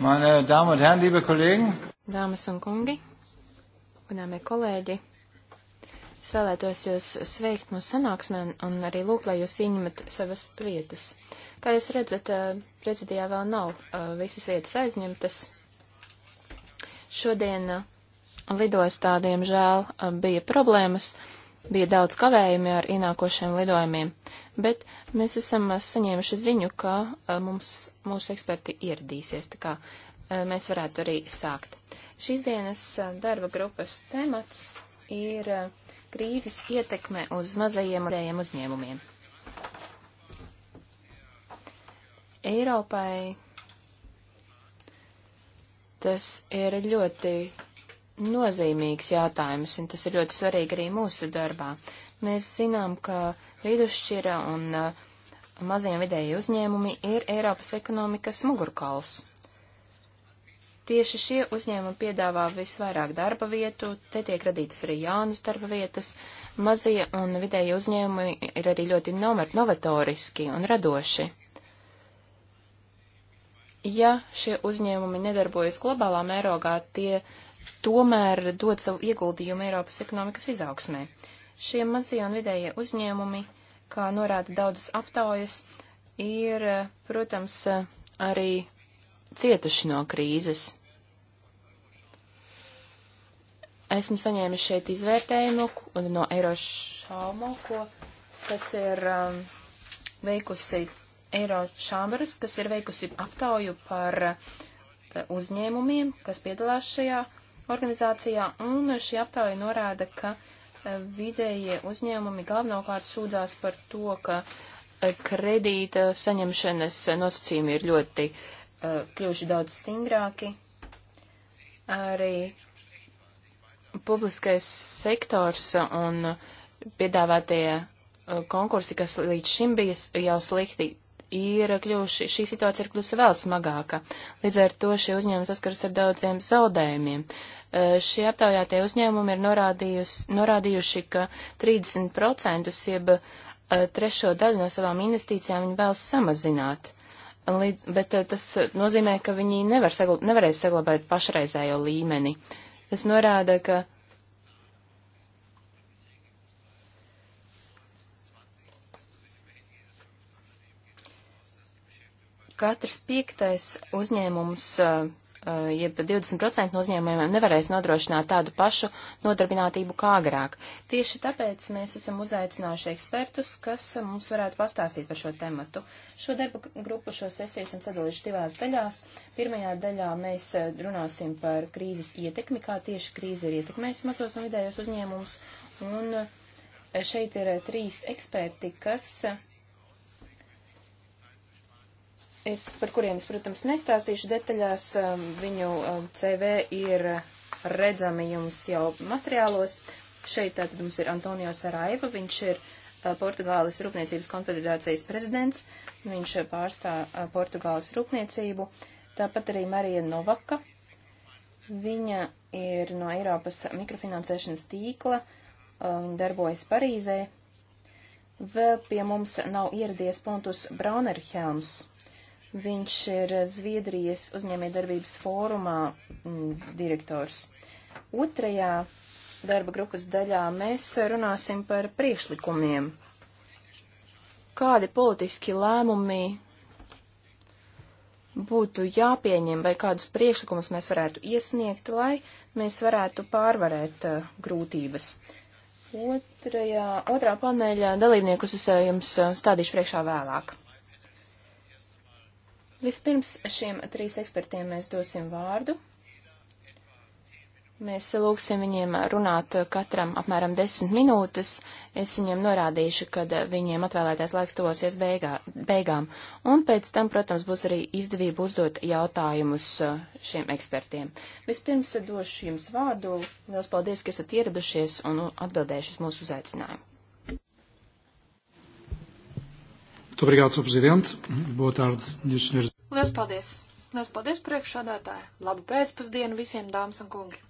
Meine Damen und Herren, liebe Kollegen. Dāmas un kungi, godāmie kolēģi, es vēlētos jūs sveikt mūsu sanāksmē un arī lūgt, lai jūs ieņemat savas vietas. Kā jūs redzat, prezidijā eh, vēl nav eh, visas vietas aizņemtas. Šodien eh, lidostā, diemžēl, bija problēmas, bija daudz kavējumi ar ienākošiem lidojumiem bet mēs esam uh, saņēmuši ziņu, ka uh, mums, mūsu eksperti ieradīsies, tā kā uh, mēs varētu arī sākt. Šīs dienas darba grupas temats ir krīzes ietekme uz mazajiem un uzņēmumiem. Eiropai tas ir ļoti nozīmīgs jautājums, un tas ir ļoti svarīgi arī mūsu darbā. Mēs zinām, ka Vidusšķira un uh, mazie un vidēji uzņēmumi ir Eiropas ekonomikas mugurkauls. Tieši šie uzņēmumi piedāvā visvairāk darba vietu, te tiek radītas arī jaunas darba vietas. Mazie un vidēji uzņēmumi ir arī ļoti novatoriski un radoši. Ja šie uzņēmumi nedarbojas globālā mērogā, tie tomēr dod savu ieguldījumu Eiropas ekonomikas izaugsmē. Šie mazie un vidējie uzņēmumi, kā norāda daudzas aptaujas, ir, protams, arī cietuši no krīzes. Esmu saņēmis šeit izvērtējumu no Eirošaumo, ko, kas ir um, veikusi Eirošāmaras, kas ir veikusi aptauju par uh, uzņēmumiem, kas piedalās šajā organizācijā, un šī aptauja norāda, ka uh, vidējie uzņēmumi galvenokārt sūdzās par to, ka e, kredīta saņemšanas nosacījumi ir ļoti uh, kļuvuši daudz stingrāki. Arī publiskais sektors un piedāvātie e, konkursi, kas līdz šim bija jau slikti, ir kļuvuši, šī situācija ir kļuvusi vēl smagāka. Līdz ar to šie uzņēmumi saskaras ar daudziem zaudējumiem. Uh, Eh, šie aptaujātie uzņēmumi ir norādījuši, ka 30% jeb eh, trešo daļu no savām investīcijām viņi vēlas samazināt. Līdz, bet eh, tas nozīmē, ka viņi nevar saglab, nevarēs saglabāt pašreizējo līmeni. Tas norāda, ka katrs piektais uzņēmums uh, Eh, jeb 20% no uzņēmumiem nevarēs nodrošināt tādu pašu nodarbinātību kā agrāk. Tieši tāpēc mēs esam uzaicinājuši ekspertus, kas mums varētu pastāstīt par šo tematu. Šo darbu grupu, šo sesiju esam sadalījuši divās daļās. Pirmajā daļā mēs eh, runāsim par krīzes ietekmi, kā tieši krīze ir ietekmējusi mazos un vidējos uzņēmumus. Un eh, šeit ir trīs eksperti, kas es, par kuriem es, protams, nestāstīšu detaļās, um, viņu um, CV ir redzami jums jau materiālos. Šeit tātad mums ir Antonio Saraiva, viņš ir uh, Portugāles Rūpniecības konfederācijas prezidents, viņš uh, pārstāv uh, Portugāles rūpniecību, tāpat arī Marija Novaka, viņa ir no Eiropas mikrofinansēšanas tīkla, viņa darbojas Parīzē. Vēl pie mums nav ieradies Pontus Braunerhelms. Viņš ir Zviedrijas uzņēmējdarbības fórumā mm, direktors. Otrajā darba grupas daļā mēs runāsim par priekšlikumiem. Kādi politiski lēmumi būtu jāpieņem vai kādus priekšlikumus mēs varētu iesniegt, lai mēs varētu pārvarēt uh, grūtības. Otrajā, otrā paneļa dalībniekus es eh, jums eh, stādīšu priekšā vēlāk. Vispirms šiem trīs ekspertiem mēs dosim vārdu. Mēs lūgsim viņiem runāt katram apmēram desmit minūtes. Es viņiem norādīšu, kad viņiem atvēlētais laiks tuvosies beigā, beigām. Un pēc tam, protams, būs arī izdevība uzdot jautājumus šiem ekspertiem. Vispirms došu jums vārdu. Lielas paldies, ka esat ieradušies un atbildējušies mūsu uzaicinājumu. Muito obrigado, Sr. Presidente. Boa tarde, minhas senhoras. Lielas paldies. Lielas paldies priekšādātāji. Labu pēcpusdienu visiem dāmas un kungi.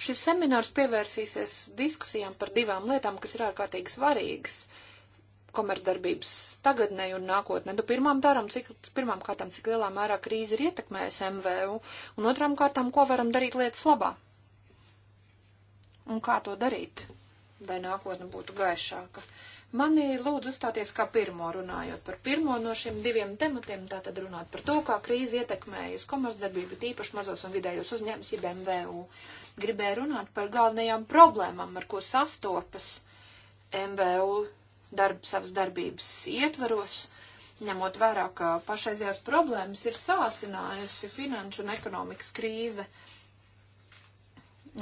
Šis seminārs pievērsīsies diskusijām par divām lietām, kas ir ārkārtīgi svarīgas komercdarbības tagadnē un nākotnē. Nu, pirmām, tāram, cik, pirmām kārtām, cik lielā mērā krīze ir ietekmējusi MVU, un otrām kārtām, ko varam darīt lietas labā. Un kā to darīt, lai nākotne būtu gaišāka. Uh, Mani lūdzu uzstāties kā pirmo runājot par pirmo no šiem diviem tematiem, tātad runāt par to, kā krīze ietekmējas komercdarbību, tīpaši mazos un vidējos uzņēmums, jeb MVU. Gribēju runāt par galvenajām problēmām, ar ko sastopas MVU darb, savas darbības ietvaros, ņemot vērā, ka pašreizējās problēmas ir sāsinājusi finanšu un ekonomikas krīze,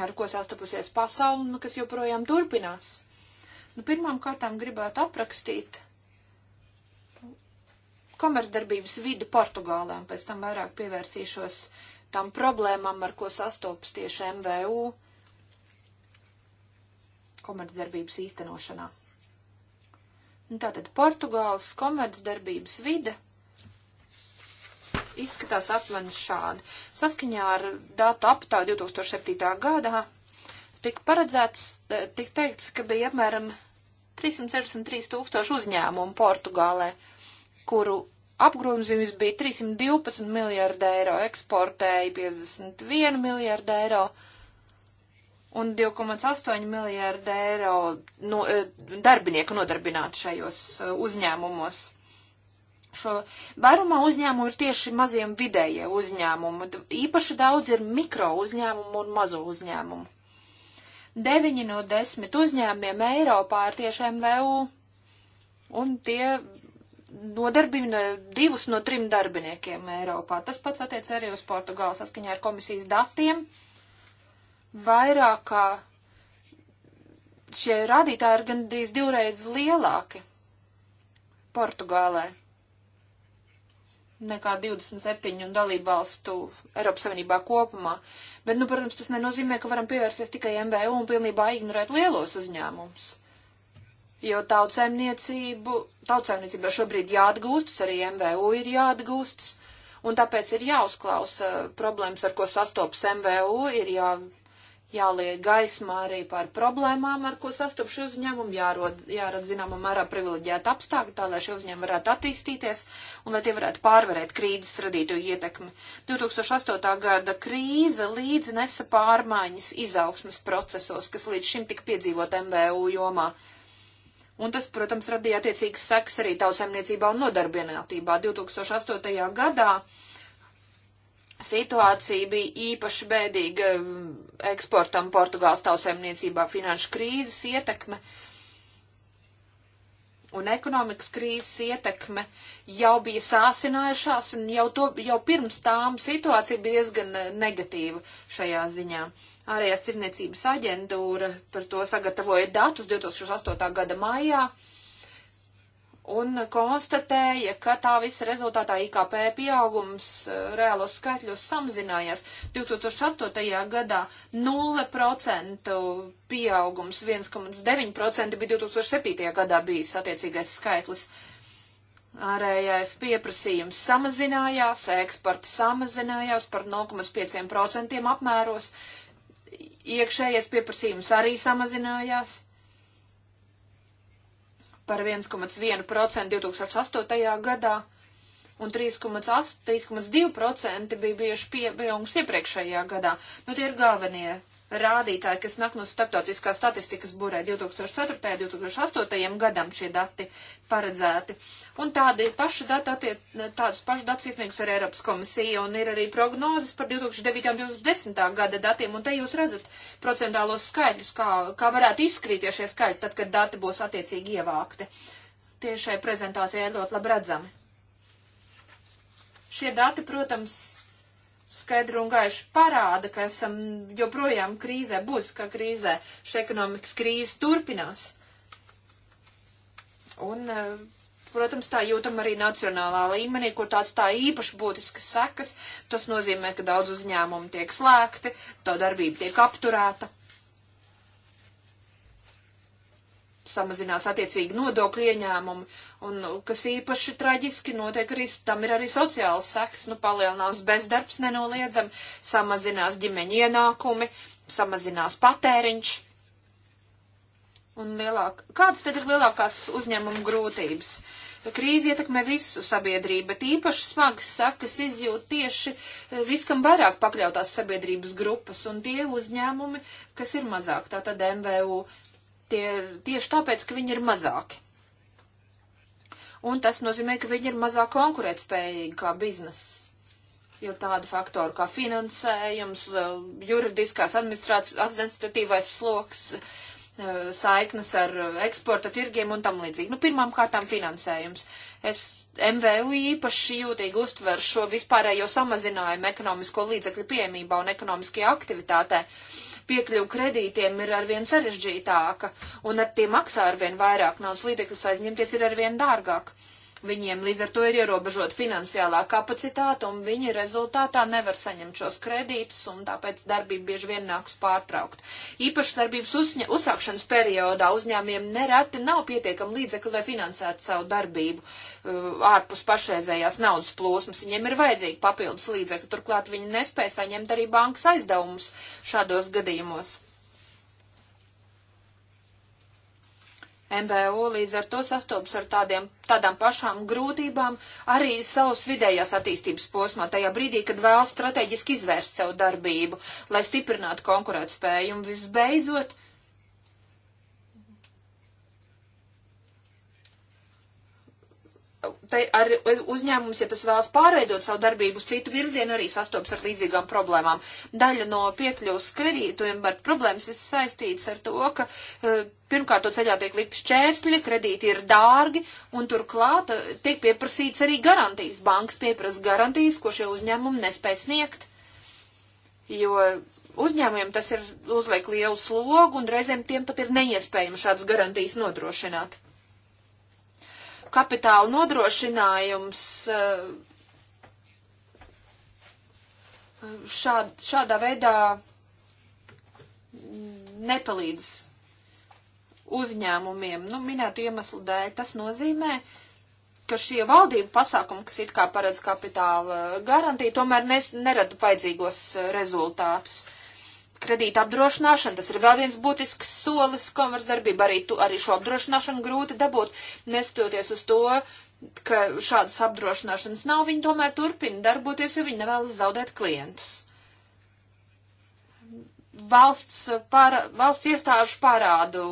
ar ko sastapusies pasauli un kas joprojām turpinās Nu, pirmām kārtām gribētu aprakstīt komercdarbības vidu Portugālē, un pēc tam vairāk pievērsīšos tam problēmām, ar ko sastopas tieši MVU komercdarbības īstenošanā. Un nu, tātad Portugāles komercdarbības vide izskatās apmēram šādi. Saskaņā ar datu aptāju 2007. gadā tika paredzēts, eh, tika teikts, ka bija apmēram 363 tūkstoši uzņēmumu Portugālē, kuru apgrozījums bija 312 miljārdi eiro, eksportēja 51 miljārdi eiro un 2,8 miljārdi eiro no, eh, darbinieku nodarbināti šajos eh, uzņēmumos. Šo vairumā uzņēmumu ir tieši maziem vidējie uzņēmumi. Īpaši daudz ir mikro uzņēmumu un mazo uzņēmumu. 9 no 10 uzņēmumiem Eiropā ir tieši MVU, un tie nodarbina divus no trim darbiniekiem Eiropā. Tas pats attiec arī uz Portugālu saskaņā ar komisijas datiem. Vairāk kā šie rādītāji ir gandrīz divreiz lielāki Portugālē nekā 27 dalību valstu Eiropas Savienībā kopumā. Bet, nu, protams, tas nenozīmē, ka varam pievērsties tikai MBU un pilnībā ignorēt lielos uzņēmumus. Jo tautsēmniecību, tautsēmniecībā šobrīd jāatgūstas, arī MVU ir jāatgūstas, un tāpēc ir jāuzklausa problēmas, ar ko sastopas MVU, ir jā, jāliek gaismā arī par problēmām, ar ko sastopšu uzņēmumu, jārod, jārod zināmā mērā privileģēta apstākļa, tā lai šie uzņēmumi varētu attīstīties un lai tie varētu pārvarēt krīzes radīto ietekmi. 2008. gada krīze līdz nesa pārmaiņas izaugsmas procesos, kas līdz šim tik piedzīvot MVU jomā. Un tas, protams, radīja attiecīgas sekas arī tausaimniecībā un nodarbinātībā. 2008. gadā Situācija bija īpaši bēdīga um, eksportam Portugāles tautsēmniecībā finanšu krīzes ietekme un ekonomikas krīzes ietekme jau bija sāsinājušās, un jau, to, jau pirms tām situācija bija diezgan uh, negatīva šajā ziņā. Ārējās cirniecības aģentūra par to sagatavoja datus 2008. gada maijā un konstatēja, ka tā visa rezultātā IKP pieaugums e, reālos skaitļos samazinājās. 2008. gadā 0% pieaugums, 1,9% bija 2007. gadā bijis attiecīgais skaitlis. Ārējais pieprasījums samazinājās, eksports samazinājās par 0,5% apmēros, iekšējais pieprasījums arī samazinājās par 1,1% 2008. gadā un 3,2% bija bijuši pieaugums iepriekšējā gadā. Nu, tie ir galvenie rādītāji, kas nāk no starptautiskā statistikas burē 2004. un 2008. gadam šie dati paredzēti. Un tādi paši dati attiec, tādus pašus datus izniegs ar Eiropas komisiju un ir arī prognozes par 2009. un 2010. gada datiem. Un te jūs redzat procentālos skaidrus, kā, kā varētu izskrīties šie skaidri, tad, kad dati būs attiecīgi ievākti. Tiešai prezentācijai ļoti labi redzami. Šie dati, protams, skaidri un gaiši parāda, ka esam joprojām krīzē, būtiskā krīzē, šī ekonomikas krīze turpinās. Un, e, protams, tā jūtam arī nacionālā līmenī, kur tāds tā īpaši būtiskas sekas. Tas nozīmē, ka daudz uzņēmumu tiek slēgti, to darbība tiek apturēta. samazinās attiecīgi nodokļu ieņēmumi, un nu, kas īpaši traģiski notiek arī, tam ir arī sociāls seks, nu palielinās bezdarbs nenoliedzam, samazinās ģimeņa ienākumi, samazinās patēriņš. Un lielāk, kādas tad ir lielākās uzņēmumu grūtības? Krīze ietekmē visu sabiedrību, bet īpaši smagas sakas izjūt tieši eh, riskam vairāk pakļautās sabiedrības grupas un tie uzņēmumi, kas ir mazāk, tātad MVU tie tieši tāpēc, ka viņi ir mazāki. Un tas nozīmē, ka viņi ir mazāk konkurētspējīgi kā bizness. Jo tādi faktori kā finansējums, eh, juridiskās administratīvais sloks, eh, saiknes ar eh, eksporta tirgiem un tam līdzīgi. Nu, pirmām kārtām finansējums. Es MVU īpaši jūtīgi uztver šo vispārējo samazinājumu ekonomisko līdzekļu piemībā un ekonomiskajā aktivitātē. Uh, piekļuva kredītiem ir arvien sarežģītāka, un ar tiem maksā arvien vairāk naudas līdzekļus aizņemties ir arvien dārgāk. Uh, Viņiem līdz ar to ir ierobežota finansiālā kapacitāte, un viņi rezultātā nevar saņemt šos kredītus, un tāpēc darbība bieži vien nāks pārtraukt. Īpaši darbības uzņa, uzsākšanas periodā uzņēmiem nereti nav pietiekami līdzekļi, lai finansētu savu darbību uh, ārpus pašreizējās naudas plūsmas. Viņiem ir vajadzīgi papildus līdzekļi, turklāt viņi nespēja saņemt arī bankas aizdevumus šādos gadījumos. MBO līdz ar to sastopas ar tādiem, tādām pašām grūtībām arī savas vidējās attīstības posmā, tajā brīdī, kad vēl strateģiski izvērst savu darbību, lai stiprinātu konkurētspēju. Un visbeidzot, uh, ar uzņēmums, ja tas vēlas pārveidot savu darbību uz citu virzienu, arī sastopas ar līdzīgām problēmām. Daļa no piekļuvas kredītojiem, bet problēmas ir saistītas ar to, ka eh, pirmkārt to ceļā tiek likt šķērsļi, kredīti ir dārgi, un turklāt eh, tiek pieprasīts arī garantijas. Banks pieprasa garantijas, ko šie uzņēmumi nespēj sniegt. Jo uzņēmumiem tas ir uzliek lielu slogu, un reizēm tiem pat ir neiespējami šādas garantijas nodrošināt kapitāla nodrošinājums eh, šād, šādā veidā nepalīdz uzņēmumiem, nu, minētu iemeslu dēļ. Tas nozīmē, ka šie valdību pasākumi, kas it kā paredz kapitāla garantiju, tomēr nes, nerada vajadzīgos rezultātus. Uh, kredīta apdrošināšana, tas ir vēl viens būtisks solis komercdarbība, arī, tu, arī šo apdrošināšanu grūti dabūt, neskatoties uz to, ka šādas apdrošināšanas nav, viņi tomēr turpina darboties, jo viņi nevēlas zaudēt klientus valsts, pār, valsts iestāžu parādu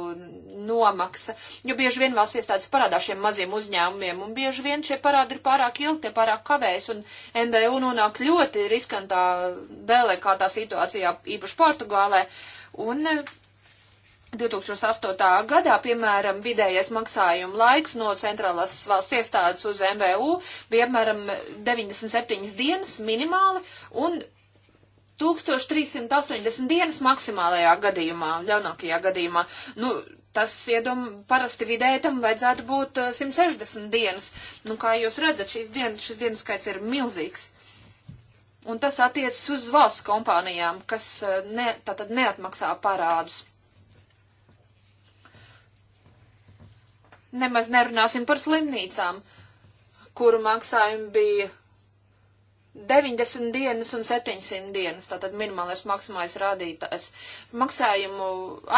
nomaksa, jo bieži vien valsts iestādes parādā šiem maziem uzņēmumiem, un bieži vien šie parādi ir pārāk ilgi, tie pārāk kavējas, un MBU nonāk ļoti riskantā dēlē, kā tā situācijā īpaši Portugālē, un 2008. Eh, gadā, piemēram, vidējais maksājuma laiks no centrālās valsts iestādes uz MVU bija apmēram 97 dienas minimāli, un 1380 dienas maksimālajā gadījumā, ļaunākajā gadījumā. Nu, tas, iedom, parasti vidēji tam vajadzētu būt 160 dienas. Nu, kā jūs redzat, šīs dienas, šis dienas skaits ir milzīgs. Un tas attiecas uz valsts kompānijām, kas ne, tātad neatmaksā parādus. Nemaz nerunāsim par slimnīcām, kuru maksājumi bija 90 dienas un 700 dienas, tātad minimālais maksimālais rādītājs. Maksājumu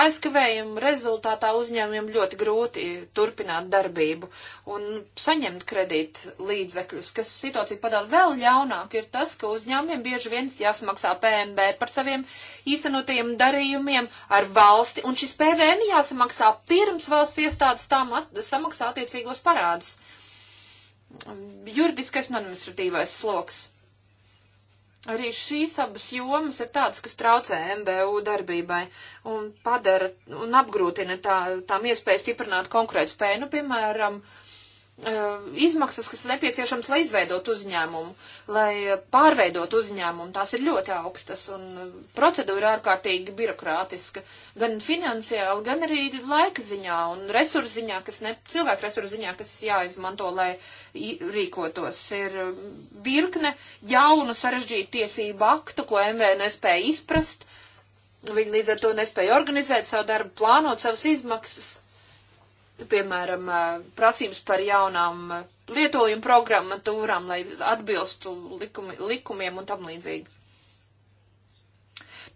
aizkavējumu rezultātā uzņēmumiem ļoti grūti turpināt darbību un saņemt kredīt līdzekļus, kas situāciju padara vēl ļaunāk, ir tas, ka uzņēmumiem bieži vien jāsmaksā PMB par saviem īstenotajiem darījumiem ar valsti, un šis PVN jāsamaksā pirms valsts iestādes tām samaksā attiecīgos parādus. Juridiskais un administratīvais sloks Arī šīs abas jomas ir tādas, kas traucē MBU darbībai un padara un apgrūtina tā, tām iespēju stiprināt konkurētspēju. Nu, piemēram, uh, Uh, izmaksas, kas nepieciešams, lai izveidot uzņēmumu, lai pārveidot uzņēmumu, tās ir ļoti augstas un procedūra ārkārtīgi birokrātiska, gan finansiāli, gan arī laika ziņā un resursu ziņā, kas ne, cilvēku resursu ziņā, kas jāizmanto, lai rīkotos. Ir virkne jaunu sarežģītu tiesību aktu, ko MVN spēja izprast, viņi līdz ar to nespēja organizēt savu darbu, plānot savas izmaksas piemēram, prasības par jaunām lietojumu programmatūrām, lai atbilstu likumi, likumiem un tam līdzīgi.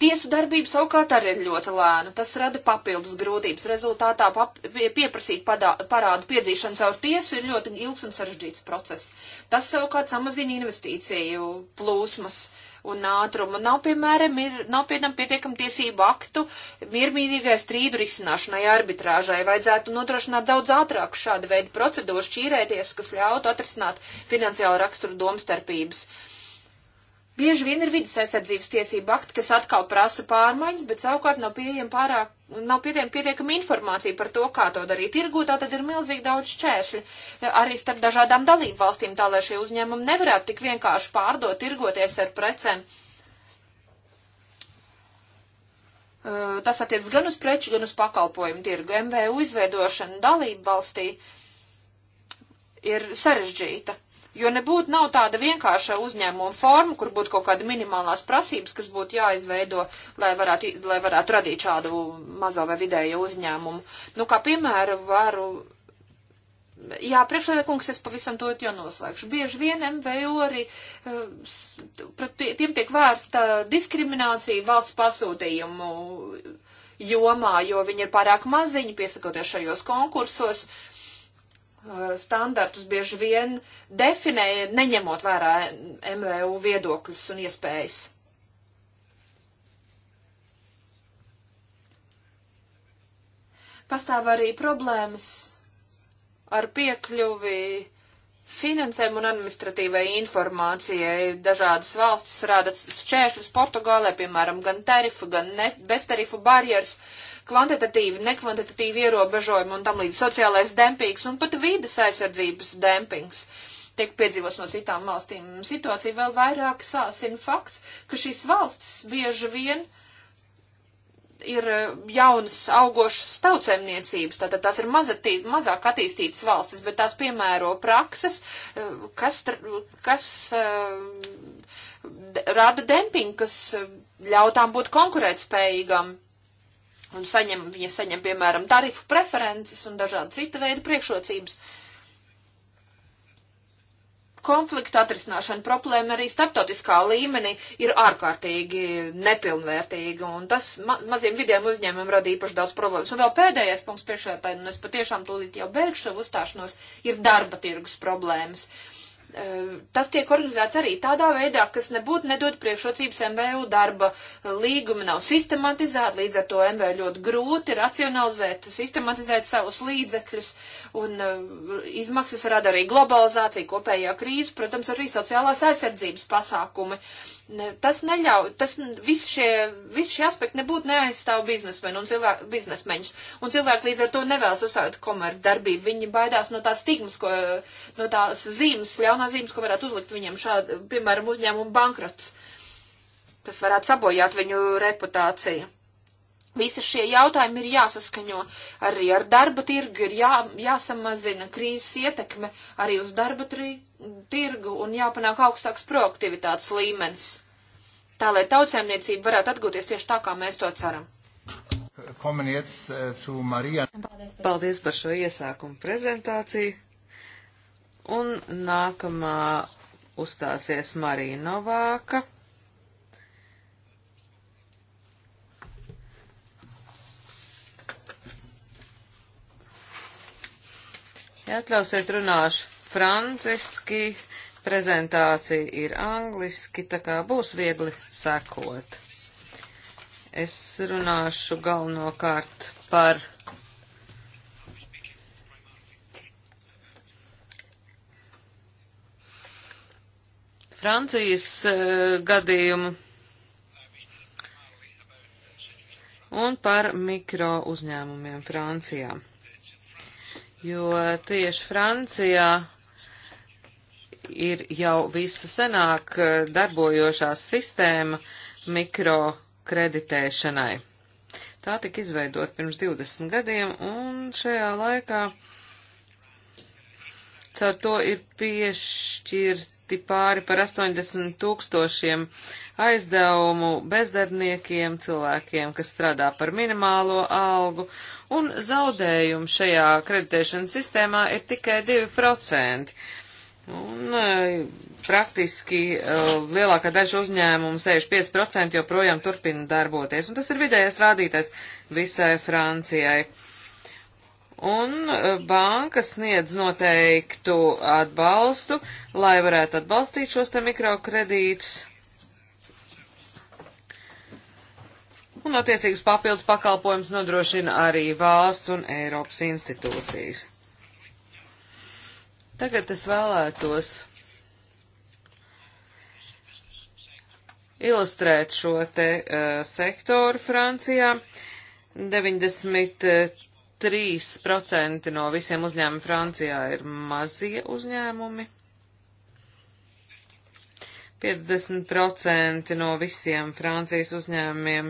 Tiesu darbība savukārt arī ir ļoti lēna. Tas rada papildus grūtības. Rezultātā pap pieprasīt padā, parādu piedzīšanu caur tiesu ir ļoti ilgs un sarežģīts process. Tas savukārt samazina investīciju plūsmas. Uh, un ātrumu. Nav, piemēram, ir, nav piemēram, pietiekam tiesību aktu miermīlīgai strīdu risināšanai arbitrāžai. Vajadzētu nodrošināt daudz ātrāk šādu veidu procedūru šķīrēties, kas ļautu atrisināt finansiālu raksturu domstarpības. Uh, Bieži vien ir vidas aizsardzības tiesība akti, kas atkal prasa pārmaiņas, bet savukārt nav pieejama pārāk, nav pieejama pietiekama informācija par to, kā to darīt tirgū, tā tad ir milzīgi daudz šķēršļi arī starp dažādām dalību valstīm, tā lai šie uzņēmumi nevarētu tik vienkārši pārdot, tirgoties ar precēm. Tas attiec gan uz preču, gan uz pakalpojumu tirgu. MVU izveidošana dalību valstī ir sarežģīta Jo nebūtu nav tāda vienkārša uzņēmuma forma, kur būtu kaut kāda minimālās prasības, kas būtu jāizveido, lai varētu, lai varētu radīt šādu mazo vai vidēju uzņēmumu. Nu, kā piemēra varu. Jā, priekšsēdētājs, es pavisam to jau noslēgšu. Bieži vien MVO arī eh, pret tiem tiek vērsta diskriminācija valsts pasūtījumu jomā, jo viņi ir pārāk maziņi, piesakoties šajos konkursos. Uh, Eh, standartus bieži vien definē, neņemot vērā MVU viedokļus un iespējas. Pastāv arī problēmas ar piekļuvi finansēm un administratīvai informācijai dažādas valstis rāda šķēršļus Portugālē, piemēram, gan tarifu, gan ne, beztarifu barjeras, kvantitatīvi, nekvantitatīvi ierobežojumi un tam līdz sociālais dempings un pat vīdes aizsardzības dempings. Tiek piedzīvots no citām valstīm. Situācija vēl vairāk sāsina fakts, ka šīs valstis bieži vien uh, ir e, jaunas augošas tautsēmniecības, tātad tās ir mazatī, mazāk attīstītas valstis, bet tās piemēro prakses, e, kas, kas e, rada dempingu, kas ļautām būt konkurētspējīgam. Un saņem, viņa saņem, piemēram, tarifu preferences un dažādi cita veida priekšrocības. Uh, konflikta atrisināšana problēma arī starptautiskā līmenī ir ārkārtīgi nepilnvērtīga, un tas ma maziem vidiem uzņēmumiem rada īpaši daudz problēmas. Un vēl pēdējais punkts priekšētāji, un es patiešām tūlīt jau beigšu savu uzstāšanos, ir darba tirgus problēmas. E, tas tiek organizēts arī tādā veidā, kas nebūtu nedod priekšrocības MVU darba līgumi, nav sistematizēti, līdz ar to MVU ļoti grūti racionalizēt, sistematizēt savus līdzekļus. Uh, un eh, izmaksas rada arī globalizācija, kopējā krīze, protams, arī sociālās aizsardzības pasākumi. Tas neļauj, tas visi šie, visi šie aspekti nebūtu neaizstāv biznesmeni un cilvēku, biznesmeņus. Un cilvēki līdz ar to nevēlas uzsākt komerci darbību. Viņi baidās no tās stigmas, ko, no tās zīmes, ļaunā zīmes, ko varētu uzlikt viņiem šādi, piemēram, uzņēmumu bankrots. Tas varētu sabojāt viņu reputāciju. Visi šie jautājumi ir jāsaskaņo arī ar darba tirgu, ir jā, jāsamazina krīzes ietekme arī uz darba tirgu un jāpanāk augstāks proaktivitātes līmenis, tā lai tautsēmniecība varētu atgūties tieši tā, kā mēs to ceram. Eh, Paldies par šo iesākumu prezentāciju. Un nākamā uzstāsies Marija Novāka Ja atļausiet runāšu franciski, prezentācija ir angliski, tā kā būs viegli sekot. Es runāšu galvenokārt par Francijas uh, gadījumu un par mikro uzņēmumiem Francijā jo tieši Francijā ir jau visu senāk darbojošās sistēma mikrokreditēšanai. Tā tika izveidot pirms 20 gadiem, un šajā laikā caur to ir piešķirt sniegti pāri par 80 tūkstošiem aizdevumu bezdarbniekiem, cilvēkiem, kas strādā par minimālo algu, un zaudējumi šajā kreditēšanas sistēmā ir tikai 2%. Un eh, praktiski eh, lielākā daļa uzņēmumu, 65%, joprojām turpina darboties, un tas ir vidējais rādītājs visai Francijai un e, bankas sniedz noteiktu atbalstu, lai varētu atbalstīt šos te mikrokredītus. Un attiecīgas papildus pakalpojums nodrošina arī valsts un Eiropas institūcijas. Tagad es vēlētos ilustrēt šo te uh, sektoru Francijā. 93 3% no visiem uzņēmumiem Francijā ir mazie uzņēmumi. 50% no visiem Francijas uzņēmumiem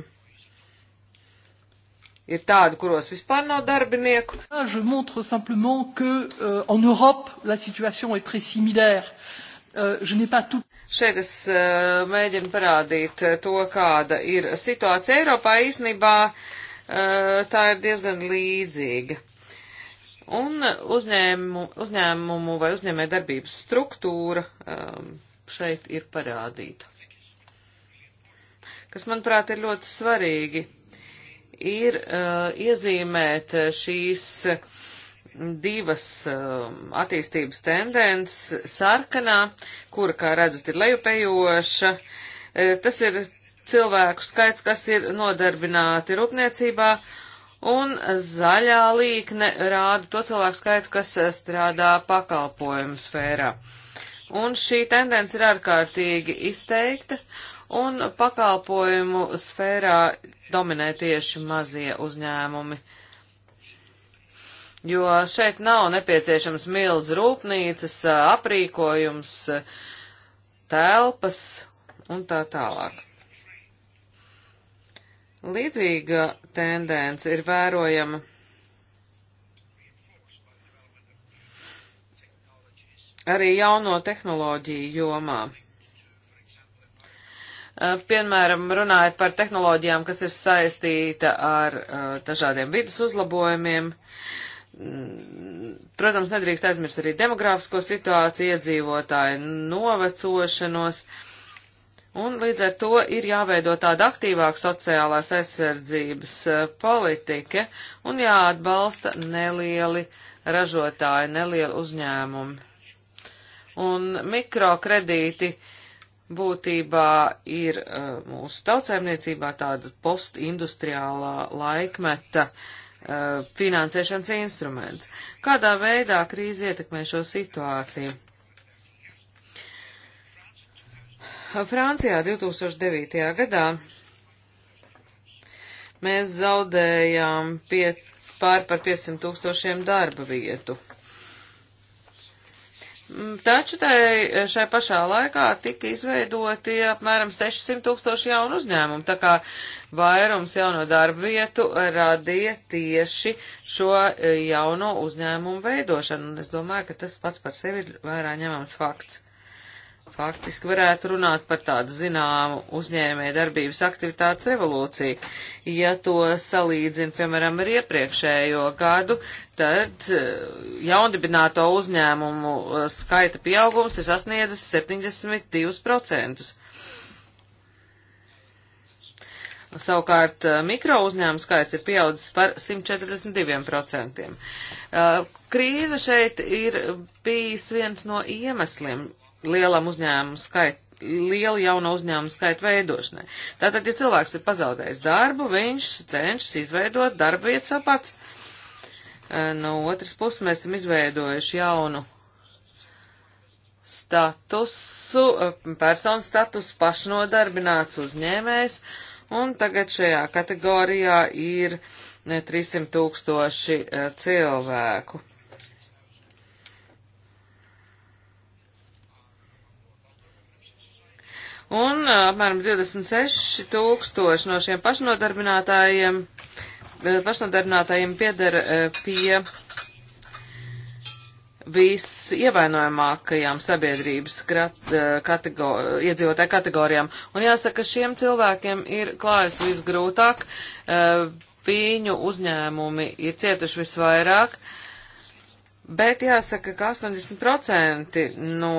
ir tādi, kuros vispār nav darbinieku. Je montre simplement que euh, en Europe la situation est très similaire. Euh, je n'ai pas tout Šeit es uh, mēģinu parādīt euh, to, kāda ir situācija Eiropā. Īsnībā uh, Eh, tā ir diezgan līdzīga. Un uzņēmu, uzņēmumu vai uzņēmē darbības struktūra ehm, šeit ir parādīta. Kas, manuprāt, ir ļoti svarīgi, ir eh, iezīmēt šīs divas ehm, attīstības tendences sarkanā, kura, kā redzat, ir lejupējoša, eh, tas ir cilvēku skaits, kas ir nodarbināti rūpniecībā, un zaļā līkne rāda to cilvēku skaitu, kas strādā pakalpojumu sfērā. Un šī tendence ir ārkārtīgi izteikta, un pakalpojumu sfērā dominē tieši mazie uzņēmumi jo šeit nav nepieciešams milz rūpnīcas, aprīkojums, telpas un tā tālāk. Līdzīga tendence ir vērojama arī jauno tehnoloģiju jomā. Eh, piemēram, runājot par tehnoloģijām, kas ir saistīta ar eh, dažādiem vidas uzlabojumiem. Mm, protams, nedrīkst aizmirst arī demogrāfisko situāciju, iedzīvotāju novecošanos. Uh, Un līdz ar to ir jāveido tāda aktīvāka sociālās aizsardzības eh, politika un jāatbalsta nelieli ražotāji, nelieli uzņēmumi. Un mikrokredīti būtībā ir eh, mūsu tautsēmniecībā tāda postindustriālā laikmeta eh, finansēšanas instruments. Kādā veidā krīze ietekmē šo situāciju? Francijā 2009. gadā mēs zaudējām piec, pār par 500 tūkstošiem darba vietu. Mm, taču tai šai pašā laikā tika izveidoti apmēram 600 tūkstoši jaunu uzņēmumu, tā kā vairums jauno darba vietu radīja tieši šo e, jauno uzņēmumu veidošanu, un es domāju, ka tas pats par sevi ir vērā ņemams fakts faktiski varētu runāt par tādu zināmu uzņēmē darbības aktivitātes revolūciju. Ja to salīdzina, piemēram, ar iepriekšējo gadu, tad eh, jaundibināto uzņēmumu eh, skaita pieaugums ir sasniedzis 72%. Savukārt eh, mikro uzņēmumu skaits ir pieaudzis par 142%. Krīze šeit ir bijis viens no iemesliem lielam uzņēmumu skaitu liela jauna uzņēmuma skaita veidošanai. Tātad, ja cilvēks ir pazaudējis darbu, viņš cenšas izveidot darba vietu sev pats. E, no otras puses, mēs esam izveidojuši jaunu statusu, e, personas statusu pašnodarbināts uzņēmējs, un tagad šajā kategorijā ir 300 e, tūkstoši cilvēku. Un apmēram 26 tūkstoši no šiem pašnodarbinātājiem, pašnodarbinātājiem piedara pie visievainojamākajām sabiedrības krat, katego, iedzīvotāju kategorijām. Un jāsaka, šiem cilvēkiem ir klājas visgrūtāk, viņu uzņēmumi ir cietuši visvairāk, bet jāsaka, ka 80% no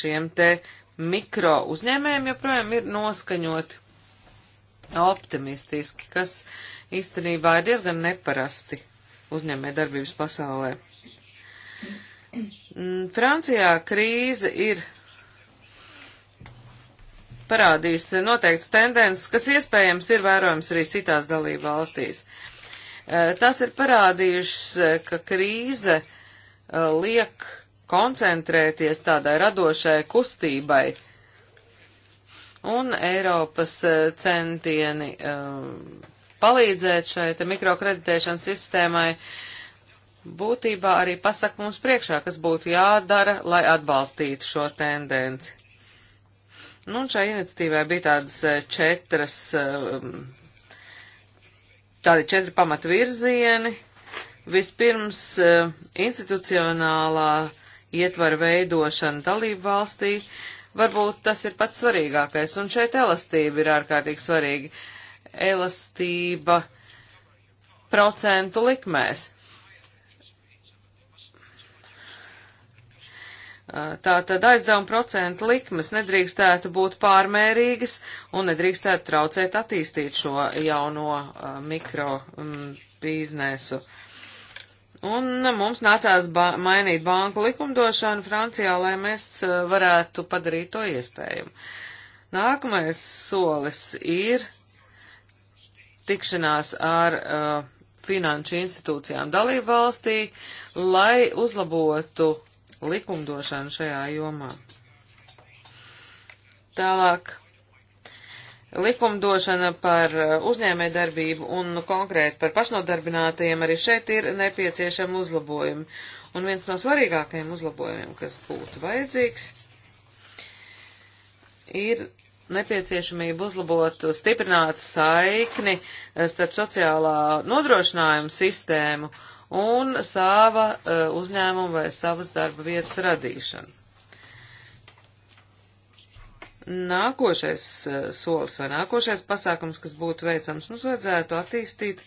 šiem te mikro uzņēmējiem joprojām ir noskaņoti optimistiski, kas īstenībā ir diezgan neparasti uzņēmē darbības pasaulē. Mm, Francijā krīze ir parādījis noteikts tendences, kas iespējams ir vērojams arī citās dalība valstīs. Eh, tas ir parādījušas, eh, ka krīze eh, liek koncentrēties tādai radošai kustībai. Un Eiropas e, centieni e, palīdzēt šai mikrokreditēšanas sistēmai būtībā arī pasaka mums priekšā, kas būtu jādara, lai atbalstītu šo tendenci. Nu, un šai iniciatīvai bija tādas e, četras, tādi četri pamatvirzieni. Vispirms institucionālā ietvaru veidošana dalību valstī, varbūt tas ir pats svarīgākais, un šeit elastība ir ārkārtīgi svarīga. Elastība procentu likmēs. Tātad aizdevuma procentu likmes nedrīkstētu būt pārmērīgas un nedrīkstētu traucēt attīstīt šo jauno uh, mikro mm, biznesu. Uh, Un mums nācās ba mainīt banku likumdošanu Francijā, lai mēs varētu padarīt to iespējumu. Nākamais solis ir tikšanās ar uh, finanšu institūcijām dalību valstī, lai uzlabotu likumdošanu šajā jomā. Tālāk Likumdošana par eh, uzņēmē darbību un konkrēti par pašnodarbinātajiem arī šeit ir nepieciešama uzlabojumi. Un viens no svarīgākajiem uzlabojumiem, kas būtu vajadzīgs, ir nepieciešamība uzlabot, stiprināt saikni eh, starp sociālā nodrošinājuma sistēmu un sava eh, uzņēmuma vai savas darba vietas radīšanu nākošais eh, solis vai nākošais pasākums, kas būtu veicams, mums vajadzētu attīstīt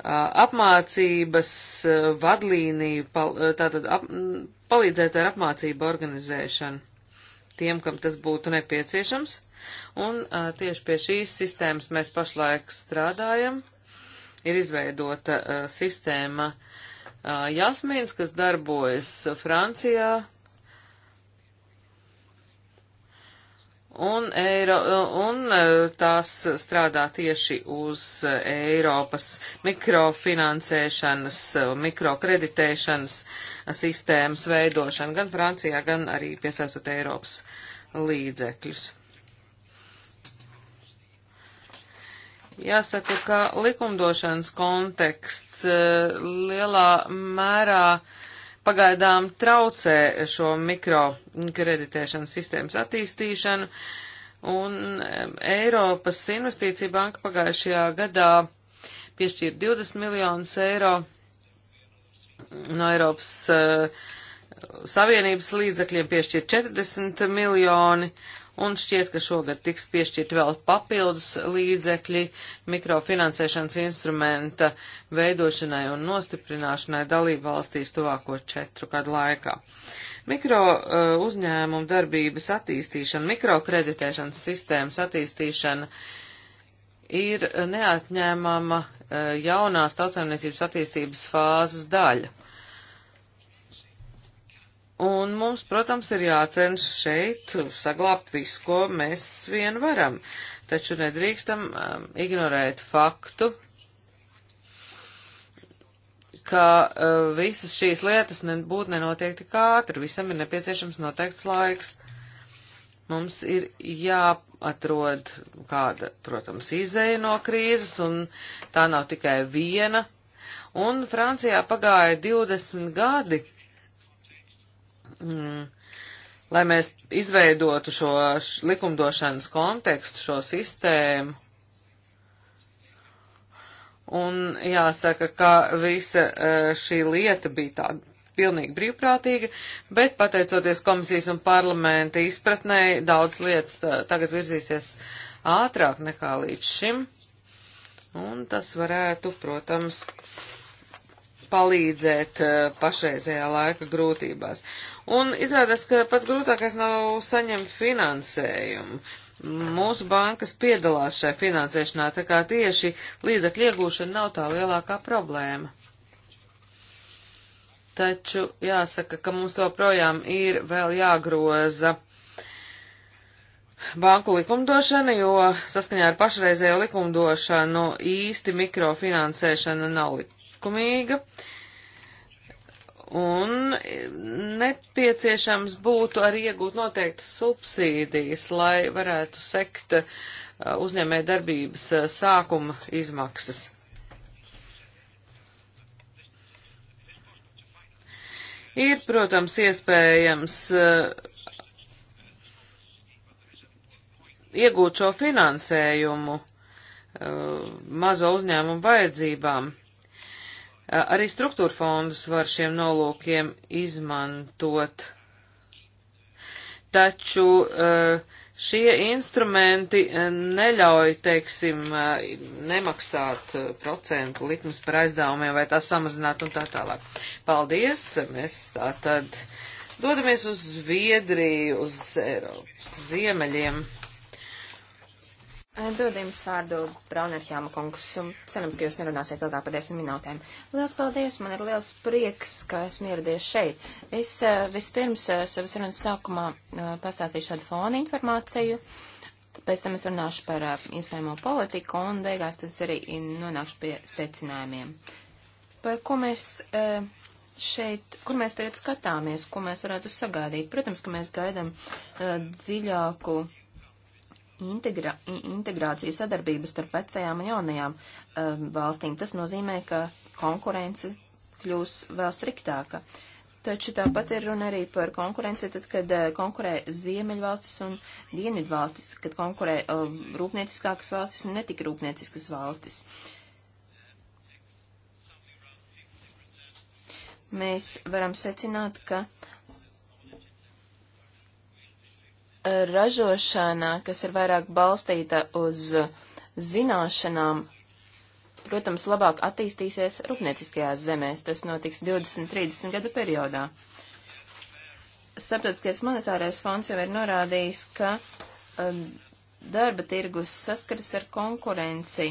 eh, apmācības eh, vadlīniju, tātad ap, palīdzēt ar apmācību organizēšanu tiem, kam tas būtu nepieciešams. Un a, tieši pie šīs sistēmas mēs pašlaik strādājam. Ir izveidota a, sistēma a, Jasmīns, kas darbojas Francijā, Un, Eiro, un eh, tās strādā tieši uz eh, Eiropas mikrofinansēšanas, eh, mikrokreditēšanas sistēmas veidošanu gan Francijā, gan arī piesaistot Eiropas līdzekļus. Jāsaka, ka likumdošanas konteksts lielā mērā uh, pagaidām traucē šo mikrokreditēšanas sistēmas attīstīšanu, un Eiropas investīcija banka pagājušajā gadā piešķīra 20 miljonus eiro no Eiropas uh, Savienības līdzekļiem piešķir 40 miljoni, un šķiet, ka šogad tiks piešķirt vēl papildus līdzekļi mikrofinansēšanas instrumenta veidošanai un nostiprināšanai dalību valstīs tuvāko četru gadu laikā. Mikro uh, uzņēmumu darbības attīstīšana, mikrokreditēšanas sistēmas attīstīšana ir neatņēmama uh, jaunās tautsaimniecības attīstības fāzes daļa Un mums, protams, ir jācenš šeit saglābt visu, ko mēs vien varam, taču nedrīkstam um, ignorēt faktu, ka uh, visas šīs lietas nebūtu nenotiek tik ātri, visam ir nepieciešams noteikts laiks. Mums ir jāatrod kāda, protams, izēja no krīzes, un tā nav tikai viena. Un Francijā pagāja 20 gadi mm, lai mēs izveidotu šo likumdošanas kontekstu, šo sistēmu. Un jāsaka, ka visa eh, šī lieta bija tāda pilnīgi brīvprātīga, bet pateicoties komisijas un parlamenta izpratnē, daudz lietas eh, tagad virzīsies ātrāk nekā līdz šim. Un tas varētu, protams, uh, palīdzēt eh, pašreizējā laika grūtībās. Un izrādās, ka pats grūtākais nav saņemt finansējumu. Mūsu bankas piedalās šajā finansēšanā, tā kā tieši līdzekļu iegūšana nav tā lielākā problēma. Taču jāsaka, ka mums to projām ir vēl jāgroza banku likumdošana, jo saskaņā ar pašreizējo likumdošanu īsti mikrofinansēšana nav likumīga. Un nepieciešams būtu arī iegūt noteiktas subsīdijas, lai varētu sekt uh, uzņēmē darbības uh, sākuma izmaksas. Ir, protams, iespējams uh, iegūt šo finansējumu mazo uzņēmumu vajadzībām. Arī struktūra fondus var šiem nolūkiem izmantot. Taču šie instrumenti neļauj, teiksim, nemaksāt procentu likmes par aizdevumiem vai tā samazināt un tā tālāk. Paldies! Mēs tā tad dodamies uz Zviedriju, uz Eiropas ziemeļiem. Dod jums vārdu, Braunerhjāma kungs. Cerams, ka jūs nerunāsiet ilgāk par desmit minūtēm. Lielas paldies, man ir liels prieks, ka esmu ieradies šeit. Es eh, vispirms eh, savas runas sākumā eh, pastāstīšu tādu fonu informāciju, pēc tam es runāšu par iespējamo politiku un beigās tas arī nonākšu pie secinājumiem. Par ko mēs šeit, kur mēs tagad skatāmies, ko mēs varētu sagādīt? Protams, ka mēs gaidām dziļāku integra, integrācija sadarbības starp vecajām un jaunajām um, valstīm. Tas nozīmē, ka konkurence kļūs vēl striktāka. Taču tāpat ir runa arī par konkurenci, tad, kad uh, konkurē ziemeļvalstis un dienvidvalstis, kad konkurē uh, rūpnieciskākas valstis un netik rūpnieciskas valstis. Mēs varam secināt, ka uh, ražošana, kas ir vairāk balstīta uz zināšanām, protams, labāk attīstīsies rūpnieciskajās zemēs. Tas notiks 20-30 gadu periodā. Starptautiskais monetārais fonds jau ir norādījis, ka um, darba tirgus saskaras ar konkurenci.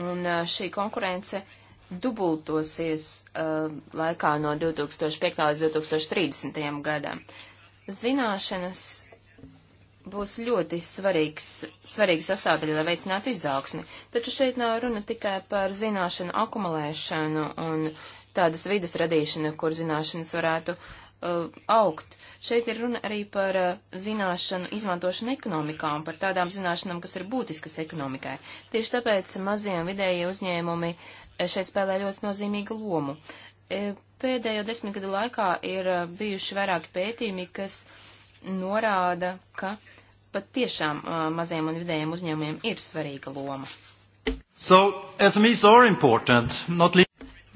Un uh, šī konkurence uh, dubultosies uh, laikā no 2005. līdz 2030. gadam. Zināšanas būs ļoti svarīgs, svarīga sastāvdaļa, lai veicinātu izaugsmi. Taču šeit nav runa tikai par zināšanu akumulēšanu un tādas vidas radīšanu, kur zināšanas varētu uh, augt. Šeit ir runa arī par uh, zināšanu izmantošanu ekonomikā un par tādām zināšanām, kas ir būtiskas ekonomikai. Tieši tāpēc maziem vidēji uzņēmumi uh, šeit spēlē ļoti nozīmīgu lomu. E, pēdējo desmitgadu laikā ir e, bijuši vairāki pētījumi, kas norāda, ka pat tiešām e, maziem un vidējiem uzņēmumiem ir svarīga loma. So, SMEs are important, not least.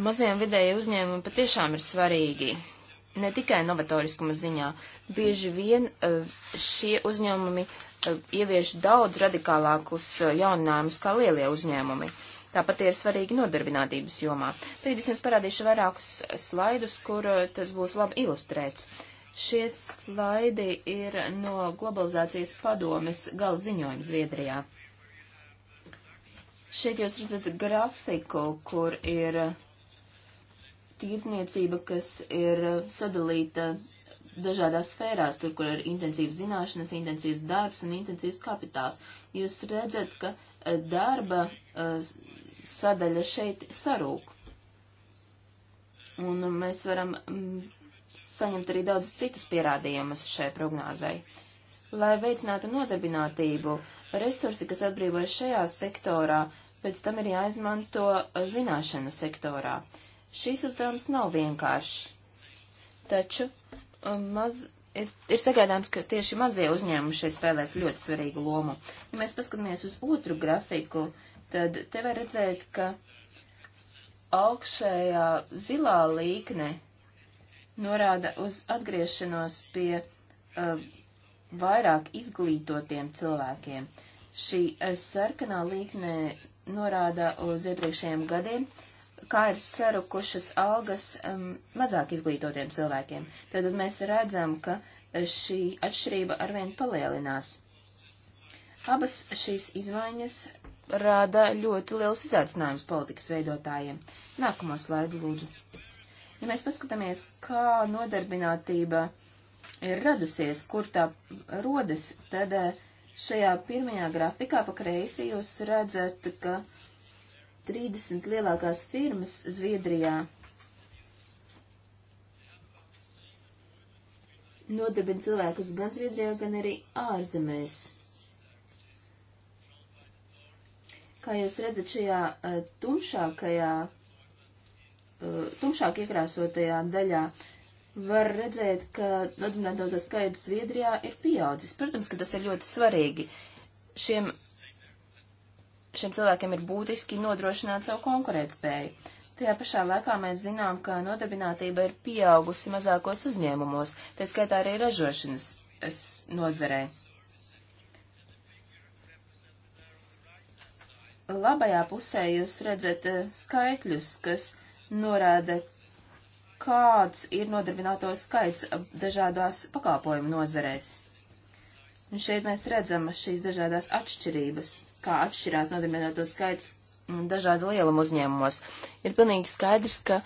Mazie un vidēji uzņēmumi patiešām ir svarīgi. Ne tikai novatoriskuma ziņā. Bieži vien šie uzņēmumi ievieš daudz radikālākus jauninājumus kā lielie uzņēmumi. Uh, Tāpat ir svarīgi nodarbinātības jomā. Tagad es jums parādīšu vairākus slaidus, kur eh, tas būs labi ilustrēts. Šie slaidi ir no globalizācijas padomes gala ziņojuma Zviedrijā. Šeit jūs redzat grafiku, kur ir tīrzniecība, kas ir sadalīta dažādās sfērās, tur, kur ir intensīvas zināšanas, intensīvs darbs un intensīvs kapitāls. Jūs redzat, ka eh, darba uh, sadaļa šeit sarūk. Un mēs varam mm, saņemt arī daudz citus pierādījumus šai prognāzai. Lai veicinātu nodarbinātību, resursi, kas atbrīvojas šajā sektorā, pēc tam ir jāizmanto zināšanu sektorā. Šīs uzdevums nav vienkāršs, taču mm, maz, ir, ir sagaidāms, ka tieši mazie uzņēmumi šeit spēlēs ļoti svarīgu lomu. Ja mēs paskatāmies uz otru grafiku, uh, tad te var redzēt, ka augšējā zilā līkne norāda uz atgriešanos pie uh, vairāk izglītotiem cilvēkiem. Šī uh, sarkanā līkne norāda uz iepriekšējiem gadiem, kā ir sarukušas algas um, mazāk izglītotiem cilvēkiem. Tad mēs redzam, ka uh, šī atšķirība arvien palielinās. Abas šīs izmaiņas rada ļoti liels izaicinājums politikas veidotājiem. Nākamo slaidu lūdzu. Ja mēs paskatāmies, kā nodarbinātība ir radusies, kur tā rodas, tad eh, šajā pirmajā grafikā pa kreisi jūs redzat, ka 30 lielākās firmas Zviedrijā nodarbina cilvēkus gan Zviedrijā, gan arī ārzemēs. Kā jūs redzat šajā uh, tumšākajā, uh, tumšāk iekrāsotajā daļā, var redzēt, ka nodarbinātā skaits Zviedrijā ir pieaudzis. Protams, ka tas ir ļoti svarīgi. Šiem, šiem cilvēkiem ir būtiski nodrošināt savu konkurētspēju. Tajā pašā laikā mēs zinām, ka nodarbinātība ir pieaugusi mazākos uzņēmumos, tā skaitā arī ražošanas nozarē. labajā pusē jūs redzat eh, skaitļus, kas norāda, kāds ir nodarbināto skaits dažādās pakāpojumu nozarēs. Un šeit mēs redzam šīs dažādās atšķirības, kā atšķirās nodarbināto skaits dažādu lielumu uzņēmumos. Ir pilnīgi skaidrs, ka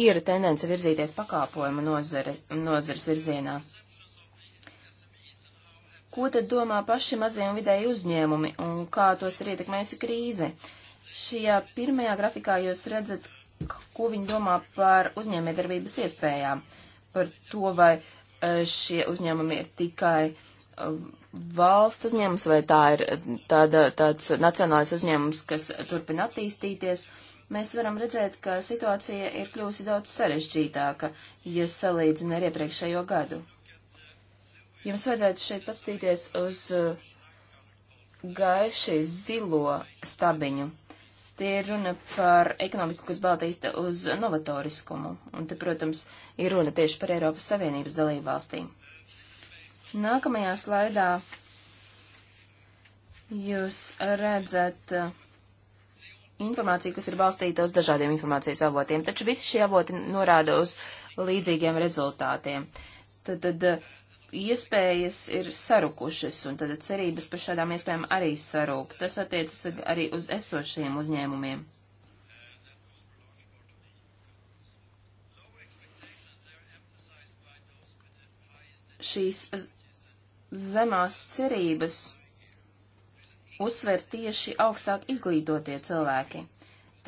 ir tendence virzīties pakāpojumu nozare, nozares virzienā ko tad domā paši mazie un vidēji uzņēmumi un kā tos ir ietekmējusi krīze. Šajā pirmajā grafikā jūs redzat, ko viņi domā par uzņēmējdarbības iespējām, par to, vai e, šie uzņēmumi ir tikai e, valsts uzņēmums vai tā ir e, tāda, tāds nacionālais uzņēmums, kas turpina attīstīties. Mēs varam redzēt, ka situācija ir kļūsi daudz sarežģītāka, ja salīdzina ar iepriekšējo gadu. Jums vajadzētu šeit paskatīties uz uh, gaiši zilo stabiņu. Tie ir runa par ekonomiku, kas baltīsta uz novatoriskumu, un te, protams, ir runa tieši par Eiropas Savienības dalību valstīm. Nākamajā slaidā jūs redzat uh, informāciju, kas ir balstīta uz dažādiem informācijas avotiem, taču visi šie avoti norāda uz līdzīgiem rezultātiem. Tad, tad uh, iespējas ir sarukušas, un tad cerības par šādām iespējām arī sarūk. Tas attiecas arī uz esošajiem uzņēmumiem. Šīs zemās cerības uzsver tieši augstāk izglītotie cilvēki.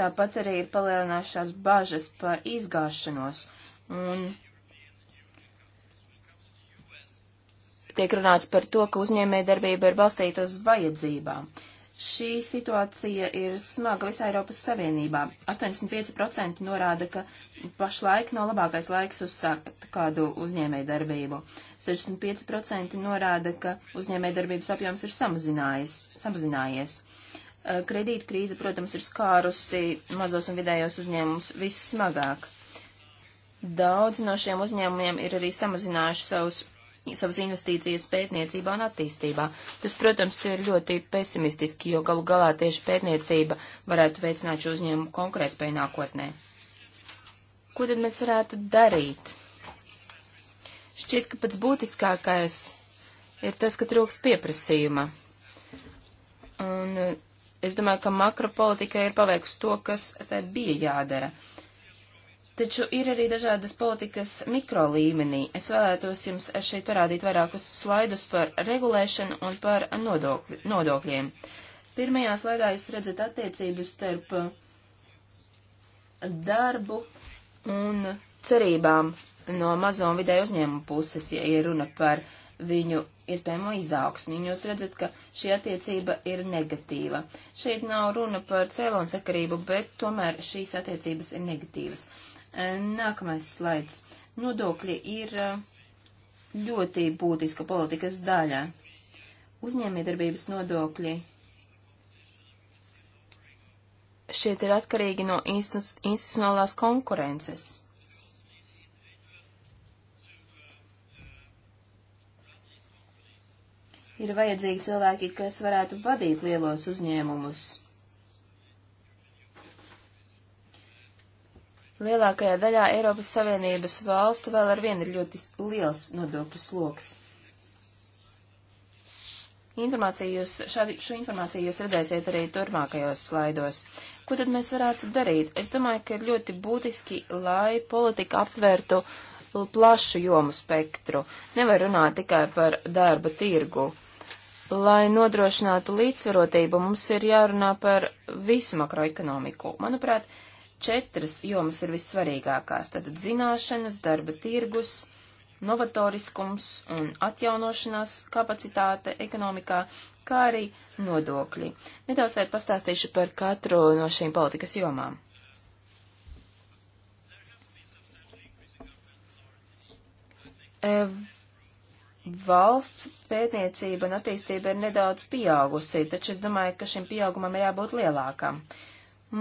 Tāpat arī ir palielinājušās bažas par izgāšanos, un tiek runāts par to, ka uzņēmējdarbība ir balstīta uz vajadzībām. Šī situācija ir smaga visā Eiropas Savienībā. 85% norāda, ka pašlaik nav labākais laiks uzsākt kādu uzņēmējdarbību. 65% norāda, ka uzņēmējdarbības apjoms ir samazinājies. Eh, Kredītkrīze, protams, ir skārusi mazos un vidējos uzņēmumus vissmagāk. Daudz no šiem uzņēmumiem ir arī samazinājuši savus savas investīcijas pētniecībā un attīstībā. Tas, protams, ir ļoti pesimistiski, jo galu galā tieši pētniecība varētu veicināt šo uzņēmumu konkurētspēju nākotnē. Ko tad mēs varētu darīt? Šķiet, ka pats būtiskākais ir tas, ka trūkst pieprasījuma. Un eh, es domāju, ka makropolitika ir paveikusi to, kas tai bija jādara. Uh, Taču ir arī dažādas politikas mikro līmenī. Es vēlētos jums šeit parādīt vairākus slaidus par regulēšanu un par nodokļ, nodokļiem. Pirmajā slaidā jūs redzat attiecības starp darbu un cerībām no mazo un vidēju uzņēmumu puses, ja ir runa par viņu iespējamo izaugsmu. Jūs redzat, ka šī attiecība ir negatīva. Šeit nav runa par cēlonsakarību, bet tomēr šīs attiecības ir negatīvas. Uh, Nākamais slaids. Nodokļi ir eh, ļoti būtiska politikas daļa. Uzņēmiedarbības nodokļi šeit ir atkarīgi no institucionālās konkurences. Ir vajadzīgi cilvēki, kas varētu vadīt lielos uzņēmumus. Lielākajā daļā Eiropas Savienības valstu vēl ar vienu ir ļoti liels nodokļu sloks. Informāciju jūs, šādi, šo informāciju jūs redzēsiet arī turpmākajos slaidos. Ko tad mēs varētu darīt? Es domāju, ka ir ļoti būtiski, lai politika aptvērtu plašu jomu spektru. Nevar runāt tikai par darba tirgu. Lai nodrošinātu līdzsvarotību, mums ir jārunā par visu makroekonomiku. Manuprāt, uh, četras jomas ir vissvarīgākās - tātad zināšanas, darba tirgus, novatoriskums un atjaunošanās kapacitāte ekonomikā, kā arī nodokļi. Nedaudz vēl pastāstīšu par katru no šīm politikas jomām. Valsts pētniecība un attīstība ir nedaudz pieaugusi, taču es domāju, ka šim pieaugumam ir jābūt lielākam. Uh,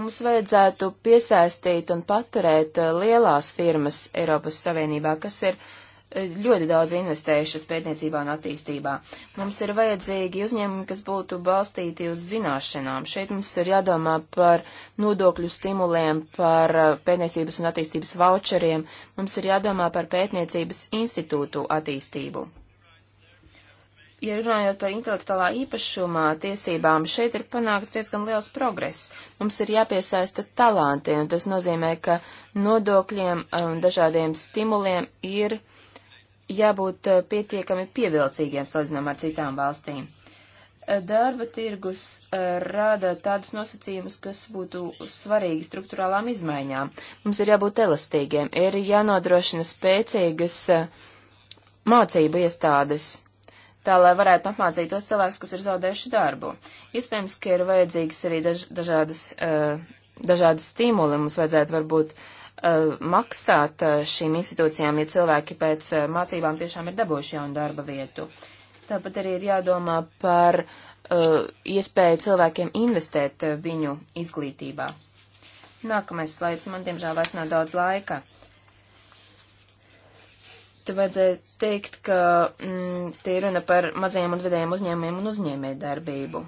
Mums vajadzētu piesaistīt un paturēt eh, lielās firmas Eiropas Savienībā, kas ir eh, ļoti daudz investējušas pētniecībā un attīstībā. Mums ir vajadzīgi uzņēmumi, kas būtu balstīti uz zināšanām. Šeit mums ir jādomā par nodokļu stimuliem, par eh, pētniecības un attīstības voucheriem. Mums ir jādomā par pētniecības institūtu attīstību. Ja runājot par intelektuālā īpašumā tiesībām, šeit ir panākts diezgan liels progress. Mums ir jāpiesaista talanti, un tas nozīmē, ka nodokļiem un um, dažādiem stimuliem ir jābūt uh, pietiekami pievilcīgiem salīdzinām ar citām valstīm. Uh, darba tirgus uh, rada tādus nosacījumus, kas būtu svarīgi struktūrālām izmaiņām. Mums ir jābūt elastīgiem, ir jānodrošina spēcīgas mācību iestādes tā lai varētu apmācīt tos cilvēkus, kas ir zaudējuši darbu. Iespējams, ka ir vajadzīgas arī daž, dažādas, eh, dažādas stimuli. Mums vajadzētu varbūt eh, maksāt eh, šīm institūcijām, ja cilvēki pēc mācībām tiešām ir dabūjuši jaunu darba vietu. Tāpat arī ir jādomā par uh, iespēju cilvēkiem investēt viņu izglītībā. Nākamais slaids, man diemžēl vairs nav daudz laika. Uh, Te vajadzēja teikt, ka mm, tie runa par mazajiem un vidējiem uzņēmumiem un uzņēmēju darbību.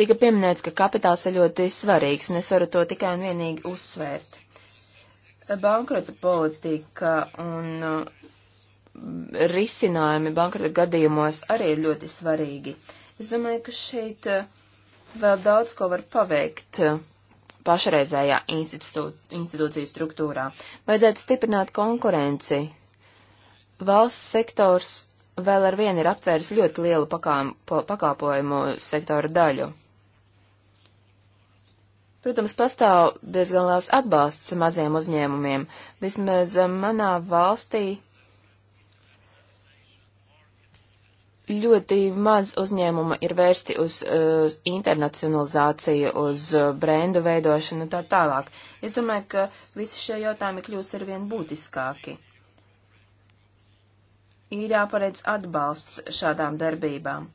Tika pieminēts, ka kapitāls ir ļoti svarīgs, un es varu to tikai un vienīgi uzsvērt. Bankrota politika un mm, risinājumi bankrota gadījumos arī ir ļoti svarīgi. Es domāju, ka šeit mm, vēl daudz ko var paveikt pašreizējā institūciju struktūrā. Vajadzētu stiprināt konkurenci. Valsts sektors vēl ar vienu ir aptvēris ļoti lielu pakāpojumu sektora daļu. Protams, pastāv diezgan liels atbalsts maziem uzņēmumiem. Vismaz manā valstī Ļoti maz uzņēmuma ir vērsti uz uh, internacionalizāciju, uz uh, brendu veidošanu un tā tālāk. Es domāju, ka visi šie jautājumi kļūs arvien būtiskāki. Ir jāparedz atbalsts šādām darbībām.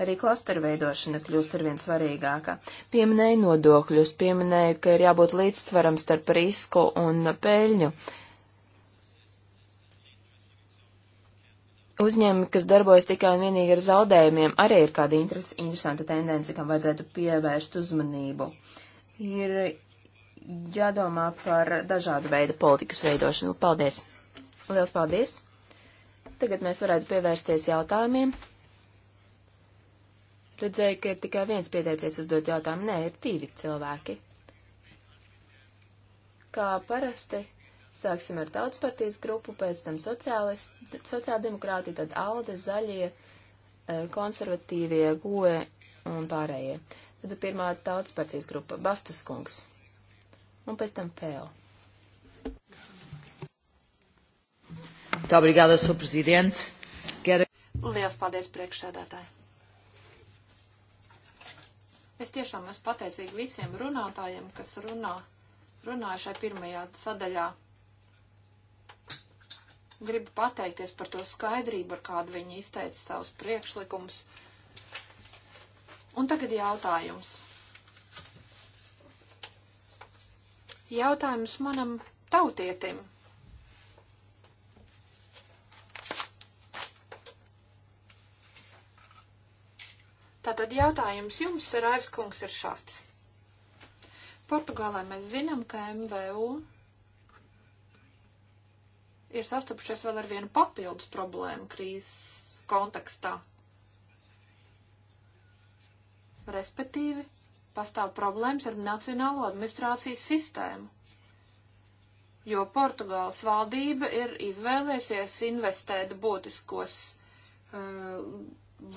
Arī klasteru veidošana kļūst arvien svarīgāka. Pieminēja nodokļus, pieminēja, ka ir jābūt līdzsvaram starp risku un peļņu. Uh, uzņēmumi, kas darbojas tikai un vienīgi ar zaudējumiem, arī ir kāda interes, interesanta tendence, kam vajadzētu pievērst uzmanību. Ir jādomā par dažādu veidu politikas veidošanu. Paldies! Liels paldies! Tagad mēs varētu pievērsties jautājumiem. Redzēju, ka ir tikai viens pieteicies uzdot jautājumu. Nē, ir divi cilvēki. Kā parasti Sāksim ar tautspartijas grupu, pēc tam sociāldemokrāti, tad alde, zaļie, e, konservatīvie, goe un pārējie. Tad pirmā tautspartijas grupa - Bastas kungs. Un pēc tam pēl. Obrigada, Sr. Presidente. Quero... Lielas paldies, priekšsēdētāji. Es tiešām esmu pateicīgi visiem runātājiem, kas runā, runāja šai pirmajā sadaļā Gribu pateikties par to skaidrību, ar kādu viņi izteica savus priekšlikumus. Un tagad jautājums. Jautājums manam tautietim. Tātad jautājums jums, Raivs kungs, ir šāds. Portugālē mēs zinām, ka MVU ir sastapušies vēl ar vienu papildus problēmu krīzes kontekstā. Respektīvi, pastāv problēmas ar nacionālo administrācijas sistēmu, jo Portugāles valdība ir izvēlējusies investēt būtiskos uh,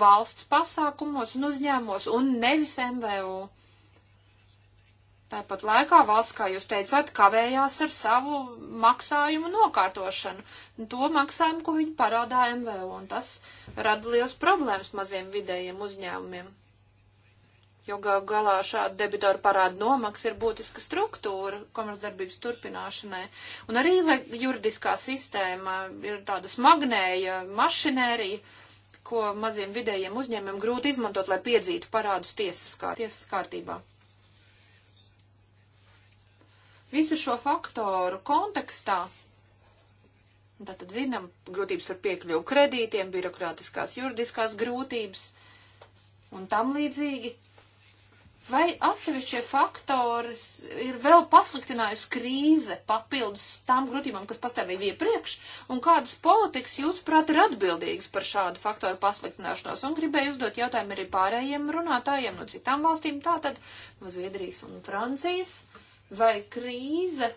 valsts pasākumos un uzņēmumos un nevis MVU. Uh, Tāpat laikā valsts, kā jūs teicāt, kavējās ar savu maksājumu nokārtošanu, to maksājumu, ko viņi parādā MVO, un tas rada liels problēmas maziem vidējiem uzņēmumiem. Jo gal galā šāda debitora parāda nomaks ir būtiska struktūra komercdarbības turpināšanai. Un arī, lai juridiskā sistēma ir tāda smagnēja mašinērija, ko maziem vidējiem uzņēmumiem grūti izmantot, lai piedzītu parādus tiesas, kā, tiesas kārtībā. Visu šo faktoru kontekstā, tātad zinām, grūtības ar piekļuvu kredītiem, birokrātiskās juridiskās grūtības un tam līdzīgi, vai atsevišķie faktori ir vēl pasliktinājusi krīze papildus tām grūtībām, kas pastāvēja iepriekš, un kādas politikas, jūsuprāt, ir atbildīgas par šādu faktoru pasliktināšanos? Un gribēju uzdot jautājumu arī pārējiem runātājiem no citām valstīm, tātad no Zviedrijas un Francijas. Uh, vai krīze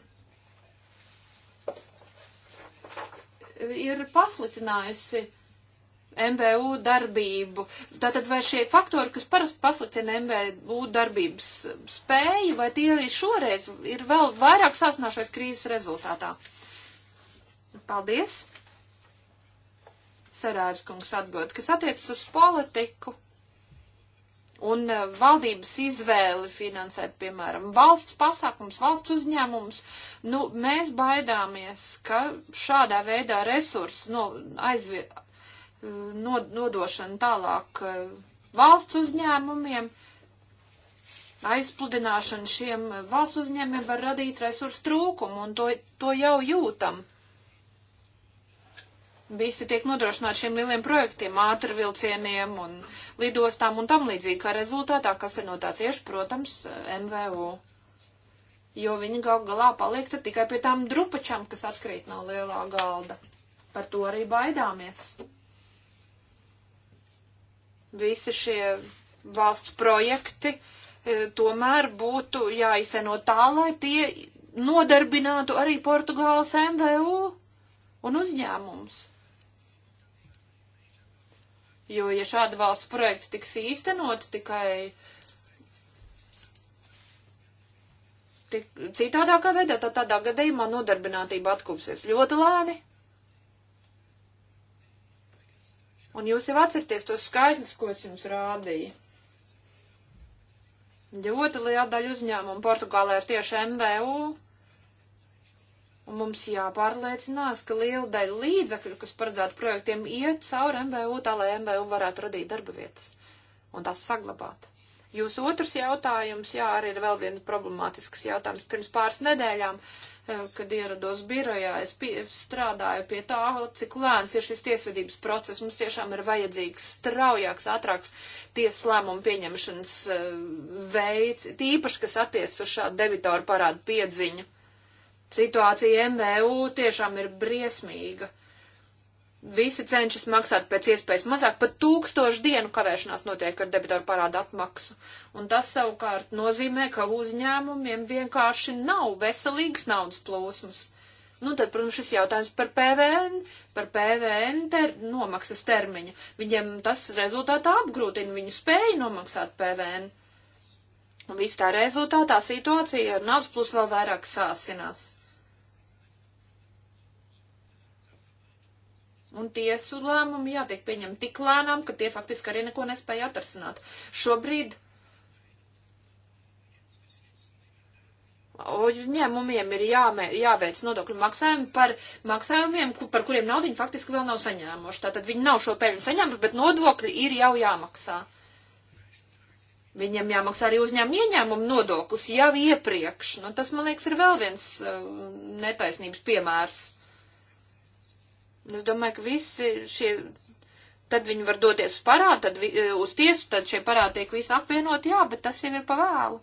ir pasliktinājusi MBU darbību. Tātad vai šie faktori, kas parasti pasliktina MBU darbības spēju, vai tie arī šoreiz ir vēl vairāk sasnāšais krīzes rezultātā? Paldies! Sarāvis kungs atbild, kas attiecas uz politiku un eh, valdības izvēli finansēt, piemēram, valsts pasākums, valsts uzņēmums, nu, mēs baidāmies, ka šādā veidā resursu no, aizvi, eh, no, nodošana tālāk eh, valsts uzņēmumiem, aizpludināšana šiem valsts uzņēmumiem var radīt resursu trūkumu, un to, to jau jūtam visi tiek nodrošināti šiem lieliem projektiem, ātrvilcieniem un lidostām un tam līdzīgi, kā rezultātā, kas ir no tā cieši, protams, MVU. Jo viņi gal galā paliek tikai pie tām drupačām, kas atkrīt no lielā galda. Par to arī baidāmies. Visi šie valsts projekti e, tomēr būtu jāizseno tā, lai tie nodarbinātu arī Portugāles MVU un uzņēmums. Jo, ja šāda valsts projekta tiks īstenot tikai tik, citādākā veidā, tad tādā gadījumā nodarbinātība atkūpsies ļoti lēni. Un jūs jau atcerieties tos skaitļus, ko es jums rādīju. Ļoti liela daļa uzņēmumu Portugālē ir tieši MVU, Un mums jāpārliecinās, ka liela daļa līdzakļu, kas paredzētu projektiem, iet cauri MVU, tā lai MVU varētu radīt darba vietas un tās saglabāt. Jūsu otrs jautājums, jā, arī ir vēl viens problemātisks jautājums. Pirms pāris nedēļām, eh, kad ierados birojā, es pie, strādāju pie tā, cik lēns ir šis tiesvedības process. Mums tiešām ir vajadzīgs straujāks, ātrāks tiesas lēmumu pieņemšanas eh, veids, tīpaši, kas attiec uz šādu debitoru parādu piedziņu Situācija MVU tiešām ir briesmīga. Visi cenšas maksāt pēc iespējas mazāk, pat tūkstošu dienu kavēšanās notiek ar debitoru parādu atmaksu. Un tas savukārt nozīmē, ka uzņēmumiem vienkārši nav veselīgas naudas plūsmas. Nu, tad, protams, šis jautājums par PVN, par PVN ter, nomaksas termiņu. Viņiem tas rezultātā apgrūtina viņu spēju nomaksāt PVN. Un viss tā rezultātā situācija ar naudas plus vēl vairāk sāsinās. Un tiesu lēmumi jātiek pieņemti tik lēnām, ka tie faktiski arī neko nespēja atrasināt. Šobrīd uzņēmumiem ir jāmē, jāveic nodokļu maksājumi par maksājumiem, kur, par kuriem naudiņu faktiski vēl nav saņēmuši. Tātad viņi nav šo peļņu saņēmuši, bet nodokļi ir jau jāmaksā. Viņiem jāmaksā arī uzņēmuma ieņēmuma nodoklis jau iepriekš. Nu, tas, man liekas, ir vēl viens uh, netaisnības piemērs. Uh, Es domāju, ka visi šie, tad viņi var doties uz parādu, tad vi, eh, uz tiesu, tad šie parādi tiek visi apvienot, jā, bet tas jau ir pavēlu.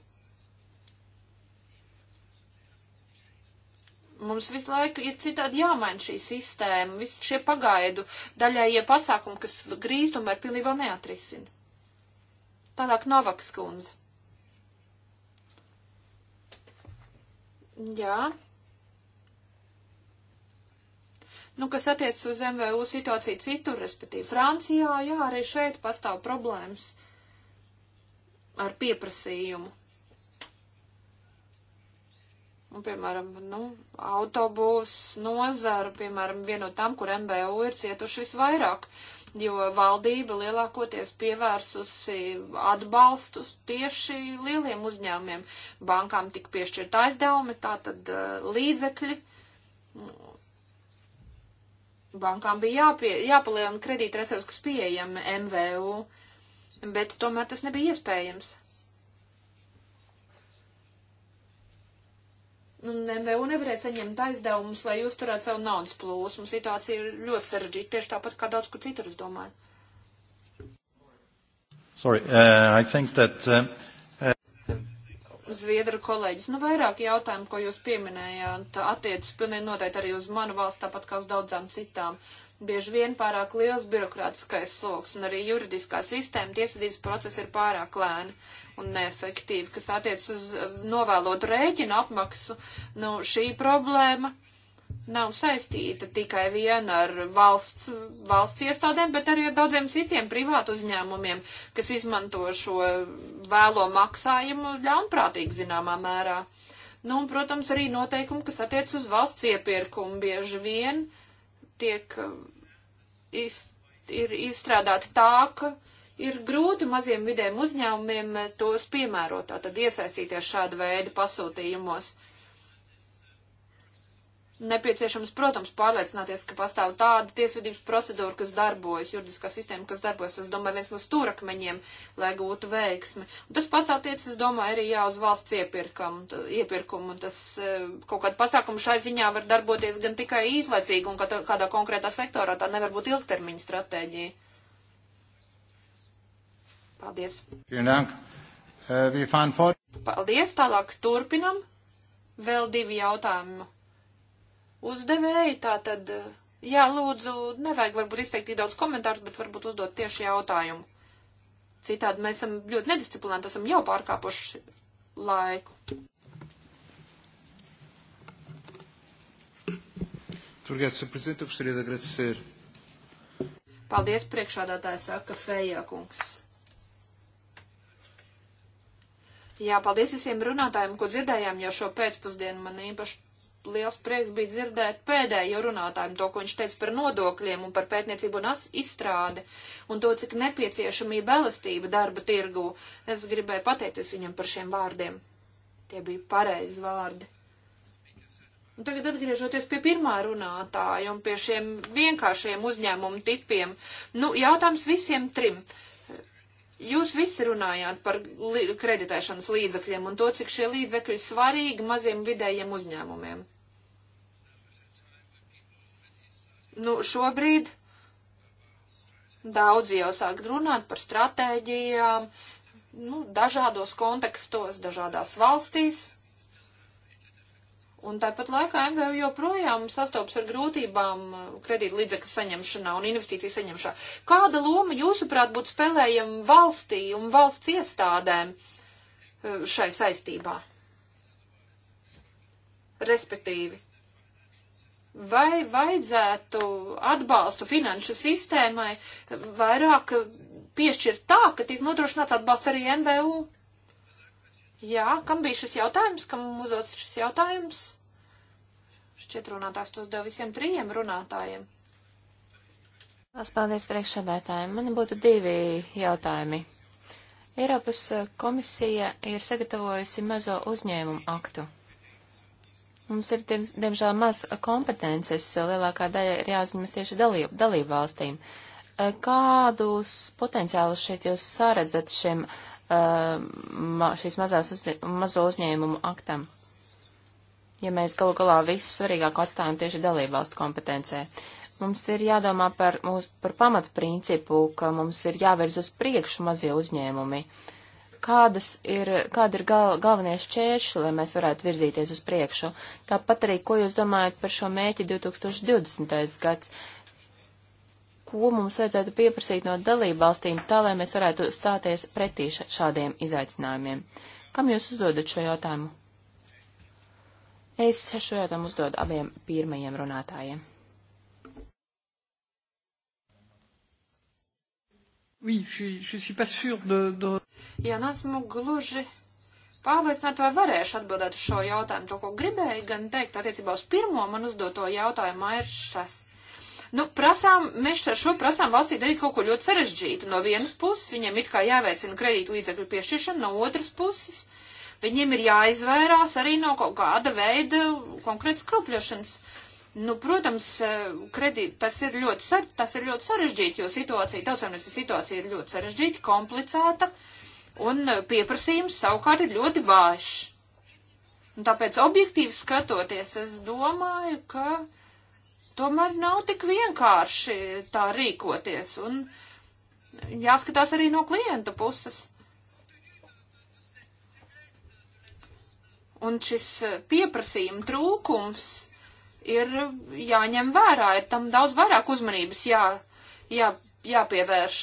Mums visu laiku ir citādi jāmaina šī sistēma, visi šie pagaidu daļējie pasākumi, kas grīz tomēr pilnībā neatrisina. Tālāk Novakas kundze. Jā. Nu, kas attiecas uz MVU situāciju citur, respektīvi Francijā, jā, arī šeit pastāv problēmas ar pieprasījumu. Un, piemēram, nu, autobūs nozara, piemēram, viena no tām, kur MVU ir cietuši visvairāk, jo valdība lielākoties pievērsusi atbalstu tieši lieliem uzņēmumiem. Bankām tika piešķirta aizdevumi, tātad uh, līdzekļi, bankām bija jāpie, jāpalielina kredīta resursi, kas pieejami MVU, bet tomēr tas nebija iespējams. Un nu, MVU nevarēja saņemt aizdevumus, lai uzturētu savu naudas plūsmu. Situācija ir ļoti sarežģīta, tieši tāpat kā daudz kur citur, es domāju. Sorry, uh, I think that uh, Zviedru kolēģis. Nu, vairāk jautājumu, ko jūs pieminējāt, attiecas pilnīgi noteikti arī uz manu valsts, tāpat kā uz daudzām citām. Bieži vien pārāk liels birokrātiskais sloks un arī juridiskā sistēma tiesvedības procesa ir pārāk lēna un neefektīva, kas attiec uz novēlotu rēķinu apmaksu. Nu, šī problēma nav saistīta tikai viena ar valsts, valsts iestādēm, bet arī ar daudziem citiem privātu uzņēmumiem, kas izmanto šo vēlo maksājumu ļaunprātīgi zināmā mērā. Nu, un, protams, arī noteikumi, kas attiec uz valsts iepirkumu, bieži vien tiek um, iz, ir izstrādāti tā, ka ir grūti maziem vidiem uzņēmumiem tos piemērot, tātad iesaistīties šāda veida pasūtījumos nepieciešams, protams, pārliecināties, ka pastāv tāda tiesvedības procedūra, kas darbojas, juridiskā sistēma, kas darbojas, es domāju, viens no stūrakmeņiem, lai gūtu veiksmi. Un tas pats attiecas, es domāju, arī jā uz valsts iepirkam, iepirkumu. Tas e, kaut kāda pasākuma šai ziņā var darboties gan tikai īslaicīgi un kādā konkrētā sektorā, tā nevar būt ilgtermiņa stratēģija. Paldies. Äh, Paldies, tālāk turpinam. Vēl divi jautājumi uzdevēji, tā tad, jā, lūdzu, nevajag varbūt izteikt tik daudz komentārus, bet varbūt uzdot tieši jautājumu. Citādi mēs esam ļoti nedisciplinēti, esam jau pārkāpuši laiku. Turgais, Presidente, eu gostaria de agradecer. Paldies, priekšādātājs saka Fejā kungs. Jā, paldies visiem runātājiem, ko dzirdējām jau šo pēcpusdienu. Man īpaši liels prieks bija dzirdēt pēdējo runātājiem to, ko viņš teica par nodokļiem un par pētniecību un izstrādi un to, cik nepieciešamība elastība darba tirgu. Es gribēju pateikties viņam par šiem vārdiem. Tie bija pareizi vārdi. Un tagad atgriežoties pie pirmā runātāja un pie šiem vienkāršiem uzņēmumu tipiem. Nu, jautājums visiem trim. Uh, Jūs visi runājāt par kreditēšanas līdzekļiem un to, cik šie līdzekļi svarīgi maziem vidējiem uzņēmumiem. Nu, šobrīd daudzi jau sāk runāt par stratēģijām, nu, dažādos kontekstos, dažādās valstīs. Un tāpat laikā MVU joprojām sastopas ar grūtībām uh, kredīt līdzekļu saņemšanā un investīciju saņemšanā. Kāda loma, jūsuprāt, būtu spēlējama valstī un valsts iestādēm uh, šai saistībā? Respektīvi, vai vajadzētu atbalstu finanšu sistēmai vairāk piešķirt tā, ka tiek nodrošināts atbalsts arī MVU? Jā, kam bija šis jautājums, kam uzdots šis jautājums? Šķiet runātājs tos dev visiem trījiem runātājiem. Lās paldies priekšsādētājiem. Man būtu divi jautājumi. Eiropas eh, komisija ir sagatavojusi mazo uzņēmumu aktu. Mums ir, diemžēl, maz kompetences. Eh, lielākā daļa ir jāuzņemas tieši dalību, dalību valstīm. Eh, kādus potenciālus šeit jūs sāredzat šiem uh, šīs mazās uzņē, mazo uzņēmumu aktam. Ja mēs galu galā visu svarīgāko atstājam tieši dalībvalstu kompetencē, mums ir jādomā par, mūs, par pamatu principu, ka mums ir jāvirz uz priekšu mazie uzņēmumi. Kādas ir, kāda ir gal, galvenie šķēršļi, lai mēs varētu virzīties uz priekšu? Tāpat arī, ko jūs domājat par šo mēķi 2020. gads? ko mums vajadzētu pieprasīt no dalību valstīm, tā lai mēs varētu stāties pretī šādiem izaicinājumiem. Kam jūs uzdodat šo jautājumu? Es šo jautājumu uzdodu abiem pirmajiem runātājiem. Oui, je, je suis pas sûre de, de... Jā, nesmu gluži pārliecināta, vai varēšu atbildēt uz šo jautājumu. To, ko gribēju gan teikt attiecībā uz pirmo man uzdoto jautājumu, ir šas. Nu, prasām, mēs ar šo prasām valstī darīt kaut ko ļoti sarežģītu. No vienas puses viņiem it kā jāveicina kredītu līdzekļu piešķiršana, no otras puses viņiem ir jāizvairās arī no kaut kāda veida konkrētas kropļošanas. Nu, protams, eh, kredīt, tas ir ļoti, sar, tas ir ļoti sarežģīti, jo situācija, tautsēmniecības situācija ir ļoti sarežģīta, komplicēta, un eh, pieprasījums savukārt ir ļoti vājš. Un tāpēc objektīvi skatoties, es domāju, ka tomēr nav tik vienkārši tā rīkoties un jāskatās arī no klienta puses. Un šis pieprasījuma trūkums ir jāņem vērā, ir tam daudz vairāk uzmanības jā, jā, jāpievērš.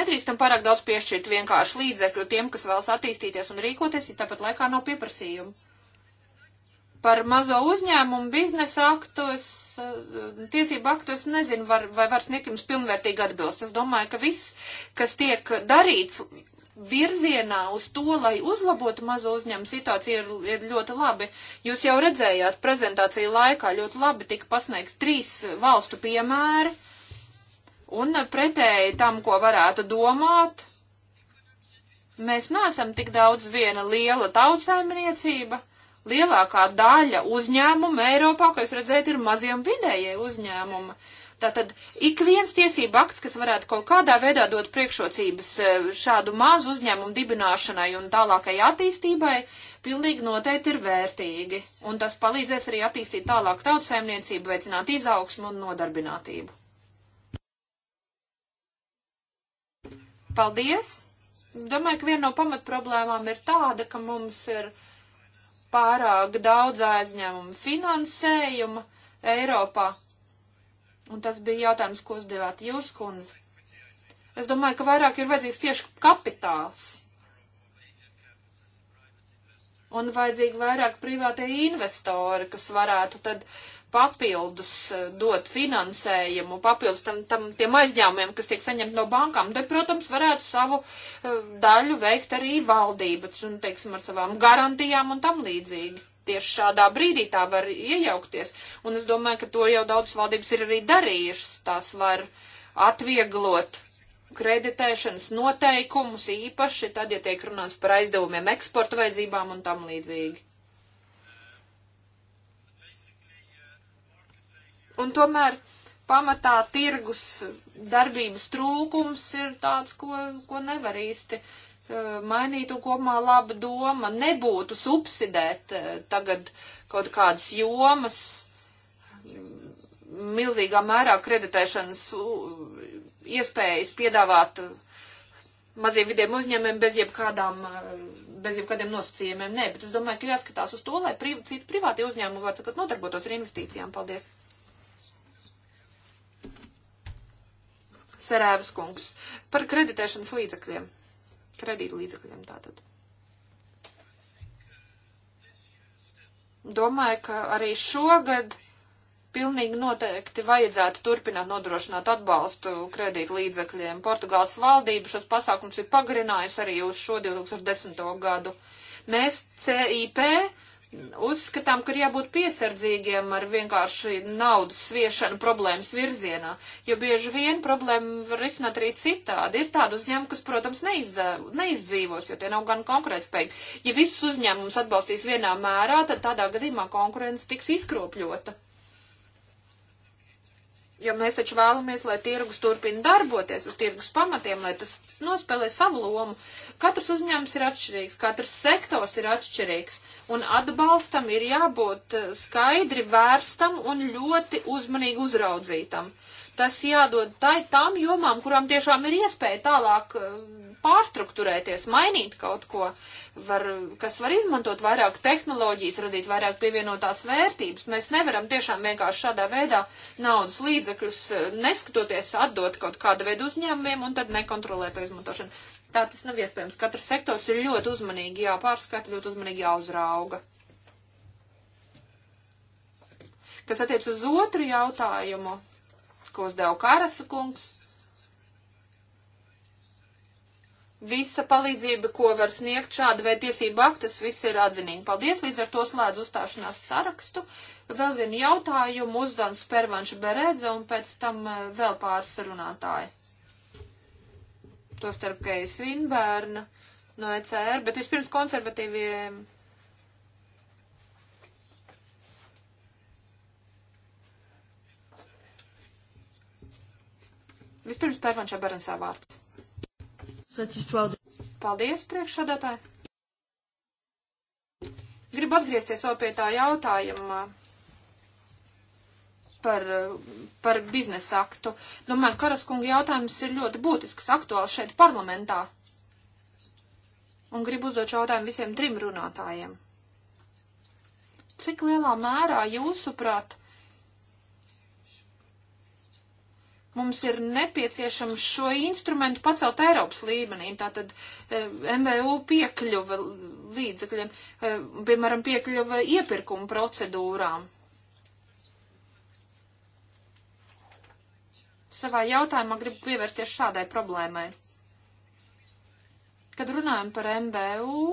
Nedrīkstam pārāk daudz piešķirt vienkārši līdzekļu tiem, kas vēlas attīstīties un rīkoties, ja tāpat laikā nav pieprasījuma. Par mazo uzņēmumu biznesa aktos, eh, tiesību aktos nezinu, var, vai var sniegt jums pilnvērtīgi atbilst. Es domāju, ka viss, kas tiek darīts virzienā uz to, lai uzlabotu mazo uzņēmumu situāciju, ir, ir ļoti labi. Jūs jau redzējāt prezentāciju laikā, ļoti labi tika pasniegts trīs valstu piemēri. Un pretēji tam, ko varētu domāt, mēs neesam tik daudz viena liela tautsēmniecība, lielākā daļa uzņēmumu Eiropā, ko jūs redzējat, ir mazie un vidējie uzņēmumi. Tātad ik viens tiesība akts, kas varētu kaut kādā veidā dot priekšrocības e, šādu mazu uzņēmumu dibināšanai un tālākai attīstībai, pilnīgi noteikti ir vērtīgi. Un tas palīdzēs arī attīstīt tālāk tautsēmniecību, veicināt izaugsmu un nodarbinātību. Paldies! Domāju, ka viena no pamatproblēmām ir tāda, ka mums ir pārāk daudz aizņēmumu finansējuma Eiropā. Un tas bija jautājums, ko uzdevāt jūs, kundze. Es domāju, ka vairāk ir vajadzīgs tieši kapitāls. Un vajadzīgi vairāk privātie investori, kas varētu tad papildus eh, dot finansējumu, papildus tam, tam tiem aizņēmumiem, kas tiek saņemti no bankām, tad, protams, varētu savu eh, daļu veikt arī valdības un, teiksim, ar savām garantijām un tam līdzīgi. Tieši šādā brīdī tā var iejaukties, un es domāju, ka to jau daudz valdības ir arī darījušas. Tās var atvieglot kreditēšanas noteikumus īpaši, tad, ja tiek runāts par aizdevumiem eksporta vajadzībām un tam līdzīgi. Un tomēr pamatā tirgus darbības trūkums ir tāds, ko, ko nevar īsti eh, mainīt un kopumā laba doma nebūtu subsidēt eh, tagad kaut kādas jomas mm, milzīgā mērā kreditēšanas iespējas piedāvāt eh, maziem vidiem uzņēmumiem bez jebkādām, bez jebkādiem nosacījumiem. Nē, bet es domāju, ka jāskatās uz to, lai priv, citi privāti uzņēmumi var tagad nodarbotos ar investīcijām. Paldies! Serēvas kungs, par kreditēšanas līdzekļiem. Kredīta līdzekļiem tātad. Domāju, ka arī šogad pilnīgi noteikti vajadzētu turpināt nodrošināt atbalstu kredīt līdzekļiem. Portugāles valdība šos pasākums ir pagarinājusi arī uz šo 2010. gadu. Mēs CIP uzskatām, ka ir jābūt piesardzīgiem ar vienkārši naudas sviešanu problēmas virzienā, jo bieži vien problēma var risināt arī citādi. Ir tādi uzņēmumi, kas, protams, neizdzīvos, jo tie nav gan konkurētspējīgi. Ja visus uzņēmumus atbalstīs vienā mērā, tad tādā gadījumā konkurence tiks izkropļota. Jo mēs taču vēlamies, lai tirgus turpina darboties uz tirgus pamatiem, lai tas nospēlē savu lomu. Katrs uzņēmums ir atšķirīgs, katrs sektors ir atšķirīgs, un atbalstam ir jābūt eh, skaidri vērstam un ļoti uzmanīgi uzraudzītam. Tas jādod tai tām jomām, kurām tiešām ir iespēja tālāk eh, pārstruktūrēties, mainīt kaut ko, var, kas var izmantot vairāk tehnoloģijas, radīt vairāk pievienotās vērtības. Mēs nevaram tiešām vienkārši šādā veidā naudas līdzekļus eh, neskatoties atdot kaut kāda veida uzņēmumiem un tad nekontrolēt to izmantošanu. Tā tas nav iespējams. Katrs sektors ir ļoti uzmanīgi jāpārskata, ļoti uzmanīgi jāuzrauga. Kas attiec uz otru jautājumu, ko uzdeva Kāras kungs visa palīdzība, ko var sniegt šāda vai tiesība aktas, viss ir atzinīgi. Paldies, līdz ar to slēdz uzstāšanās sarakstu. Vēl vienu jautājumu uzdans Pervanš Beredze un pēc tam eh, vēl pāris runātāji. Tostarp Keja Svinbērna no ECR, bet vispirms konservatīvie. Vispirms Pervanšā Berensā vārds. Paldies, priekšsādātāji! Gribu atgriezties vēl pie tā jautājuma par, par biznesa aktu. Domāju, nu, Karaskunga jautājums ir ļoti būtisks, aktuāls šeit parlamentā. Un gribu uzdot šo jautājumu visiem trim runātājiem. Cik lielā mērā jūsuprāt Mums ir nepieciešams šo instrumentu pacelt Eiropas līmenī, tātad e, MVU piekļuva līdzekļiem, e, piemēram, piekļuva iepirkuma procedūrām. Savā jautājumā gribu pievērsties šādai problēmai. Kad runājam par MVU,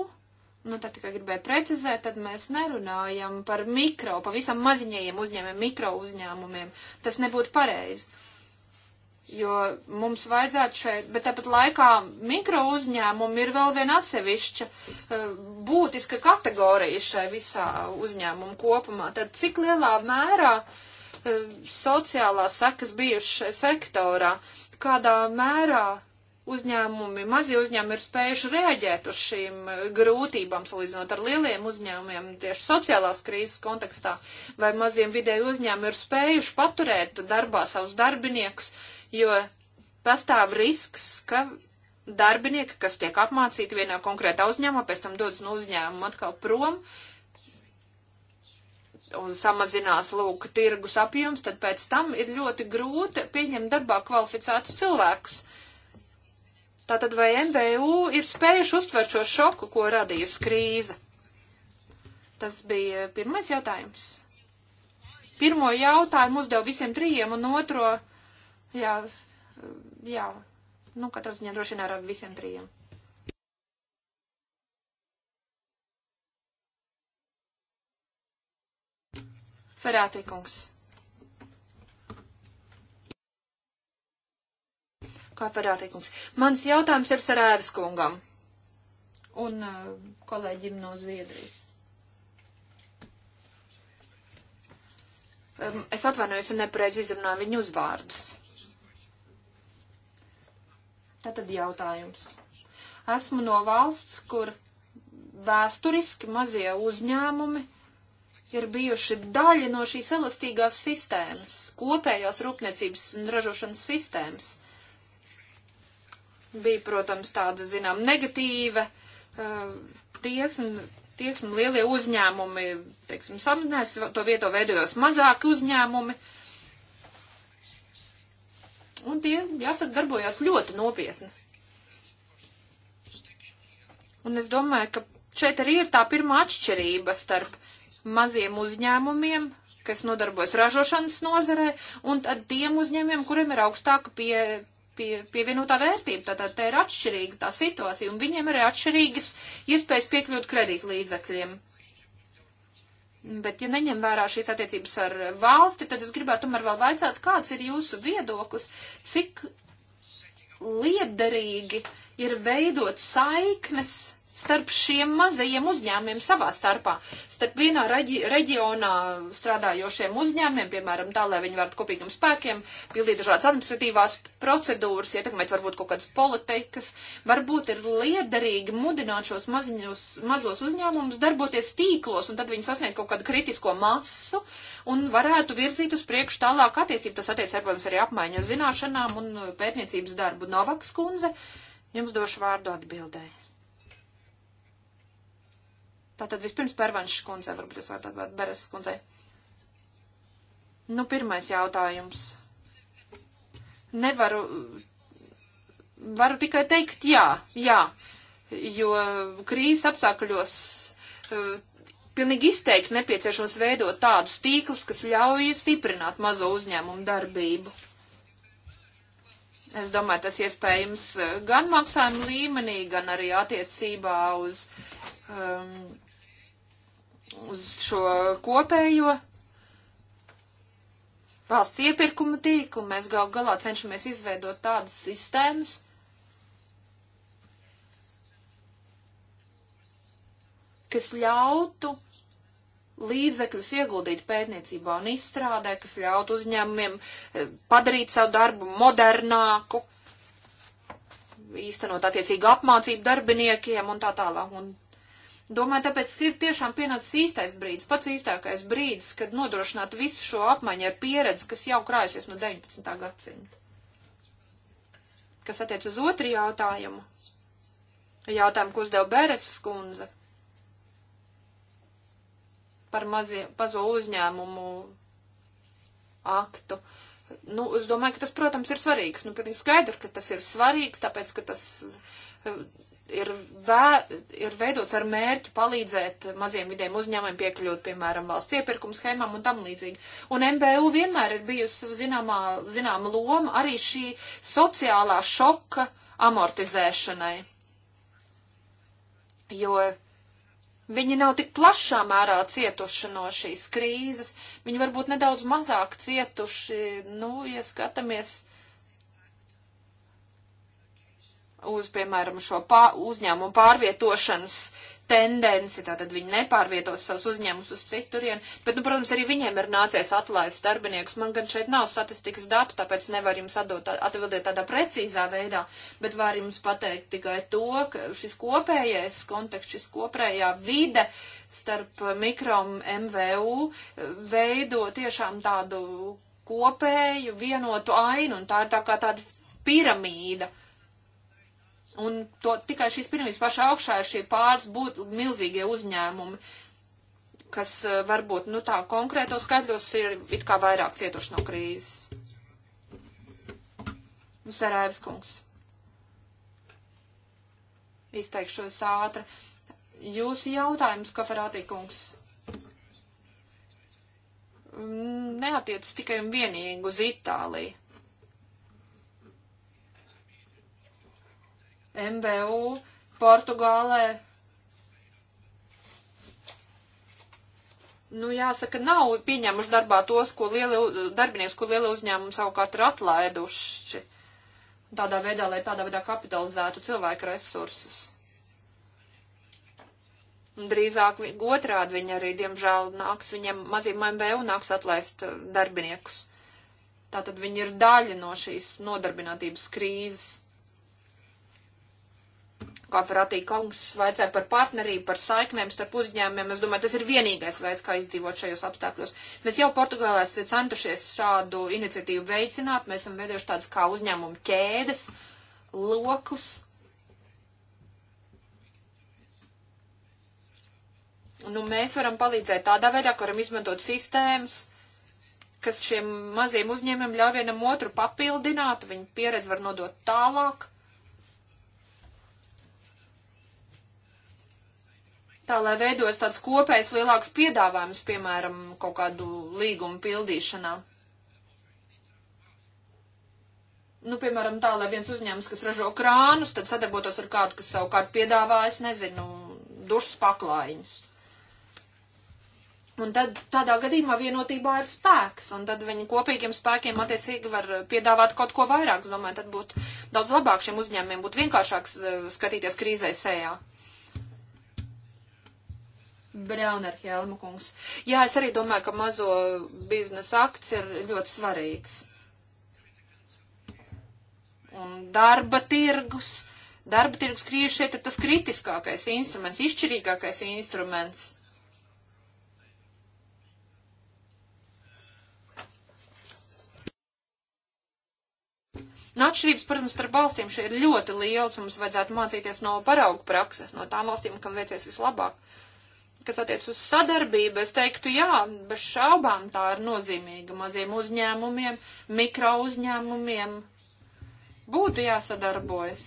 Nu, tā tikai gribēju precizēt, tad mēs nerunājam par mikro, pavisam maziņajiem uzņēmumiem, mikro uzņēmumiem. Tas nebūtu pareizi. Jo mums vajadzētu šeit, bet tāpat laikā mikro uzņēmumi ir vēl viena atsevišķa eh, būtiska kategorija šai visā uzņēmumu kopumā. Tad cik lielā mērā eh, sociālās sekas bijušas sektorā, kādā mērā uzņēmumi, mazie uzņēmumi ir spējuši reaģēt uz šīm eh, grūtībām, salīdzinot ar lieliem uzņēmumiem, tieši sociālās krīzes kontekstā, vai maziem vidēju uzņēmumi ir spējuši paturēt darbā savus darbiniekus, uh, jo pastāv risks, ka darbinieki, kas tiek apmācīti vienā konkrētā uzņēmumā, pēc tam dodas no uzņēmuma atkal prom un samazinās lūk tirgus apjoms, tad pēc tam ir ļoti grūti pieņemt darbā kvalificētus cilvēkus. Tātad vai MVU ir spējuši uztvert šo šoku, ko radījusi krīze? Tas bija pirmais jautājums. Pirmo jautājumu uzdev visiem trījiem un otro Jā, jā. Nu, katrā ziņā droši vien ar visiem trījiem. Ferātī kungs. Kā Ferātī kungs? Mans jautājums ir Sarēras kungam un uh, kolēģim no Zviedrijas. Um, es atvainojos, ja nepareizi izrunāju viņu uzvārdus. Tātad jautājums. Esmu no valsts, kur vēsturiski mazie uzņēmumi ir bijuši daļa no šīs elastīgās sistēmas, kopējās rūpniecības un ražošanas sistēmas. Bija, protams, tāda, zinām, negatīva uh, tieksme, tieksme lielie uzņēmumi, teiksim, samazinājās, to vieto veidojos mazāki uzņēmumi. Uh, Un tie, jāsaka, darbojās ļoti nopietni. Un es domāju, ka šeit arī ir tā pirmā atšķirība starp maziem uzņēmumiem, kas nodarbojas ražošanas nozarē, un tad tiem uzņēmumiem, kuriem ir augstāka pie, pie, pievienotā vērtība. Tātad tā ir atšķirīga tā situācija, un viņiem ir atšķirīgas iespējas piekļūt kredītlīdzekļiem. Bet, ja neņem vērā šīs attiecības ar valsti, tad es gribētu tomēr vēl vaicāt, kāds ir jūsu viedoklis, cik liederīgi ir veidot saiknes starp šiem mazajiem uzņēmiem savā starpā, starp vienā reģi reģionā strādājošiem uzņēmiem, piemēram, tā, lai viņi varētu kopīgiem spēkiem pildīt dažādas administratīvās procedūras, ietekmēt varbūt kaut kādas politikas, varbūt ir liederīgi mudināt šos maziņos, mazos uzņēmumus darboties tīklos, un tad viņi sasniegt kaut kādu kritisko masu un varētu virzīt uz priekšu tālāk attīstību. Tas attiec, protams, arī apmaiņu zināšanām un pētniecības darbu. Novaks kundze, jums došu vārdu atbildēji. Tātad vispirms pervanšs kundzei, varbūt jūs varat atbildēt Beres kundzei. Nu, pirmais jautājums. Nevaru, varu tikai teikt jā, jā, jo krīzes apstākļos eh, pilnīgi izteikti nepieciešams veidot tādus tīklus, kas ļauj stiprināt mazo uzņēmumu darbību. Es domāju, tas iespējams eh, gan maksājuma līmenī, gan arī attiecībā uz um, uz šo kopējo valsts iepirkuma tīklu. Mēs gal galā cenšamies izveidot tādas sistēmas, kas ļautu līdzekļus ieguldīt pētniecībā un izstrādē, kas ļautu uzņēmumiem eh, padarīt savu darbu modernāku, īstenot attiecīgu apmācību darbiniekiem un tā tālāk. Un Domāju, tāpēc ir tiešām pienācis īstais brīdis, pats īstākais brīdis, kad nodrošināt visu šo apmaiņu ar pieredzi, kas jau krājusies no 19. gadsimta. Kas attiec uz otru jautājumu? Jautājumu, ko uzdeva Bereses kundze par mazie, mazo uzņēmumu aktu. Nu, es domāju, ka tas, protams, ir svarīgs. Nu, pilnīgi skaidrs, ka tas ir svarīgs, tāpēc, ka tas ir, vē, ir veidots ar mērķu palīdzēt maziem vidiem uzņēmumiem piekļūt, piemēram, valsts iepirkuma schēmām un tam līdzīgi. Un MBU vienmēr ir bijusi zināmā, zināma loma arī šī sociālā šoka amortizēšanai. Jo viņi nav tik plašā mērā cietuši no šīs krīzes, viņi varbūt nedaudz mazāk cietuši, nu, ja skatāmies uz, piemēram, šo pā, uzņēmumu pārvietošanas tendenci, tātad viņi nepārvietos savus uzņēmumus uz citurien, bet, nu, protams, arī viņiem ir nācies atlaist darbiniekus. Man gan šeit nav statistikas datu, tāpēc nevar jums atdot, atbildēt tādā precīzā veidā, bet var jums pateikt tikai to, ka šis kopējais konteksts, šis kopējā vide starp mikro un MVU eh, veido tiešām tādu kopēju vienotu ainu, un tā ir tā kā tāda piramīda Un to tikai šīs pirmīs pašā augšā ir šie pāris būt milzīgie uzņēmumi, kas eh, varbūt, nu tā, konkrētos skaidros ir it kā vairāk cietuši no krīzes. Sarēvs kungs. Izteikšos ātri. Jūsu jautājums, Kaferātī kungs, neatiec tikai un vienīgi uz Itāliju. MBU Portugālē. Nu, jāsaka, nav pieņēmuši darbā tos, ko lieli darbinieks, ko lieli uzņēmumi savukārt ir atlaiduši. Tādā veidā, lai tādā veidā kapitalizētu cilvēku resursus. Un drīzāk otrādi viņi arī, diemžēl, nāks viņiem maziem MBU nāks atlaist uh, darbiniekus. Tātad viņi ir daļa no šīs nodarbinātības krīzes. Kaferatī kungs vaicāja par partnerību, par saiknēm starp uzņēmumiem. Es domāju, tas ir vienīgais veids, kā izdzīvot šajos apstākļos. Mēs jau Portugālē esam centušies šādu iniciatīvu veicināt. Mēs esam veidojuši tādas kā uzņēmumu ķēdes, lokus. Nu, mēs varam palīdzēt tādā veidā, ka varam izmantot sistēmas, kas šiem maziem uzņēmumiem ļauj vienam otru papildināt, viņu pieredzi var nodot tālāk. tā lai veidojas tāds kopējs lielāks piedāvājums, piemēram, kaut kādu līgumu pildīšanā. Nu, piemēram, tā, lai viens uzņēmums, kas ražo krānus, tad sadarbotos ar kādu, kas savukārt piedāvājas, nezinu, dušas paklājiņus. Un tad tādā gadījumā vienotībā ir spēks, un tad viņi kopīgiem spēkiem attiecīgi var piedāvāt kaut ko vairāk. Es domāju, tad būtu daudz labāk šiem uzņēmumiem, būtu vienkāršāk eh, skatīties krīzē sējā. Brauner Helma kungs. Jā, es arī domāju, ka mazo biznesa akts ir ļoti svarīgs. Un darba tirgus, darba tirgus krīze šeit ir tas kritiskākais instruments, izšķirīgākais instruments. Un nu, atšķirības, protams, starp valstīm šeit ir ļoti lielas, un mums vajadzētu mācīties no paraugu prakses, no tām valstīm, kam veicies vislabāk. Uh, kas attiec uz sadarbību, es teiktu, jā, bez šaubām tā ir nozīmīga maziem uzņēmumiem, mikro uzņēmumiem. Būtu jāsadarbojas.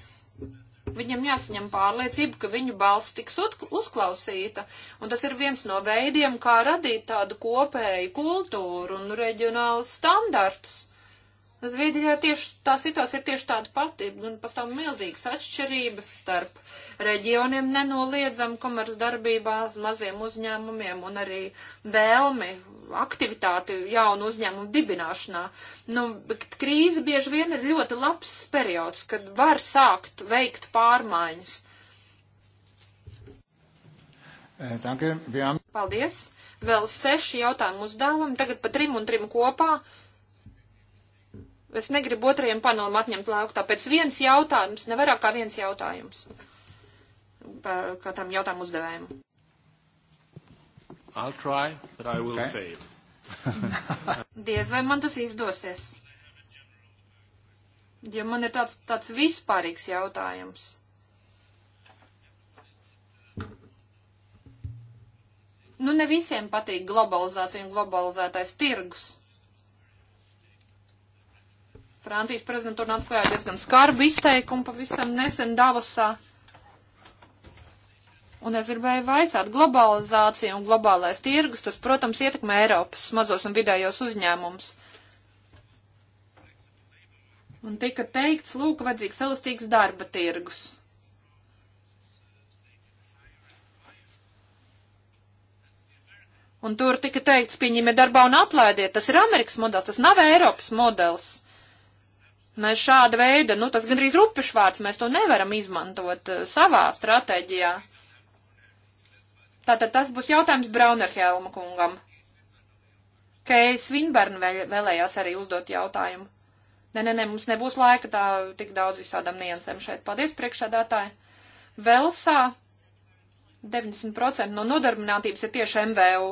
Viņam jāsaņem pārliecība, ka viņu balss tiks uzklausīta, un tas ir viens no veidiem, kā radīt tādu kopēju kultūru un reģionālus standartus. Zviedrijā tieši tā situācija ir tieši tāda pati, un pastāv milzīgas atšķirības starp reģioniem nenoliedzam komerc darbībās, maziem uzņēmumiem un arī vēlmi, aktivitāti jaunu uzņēmumu dibināšanā. Nu, bet krīze bieži vien ir ļoti labs periods, kad var sākt veikt pārmaiņas. Eh, Paldies! Vēl seši jautājumi uzdevumi, tagad pa trim un trim kopā. Es negribu otrajam panelam atņemt lauku, tāpēc viens jautājums, nevarāk kā viens jautājums par katram jautājumu uzdevējiem. I'll try, but I will okay. fail. Diez vai man tas izdosies. Jo man ir tāds, tāds vispārīgs jautājums. Nu, ne visiem patīk globalizācija un globalizētais tirgus. Francijas prezidentūra nāca klajā diezgan skarbu izteikumu pavisam nesen Davosā. Un es gribēju vaicāt, globalizācija un globālais tirgus, tas, protams, ietekmē Eiropas mazos un vidējos uzņēmumus. Un tika teikts, lūk, vajadzīgs elastīgs darba tirgus. Un tur tika teikts, pieņemiet darbā un atlaidiet. Tas ir Amerikas modelis, tas nav Eiropas modelis. Mēs šāda veida, nu tas gandrīz rupišvārds, mēs to nevaram izmantot eh, savā stratēģijā. Tātad tas būs jautājums Braunerhelma kungam. Kei Svinbern vēlējās arī uzdot jautājumu. Nē, nē, nē, mums nebūs laika tā tik daudz visādam niansēm šeit. Paldies, priekšādātāji. Velsā 90% no nodarbinātības ir tieši MVU,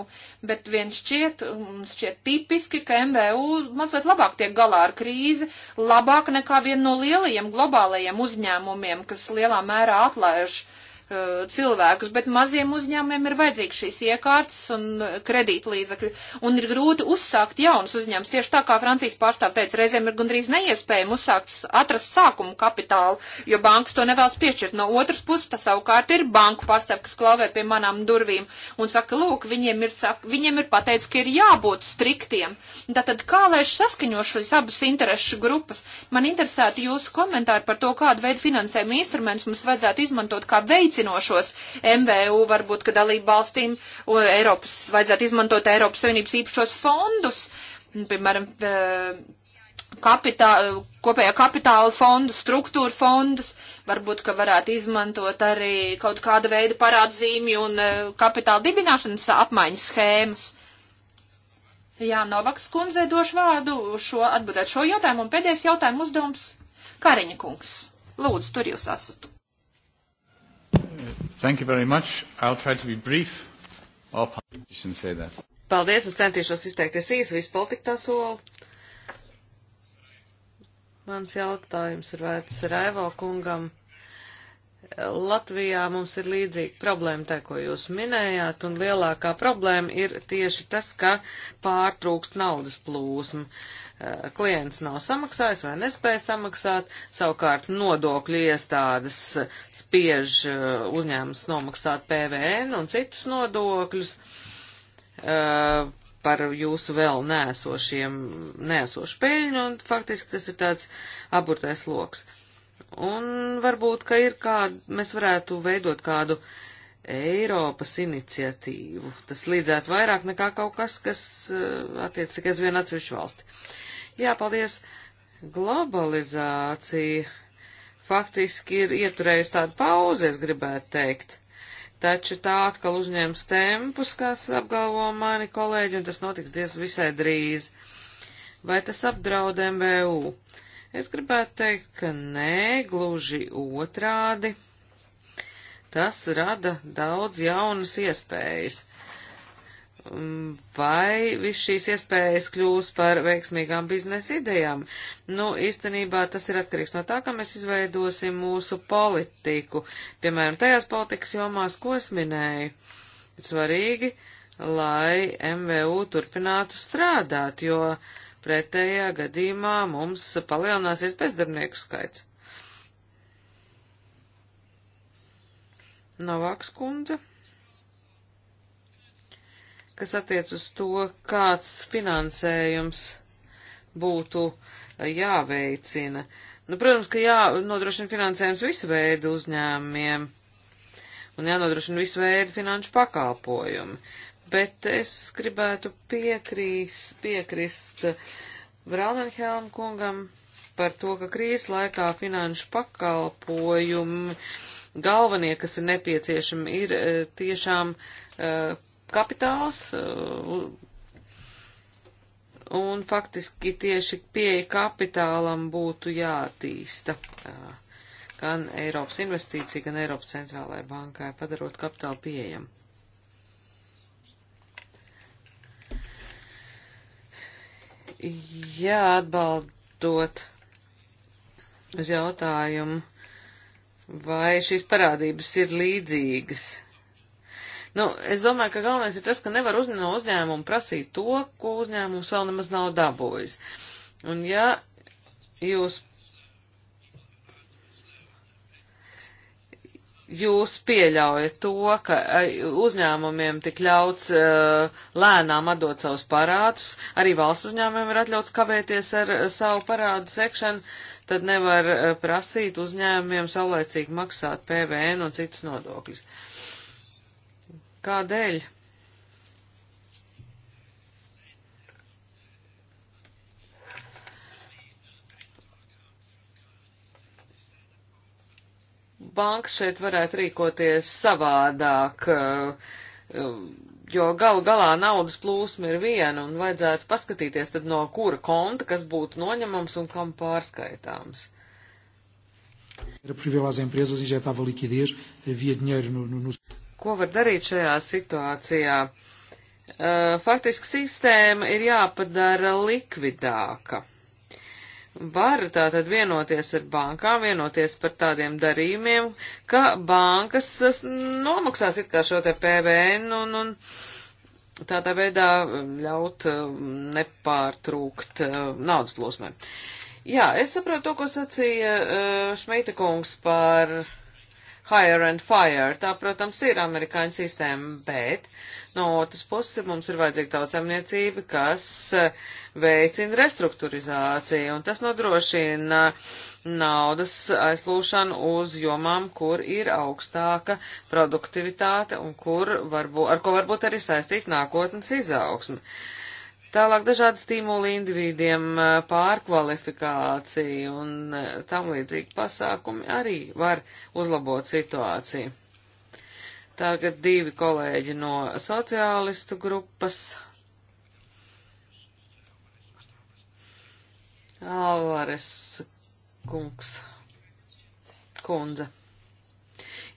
bet viens šķiet, šķiet tipiski, ka MVU mazliet labāk tiek galā ar krīzi, labāk nekā vien no lielajiem globālajiem uzņēmumiem, kas lielā mērā atlaiž uh, Uh, cilvēkus, bet maziem uzņēmumiem ir vajadzīgs šīs iekārtas un kredītlīdzekļi, un ir grūti uzsākt jaunus uzņēmumus. Tieši tā kā Francijas pārstāv teica, reizēm ir gandrīz neiespējami uzsākt, atrast sākumu kapitālu, jo bankas to nevēlas piešķirt. No otras puses, tas savukārt ir banku pārstāv, kas klauvē pie manām durvīm un saka, lūk, viņiem ir, saka, viņiem ir pateicis, ka ir jābūt striktiem. Tātad, kā lai es saskaņo šīs abas interesu grupas? Man interesētu jūsu komentāri par to, kādu veidu finansējumu instrumentus mums vajadzētu izmantot kā veicinājumu veicinošos MVU, varbūt, ka dalību valstīm Eiropas, vajadzētu izmantot Eiropas Savienības īpašos fondus, piemēram, kapitā, kopējā kapitāla fondu, struktūra fondus, varbūt, ka varētu izmantot arī kaut kādu veidu parādzīmju un e, kapitāla dibināšanas apmaiņas schēmas. Jā, Novaks kundzei došu vārdu šo, atbildēt šo jautājumu, un pēdējais jautājumu uzdevums Kariņa kungs. Lūdzu, tur jūs esat. Thank you very much. I'll try to be brief. All politicians say that. Paldies, es centīšos izteikties īsi, visu politiku tā solu. Mans jautājums ir vērts Raivo kungam. Latvijā mums ir līdzīga problēma tā, ko jūs minējāt, un lielākā problēma ir tieši tas, ka pārtrūkst naudas plūsmu. Eh, klients nav samaksājis vai nespēja samaksāt, savukārt nodokļu iestādes spiež eh, uzņēmums nomaksāt PVN un citus nodokļus eh, par jūsu vēl nēsošiem, nēsošu peļņu, un faktiski tas ir tāds aburtais loks. Uh, Un varbūt, ka ir kāda, mēs varētu veidot kādu Eiropas iniciatīvu. Tas līdzētu vairāk nekā kaut kas, kas eh, attiec tikai uz vienu atsevišķu valsti. Jā, paldies. Globalizācija faktiski ir ieturējusi tādu pauzi, es gribētu teikt. Taču tā atkal uzņems tempus, kas apgalvo mani kolēģi, un tas notiks diez visai drīz. Vai tas apdraud MVU? Uh, Es gribētu teikt, ka nē, gluži otrādi. Tas rada daudz jaunas iespējas. Mm, vai viss šīs iespējas kļūs par veiksmīgām biznesa idejām? Nu, īstenībā tas ir atkarīgs no tā, kā mēs izveidosim mūsu politiku. Piemēram, tajās politikas jomās, ko es minēju, ir svarīgi, lai MVU turpinātu strādāt, jo uh, Pretējā gadījumā mums palielināsies bezdarbnieku skaits. Navāks kundze, kas attiec uz to, kāds finansējums būtu jāveicina. Nu, protams, ka jānodrošina finansējums visu veidu uzņēmumiem un jānodrošina visu veidu finanšu pakalpojumi. Uh, bet es gribētu piekrīst, piekrist Braudenhelm kungam par to, ka krīzes laikā finanšu pakalpojumi galvenie, kas ir nepieciešami, ir eh, tiešām eh, kapitāls, eh, un faktiski tieši pieeja kapitālam būtu jātīsta gan Eiropas investīcija, gan Eiropas centrālajai bankai, padarot kapitālu pieejamu. Jā, atbaldot uz jautājumu, vai šīs parādības ir līdzīgas. Nu, es domāju, ka galvenais ir tas, ka nevar uz, no uzņēmuma prasīt to, ko uzņēmums vēl nemaz nav dabūjis. Un ja jūs jūs pieļaujat to, ka uzņēmumiem tik ļauts eh, lēnām atdot savus parādus, arī valsts uzņēmumiem ir atļauts kavēties ar eh, savu parādu sekšanu, tad nevar eh, prasīt uzņēmumiem saulēcīgi maksāt PVN un citas nodokļus. Kādēļ? banka šeit varētu rīkoties savādāk, eh, jo galu galā naudas plūsma ir viena un vajadzētu paskatīties tad no kura konta, kas būtu noņemams un kam pārskaitāms. Ko var darīt šajā situācijā? Eh, faktiski sistēma ir jāpadara likvidāka var tātad vienoties ar bankām, vienoties par tādiem darījumiem, ka bankas nomaksās it kā šo te PVN un, un tādā veidā ļaut um, nepārtrūkt um, naudas plūsmai. Jā, es saprotu to, ko sacīja uh, Šmeita kungs par Hire and Fire. Tā, protams, ir amerikāņu sistēma, bet no otras puses mums ir vajadzīga tautsemniecība, kas eh, veicina restruktūrizāciju, un tas nodrošina naudas aizplūšanu uz jomām, kur ir augstāka produktivitāte un kur varbūt, ar ko varbūt arī saistīt nākotnes izaugsme. Uh, Tālāk dažādi stimuli individiem pārkvalifikācija un tam līdzīgi pasākumi arī var uzlabot situāciju. Tagad divi kolēģi no sociālistu grupas. Alvares kungs, kundze.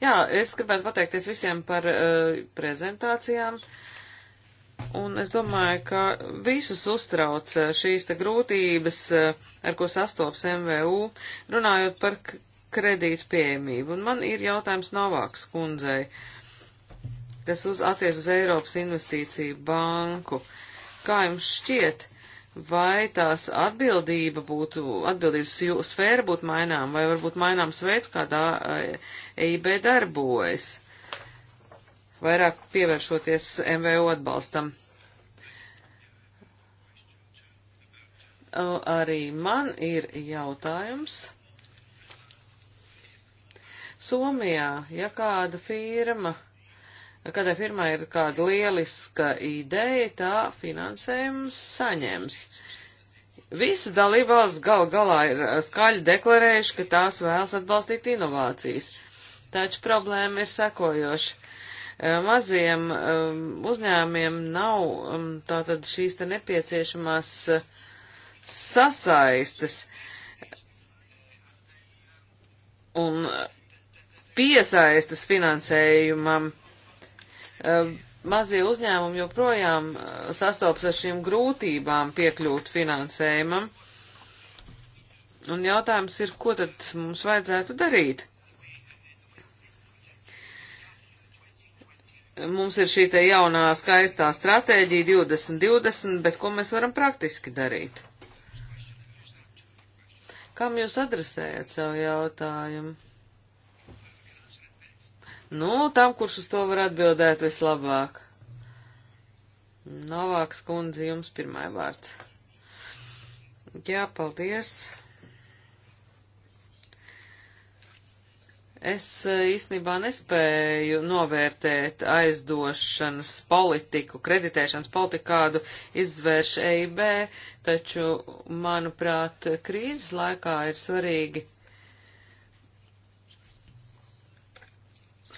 Jā, es gribētu pateikties visiem par uh, prezentācijām. Uh, Un es domāju, ka visus uztrauc eh, šīs te grūtības, eh, ar ko sastopas MVU, runājot par kredītu pieejamību. Un man ir jautājums Novāks kundzei, kas uz, attiec uz Eiropas investīciju banku. Kā jums šķiet, vai tās atbildība būtu, atbildības sfēra būtu maināma, vai varbūt maināms veids, kā tā EIB eh, e darbojas? vairāk pievēršoties MVO atbalstam. Arī man ir jautājums. Somijā, ja kāda firma, kādai firmai ir kāda lieliska ideja, tā finansējums saņems. Visas dalībvalsts gal galā ir skaļi deklarējuši, ka tās vēlas atbalstīt inovācijas. Taču problēma ir sekojoša Eh, maziem eh, uzņēmiem nav mm, tātad šīs te nepieciešamās eh, sasaistes. Un piesaistas finansējumam. Mazie uzņēmumi joprojām sastopas ar šīm grūtībām piekļūt finansējumam. Un jautājums ir, ko tad mums vajadzētu darīt? Mums ir šī te jaunā skaistā stratēģija 2020, bet ko mēs varam praktiski darīt? Kam jūs adresējat savu jautājumu? Nu, tam, kurš uz to var atbildēt vislabāk. Novāks kundze, jums pirmai vārds. Jā, paldies. Es eh, īstenībā nespēju novērtēt aizdošanas politiku, kreditēšanas politiku, kādu izvērš EIB, taču, manuprāt, krīzes laikā ir svarīgi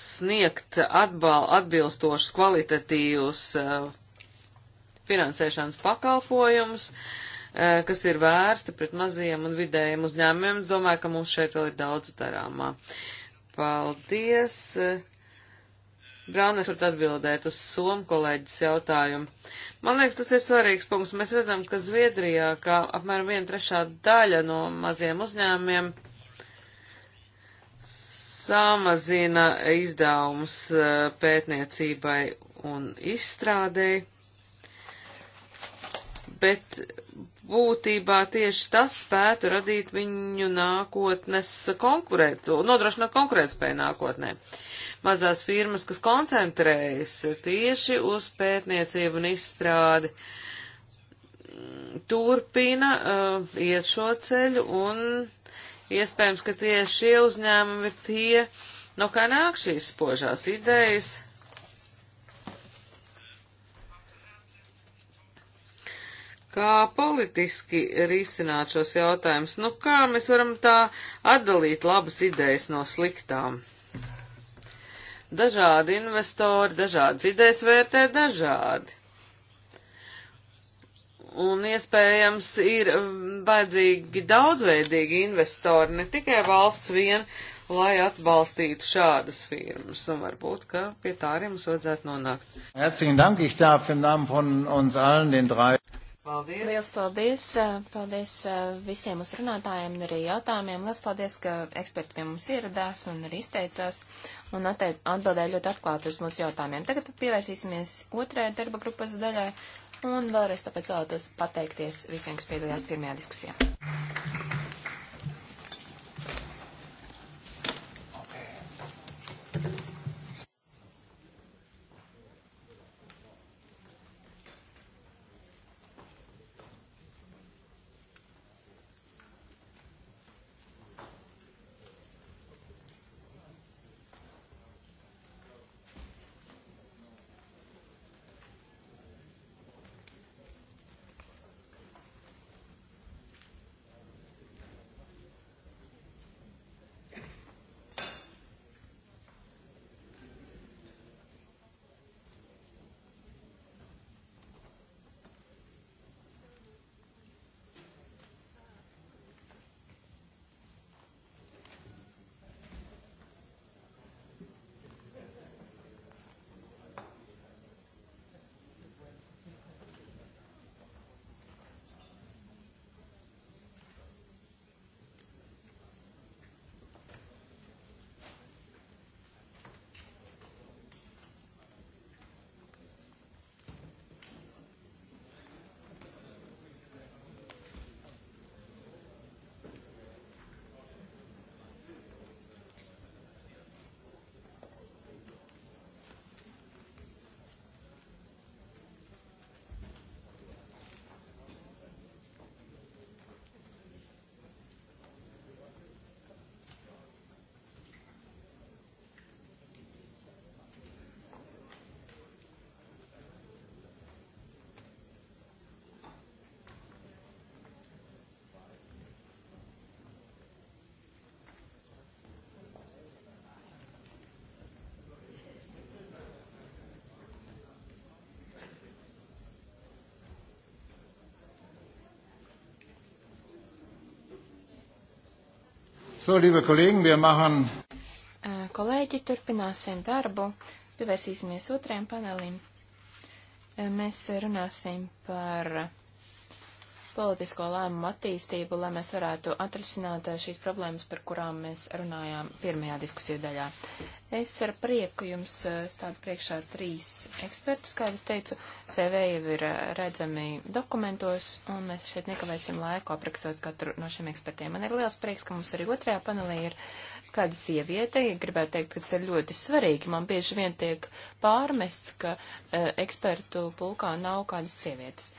sniegt atbal, atbilstošus kvalitatīvus eh, finansēšanas pakalpojumus, eh, kas ir vērsti pret maziem un vidējiem uzņēmumiem. Es domāju, ka mums šeit vēl ir daudz darāmā. Uh, Paldies! Braunis varat atbildēt uz somu kolēģis jautājumu. Man liekas, tas ir svarīgs punkts. Mēs redzam, ka Zviedrijā, kā apmēram viena trešā daļa no maziem uzņēmumiem, samazina izdevumus eh, pētniecībai un izstrādēji, bet būtībā tieši tas spētu radīt viņu nākotnes konkurēt, nodrošināt konkurētspēju nākotnē. Mazās firmas, kas koncentrējas tieši uz pētniecību un izstrādi, turpina uh, iet šo ceļu un iespējams, ka tieši šie uzņēmumi ir tie, no kā nāk šīs spožās idejas kā politiski risināt šos jautājumus. Nu, kā mēs varam tā atdalīt labas idejas no sliktām? Dažādi investori, dažādas idejas vērtē dažādi. Un iespējams ir vajadzīgi daudzveidīgi investori, ne tikai valsts vien, lai atbalstītu šādas firmas. Un varbūt, ka pie tā arī mums vajadzētu nonākt. Herzlichen Dank, ich darf im Namen von uns allen den drei. Paldies! Liels paldies! Paldies eh, visiem uzrunātājiem un arī jautājumiem. Liels paldies, ka eksperti pie mums ieradās un arī izteicās un atbildēja ļoti atklāti uz mūsu jautājumiem. Tagad pievērsīsimies otrajai darba grupas daļai un vēlreiz tāpēc vēlētos pateikties visiem, kas piedalījās pirmajā diskusijā. So, liebe Kollegen, wir machen. Kolēģi, turpināsim darbu. Pievērsīsimies otrajam panelim. Mēs runāsim par politisko lēmumu attīstību, lai mēs varētu atrisināt šīs problēmas, par kurām mēs runājām pirmajā diskusiju daļā. Es ar prieku jums eh, stādu priekšā trīs ekspertus, kā es teicu, CV jau ir eh, redzami dokumentos, un mēs šeit nekavēsim laiku aprakstot katru no šiem ekspertiem. Man ir liels prieks, ka mums arī otrajā panelī ir kāda sieviete. Gribētu teikt, ka tas ir ļoti svarīgi. Man bieži vien tiek pārmests, ka uh, ekspertu pulkā nav kādas sievietes.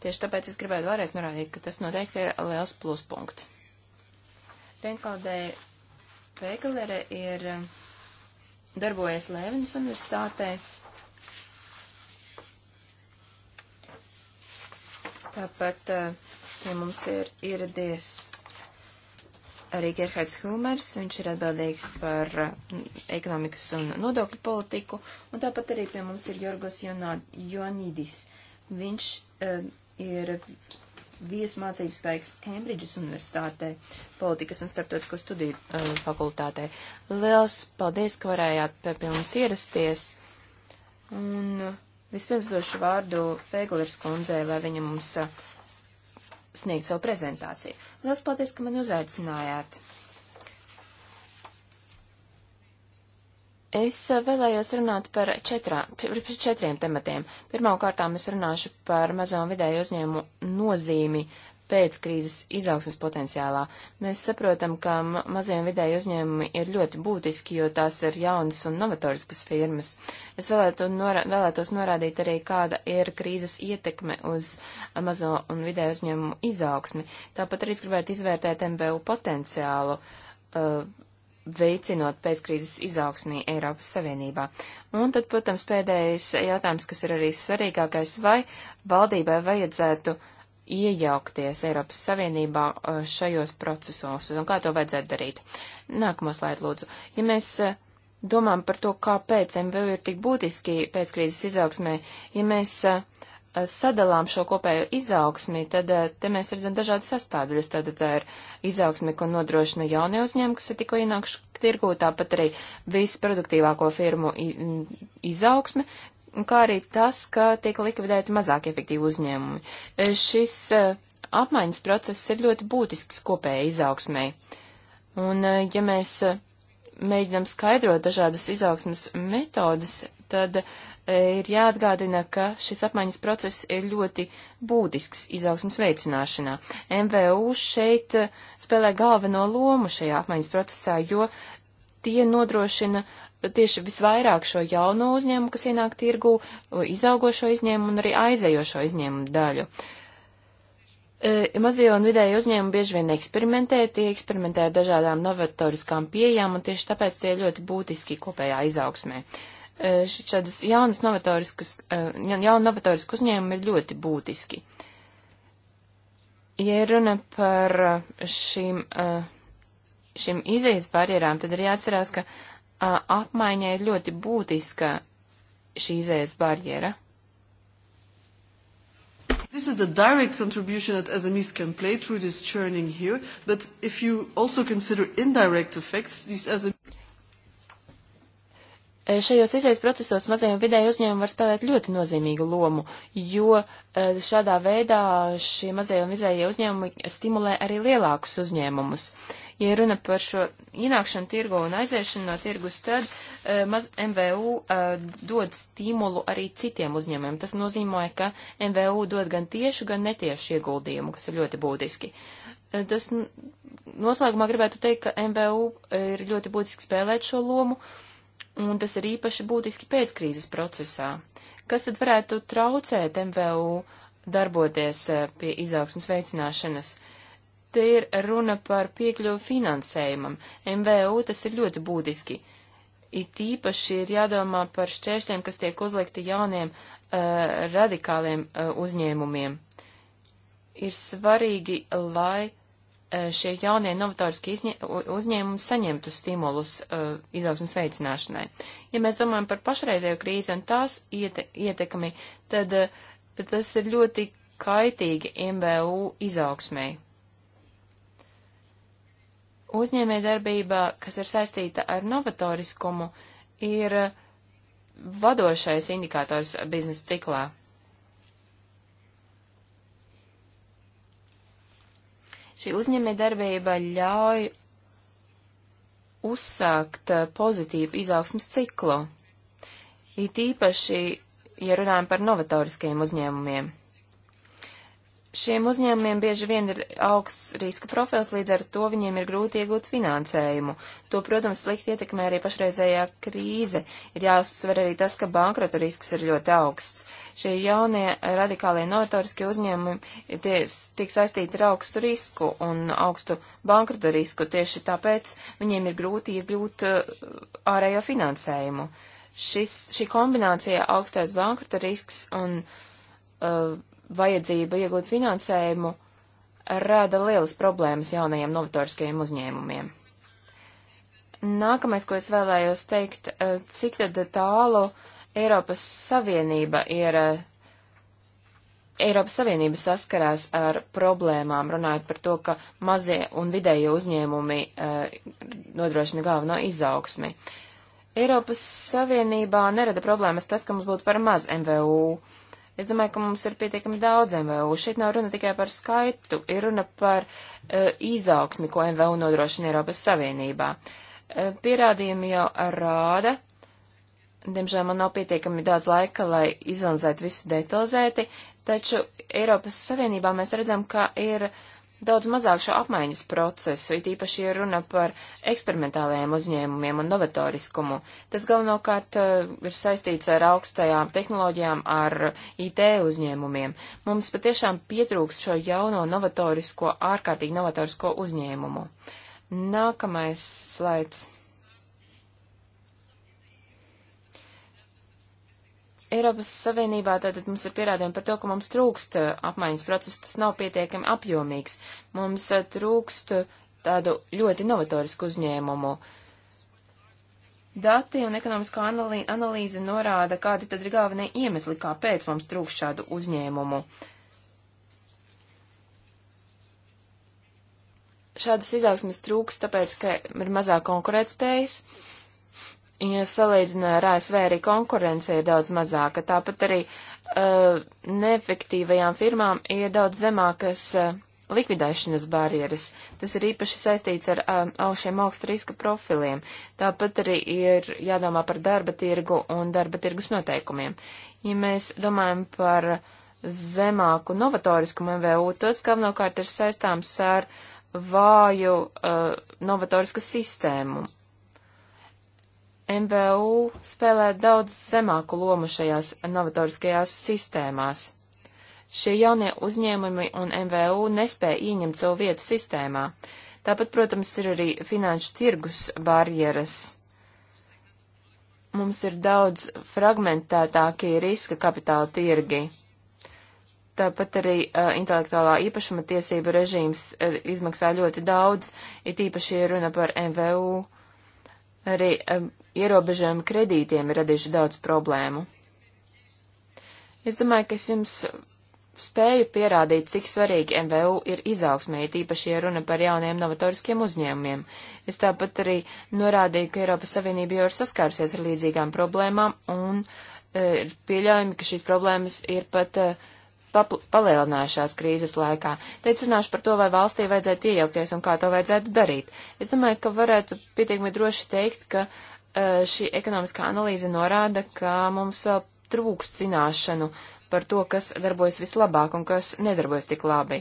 Tieši tāpēc es gribētu vēlreiz norādīt, ka tas noteikti ir liels pluspunkts. Renklādē Pēgalere ir. Uh, darbojies Lēvenas universitātē. Tāpat eh, pie mums ir ieradies arī Gerhards Humers, viņš ir atbildīgs par eh, ekonomikas un nodokļu politiku, un tāpat arī pie mums ir Jorgos Jonidis. Viņš uh, ir viesmācības spēks Kembridžas universitātē, politikas un starptautisko studiju um, fakultātē. Liels paldies, ka varējāt pie mums ierasties. Un uh, vispirms došu vārdu Fēglers kundzei, lai viņa mums uh, sniegt savu prezentāciju. Liels paldies, ka mani uzaicinājāt. Es eh, vēlējos runāt par, četrā, par četriem tematiem. Pirmkārtām es runāšu par mazo un vidēju uzņēmumu nozīmi pēc krīzes izaugsmas potenciālā. Mēs saprotam, ka mazie un vidēji uzņēmumi ir ļoti būtiski, jo tās ir jaunas un novatoriskas firmas. Es vēlētu norā, vēlētos norādīt arī, kāda ir krīzes ietekme uz mazo un vidēju uzņēmumu izaugsmi. Tāpat arī es gribētu izvērtēt MBU potenciālu. Uh, veicinot pēckrīzes izaugsmī Eiropas Savienībā. Un tad, protams, pēdējais jautājums, kas ir arī svarīgākais, vai valdībai vajadzētu iejaukties Eiropas Savienībā uh, šajos procesos un kā to vajadzētu darīt. Nākamo slaidu lūdzu. Ja mēs uh, domām par to, kāpēc MVU ir tik būtiski pēckrīzes izaugsmē, ja mēs uh, Eh, sadalām šo kopējo izaugsmi, tad eh, te mēs redzam dažādas sastāvdaļas. Tātad eh, tā ir izaugsme, ko nodrošina jaunie uzņēmumi, kas ir tikko ienākuši tirgū, tāpat arī visproduktīvāko firmu izaugsme, kā arī tas, ka tiek likvidēti mazāk efektīvi uzņēmumi. Šis apmaiņas process ir ļoti būtisks kopējai izaugsmai. Un ja mēs mēģinām skaidrot dažādas izaugsmas metodas, tad ir jāatgādina, ka šis apmaiņas process ir ļoti būtisks izaugsmas veicināšanā. MVU šeit eh, spēlē galveno lomu šajā apmaiņas procesā, jo tie nodrošina tieši visvairāk šo jauno uzņēmumu, kas ienāk tirgu, izaugošo izņēmumu un arī aizējošo izņēmumu daļu. Eh, mazie un vidēji uzņēmumi bieži vien eksperimentē, tie eksperimentē ar dažādām novatoriskām pieejām, un tieši tāpēc tie ir ļoti būtiski kopējā izaugsmē. Uh, šādas jaunas novatoriskas, eh, jauna novatoriska uzņēmuma ir ļoti būtiski. Ja runa par eh, šīm, eh, šīm izējas barjerām, tad ir jāatcerās, ka apmaiņai ir ļoti būtiska šī izējas barjera. This is the direct contribution that SMEs can play through this churning here, but if you also consider indirect effects, these SMEs E, šajos izējas procesos mazajiem vidēji uzņēmumi var spēlēt ļoti nozīmīgu lomu, jo e, šādā veidā šie mazie un vidējie uzņēmumi stimulē arī lielākus uzņēmumus. Ja runa par šo ienākšanu tirgu un aiziešanu no tirgus, tad e, maz MVU dod stimulu arī citiem uzņēmumiem. Tas nozīmē, ka MVU dod gan tiešu, gan netiešu ieguldījumu, kas ir ļoti būtiski. Tas noslēgumā gribētu teikt, ka MVU ir ļoti būtiski spēlēt šo lomu un tas ir īpaši būtiski pēckrīzes procesā. Kas tad varētu traucēt MVU darboties eh, pie izaugsmas veicināšanas? Te ir runa par piekļuvu finansējumam. MVU tas ir ļoti būtiski. It īpaši ir jādomā par šķēršļiem, kas tiek uzlikti jauniem uh, radikāliem uh, uzņēmumiem. Ir svarīgi, lai Eh, šie jaunie novatoriski uzņēmumi saņemtu stimulus uh, izaugsmas veicināšanai. Ja mēs domājam par pašreizējo krīzi un tās iete ietekmi, tad uh, tas ir ļoti kaitīgi MBU izaugsmai. Uzņēmē darbība, kas ir saistīta ar novatoriskumu, ir vadošais indikators biznesa ciklā. Šī uzņēmējdarbība ļauj uzsākt eh, pozitīvu izaugsmas ciklu. It īpaši, ja runājam par novatoriskiem uzņēmumiem. Šiem uzņēmumiem bieži vien ir augsts riska profils, līdz ar to viņiem ir grūti iegūt finansējumu. To, protams, slikti ietekmē arī pašreizējā krīze. Ir jāuzsver arī tas, ka bankrota risks ir ļoti augsts. Šie jaunie radikālie notoriskie uzņēmumi tiek saistīti ar augstu risku un augstu bankrota risku. Tieši tāpēc viņiem ir grūti iegūt uh, ārējo finansējumu. Šis, šī kombinācija augstais bankrota risks un. Uh, vajadzība iegūt finansējumu rada lielas problēmas jaunajiem novatoriskajiem uzņēmumiem. Nākamais, ko es vēlējos teikt, eh, cik tad tālu Eiropas Savienība ir. Eh, Eiropas Savienība saskarās ar problēmām, runājot par to, ka mazie un vidējie uzņēmumi eh, nodrošina galveno izaugsmi. Eiropas Savienībā nerada problēmas tas, ka mums būtu par maz MVU. Uh, Es domāju, ka mums ir pietiekami daudz MVU. Šeit nav runa tikai par skaitu, ir runa par uh, izaugsmi, ko MVU nodrošina Eiropas Savienībā. Uh, pierādījumi jau rāda, diemžēl man nav pietiekami daudz laika, lai izanalizētu visu detalizēti, taču Eiropas Savienībā mēs redzam, ka ir uh, daudz mazāk šo apmaiņas procesu, it īpaši ir runa par eksperimentālajiem uzņēmumiem un novatoriskumu. Tas galvenokārt eh, ir saistīts ar augstajām tehnoloģijām, ar IT uzņēmumiem. Mums patiešām pietrūkst šo jauno novatorisko, ārkārtīgi novatorisko uzņēmumu. Nākamais slaids. Eiropas Savienībā tātad mums ir pierādījumi par to, ka mums trūkst eh, apmaiņas procesa, tas nav pietiekami apjomīgs. Mums eh, trūkst eh, tādu ļoti novatorisku uzņēmumu. Dati un ekonomiskā analīze norāda, kādi tad ir galvenie iemesli, kāpēc mums trūkst šādu uzņēmumu. Šādas izaugsmes trūkst, tāpēc, ka ir mazāk konkurētspējas. spējas ja salīdzinā ar ASV, arī konkurence ir daudz mazāka. Tāpat arī uh, neefektīvajām firmām ir daudz zemākas uh, likvidēšanas barjeras. Tas ir īpaši saistīts ar uh, šiem augsta riska profiliem. Tāpat arī ir jādomā par darba tirgu un darba tirgus noteikumiem. Ja mēs domājam par zemāku novatoriskumu MVU, tas galvenokārt ir saistāms ar vāju uh, novatorisku sistēmu MVU spēlē daudz zemāku lomu šajās novatoriskajās sistēmās. Šie jaunie uzņēmumi un MVU nespēja ieņemt savu vietu sistēmā. Tāpat, protams, ir arī finanšu tirgus barjeras. Mums ir daudz fragmentētākie riska kapitāla tirgi. Tāpat arī uh, intelektuālā īpašuma tiesību režīms uh, izmaksā ļoti daudz, it īpaši runa par MVU. Uh, Arī um, ierobežojumi kredītiem ir radījuši daudz problēmu. Es domāju, ka es jums spēju pierādīt, cik svarīgi MVU ir izaugsmē, tīpaši, ja runa par jauniem novatoriskiem uzņēmumiem. Es tāpat arī norādīju, ka Eiropas Savienība jau ir saskārusies ar līdzīgām problēmām un uh, ir pieļaujami, ka šīs problēmas ir pat uh, palielinājušās krīzes laikā. Teicu runāšu par to, vai valstī vajadzētu iejaukties un kā to vajadzētu darīt. Es domāju, ka varētu pietiekami droši teikt, ka uh, šī ekonomiskā analīze norāda, ka mums vēl trūkst zināšanu par to, kas darbojas vislabāk un kas nedarbojas tik labi.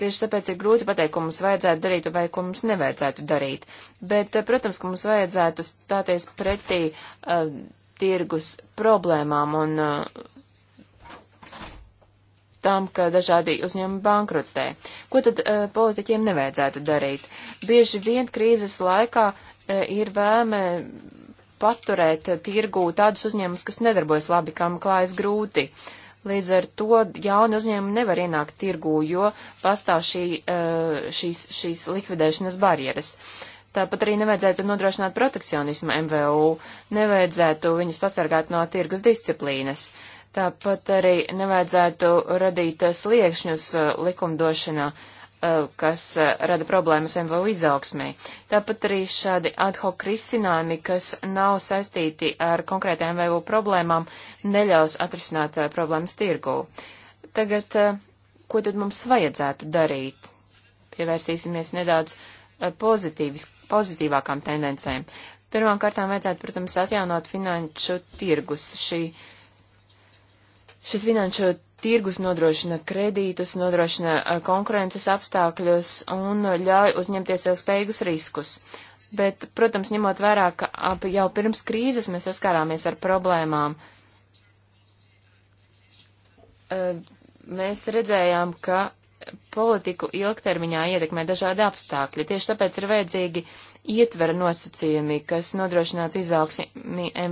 Tieši tāpēc ir grūti pateikt, ko mums vajadzētu darīt vai ko mums nevajadzētu darīt. Bet, e, protams, ka mums vajadzētu stāties pretī uh, tirgus problēmām un uh, tam, ka dažādi uzņēmumi bankrutē. Ko tad uh, politiķiem nevajadzētu darīt? Bieži vien krīzes laikā uh, ir vēme paturēt tirgū tādus uzņēmumus, kas nedarbojas labi, kam klājas grūti. Līdz ar to jauni uzņēmumi nevar ienākt tirgū, jo pastāv šī, uh, šīs, šīs likvidēšanas barjeras. Tāpat arī nevajadzētu nodrošināt protekcionismu MVU, nevajadzētu viņus pasargāt no tirgus disciplīnas. Uh, Tāpat arī nevajadzētu radīt sliekšņus uh, likumdošanā, uh, kas uh, rada problēmas MVU izaugsmē. Tāpat arī šādi ad hoc risinājumi, kas nav saistīti ar konkrētām MVU problēmām, neļaus atrisināt problēmas tirgū. Tagad, ko tad mums vajadzētu darīt? Pievērsīsimies nedaudz pozitīvākām tendencēm. Pirmkārt, vajadzētu, protams, atjaunot finanšu tirgus. Šī uh, Šis finanšu tirgus nodrošina kredītus, nodrošina eh, konkurences apstākļus un ļauj uzņemties ilgspējīgus riskus. Bet, protams, ņemot vērā, ka ap jau pirms krīzes mēs saskārāmies ar problēmām, eh, mēs redzējām, ka politiku ilgtermiņā ietekmē dažādi apstākļi. Tieši tāpēc ir vajadzīgi ietvera nosacījumi, kas nodrošinātu izaugsmi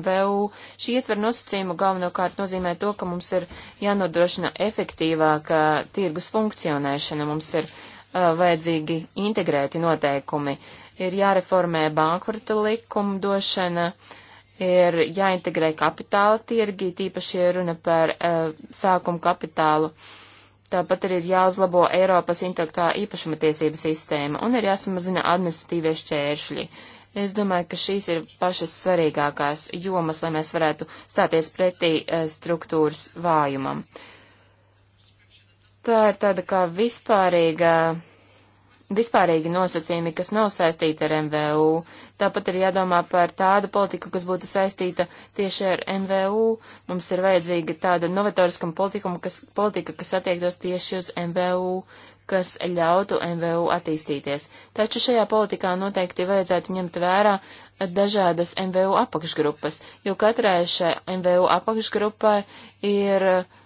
MVU. Šī ietvera nosacījuma galvenokārt nozīmē to, ka mums ir jānodrošina efektīvāka tirgus funkcionēšana, mums ir uh, vajadzīgi integrēti noteikumi, ir jāreformē bankrota likumdošana, ir jāintegrē kapitāla tirgi, tīpaši ir runa par uh, sākumu kapitālu. Uh, Tāpat arī ir jāuzlabo Eiropas intelektuā īpašuma tiesību sistēma un ir jāsamazina administratīvie šķēršļi. Es domāju, ka šīs ir pašas svarīgākās jomas, lai mēs varētu stāties pretī e, struktūras vājumam. Tā ir tāda kā vispārīga vispārīgi nosacījumi, kas nav saistīti ar MVU. Tāpat ir jādomā par tādu politiku, kas būtu saistīta tieši ar MVU. Mums ir vajadzīga tāda novatoriskam politikam, kas, politika, kas attiektos tieši uz MVU, kas ļautu MVU attīstīties. Taču šajā politikā noteikti vajadzētu ņemt vērā dažādas MVU apakšgrupas, jo katrai šai MVU apakšgrupai ir uh,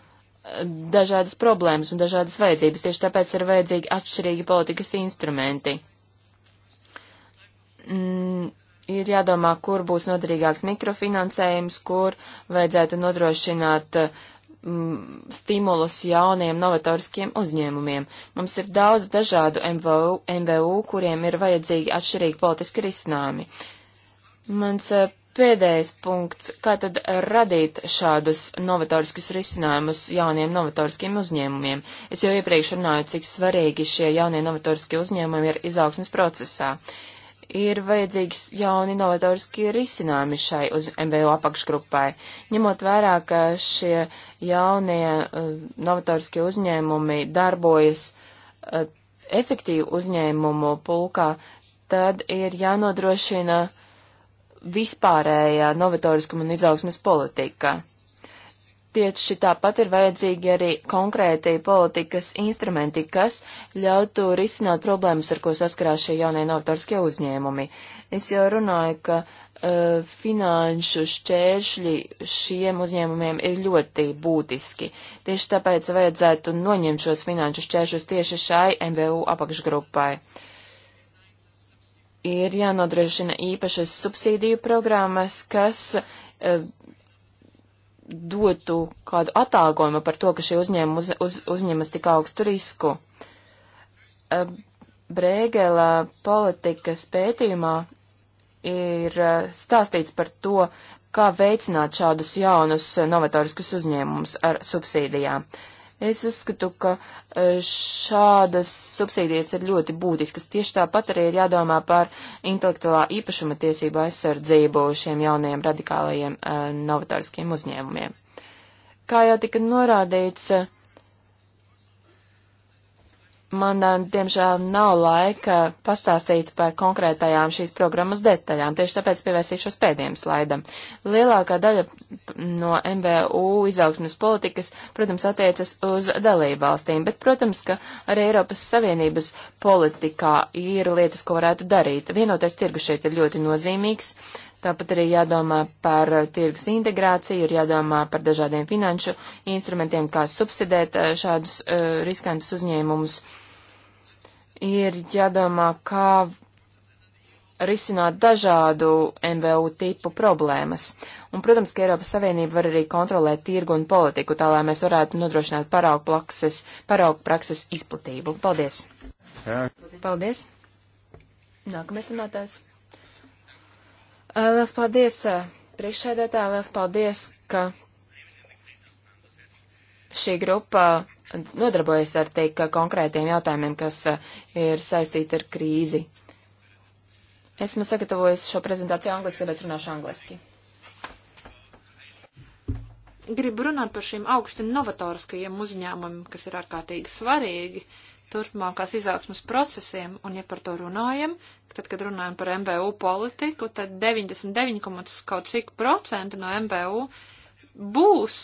dažādas problēmas un dažādas vajadzības, tieši tāpēc ir vajadzīgi atšķirīgi politikas instrumenti. Mm, ir jādomā, kur būs noderīgāks mikrofinansējums, kur vajadzētu nodrošināt mm, stimulus jauniem novatoriskiem uzņēmumiem. Mums ir daudz dažādu MVU, MVU kuriem ir vajadzīgi atšķirīgi politiski risinājumi. Mans eh, pēdējais punkts, kā tad radīt šādus novatoriskus risinājumus jauniem novatoriskiem uzņēmumiem. Es jau iepriekš runāju, cik svarīgi šie jaunie novatoriskie uzņēmumi ir izaugsmas procesā. Ir vajadzīgs jauni novatoriskie risinājumi šai uz MBO apakšgrupai, ņemot vērā, ka šie jaunie uh, novatoriskie uzņēmumi darbojas uh, efektīvu uzņēmumu pulkā, tad ir jānodrošina uh, vispārējā novatoriskuma un izaugsmes politika. Tieši tāpat ir vajadzīgi arī konkrēti politikas instrumenti, kas ļautu risināt problēmas, ar ko saskarās šie jaunie novatoriskie uzņēmumi. Es jau runāju, ka uh, finanšu šķēršļi šiem uzņēmumiem ir ļoti būtiski. Tieši tāpēc vajadzētu noņemt šos finanšu šķēršļus tieši šai MVU apakšgrupai. Uh, ir jānodrošina īpašas subsīdiju programmas, kas e, dotu kādu atalgojumu par to, ka šie uzņēmumi uz, uz, uzņemas tik augstu risku. E, Brēgela politikas pētījumā ir e, stāstīts par to, kā veicināt šādus jaunus novatoriskus uzņēmumus ar subsīdijām. Uh, Es uzskatu, ka e, šādas subsīdijas ir ļoti būtiskas. Tieši tāpat arī ir jādomā par intelektuālā īpašuma tiesību aizsardzību šiem jaunajiem radikālajiem e, novatoriskiem uzņēmumiem. Kā jau tika norādīts, Man, diemžēl, nav laika pastāstīt par konkrētajām šīs programmas detaļām, tieši tāpēc pievērsīšos pēdējiem slaidam. Lielākā daļa no MVU izaugsmes politikas, protams, attiecas uz dalībvalstīm, bet, protams, ka arī Eiropas Savienības politikā ir lietas, ko varētu darīt. Vienotais tirgus šeit ir ļoti nozīmīgs, Tāpat arī jādomā par tirgus integrāciju, ir jādomā par dažādiem finanšu instrumentiem, kā subsidēt šādus uh, riskantus uzņēmumus. Uh, ir jādomā, kā risināt dažādu MVU tipu problēmas. Un, protams, ka Eiropas Savienība var arī kontrolēt tirgu un politiku, tā lai mēs varētu nodrošināt paraugu prakses, paraugu prakses izplatību. Paldies! Jā. Paldies! Nākamais runātājs. Liels paldies, priekšsēdētāji, liels paldies, ka šī grupa nodarbojas ar teikt konkrētiem jautājumiem, kas eh, ir saistīti ar krīzi. Esmu sagatavojis šo prezentāciju angliski, tāpēc runāšu angliski. Gribu runāt par šiem augstu novatoriskajiem uzņēmumiem, kas ir ārkārtīgi svarīgi turpmākās izaugsmas procesiem, un ja par to runājam, tad, kad runājam par MBU politiku, tad 99, kaut cik procenti no MBU būs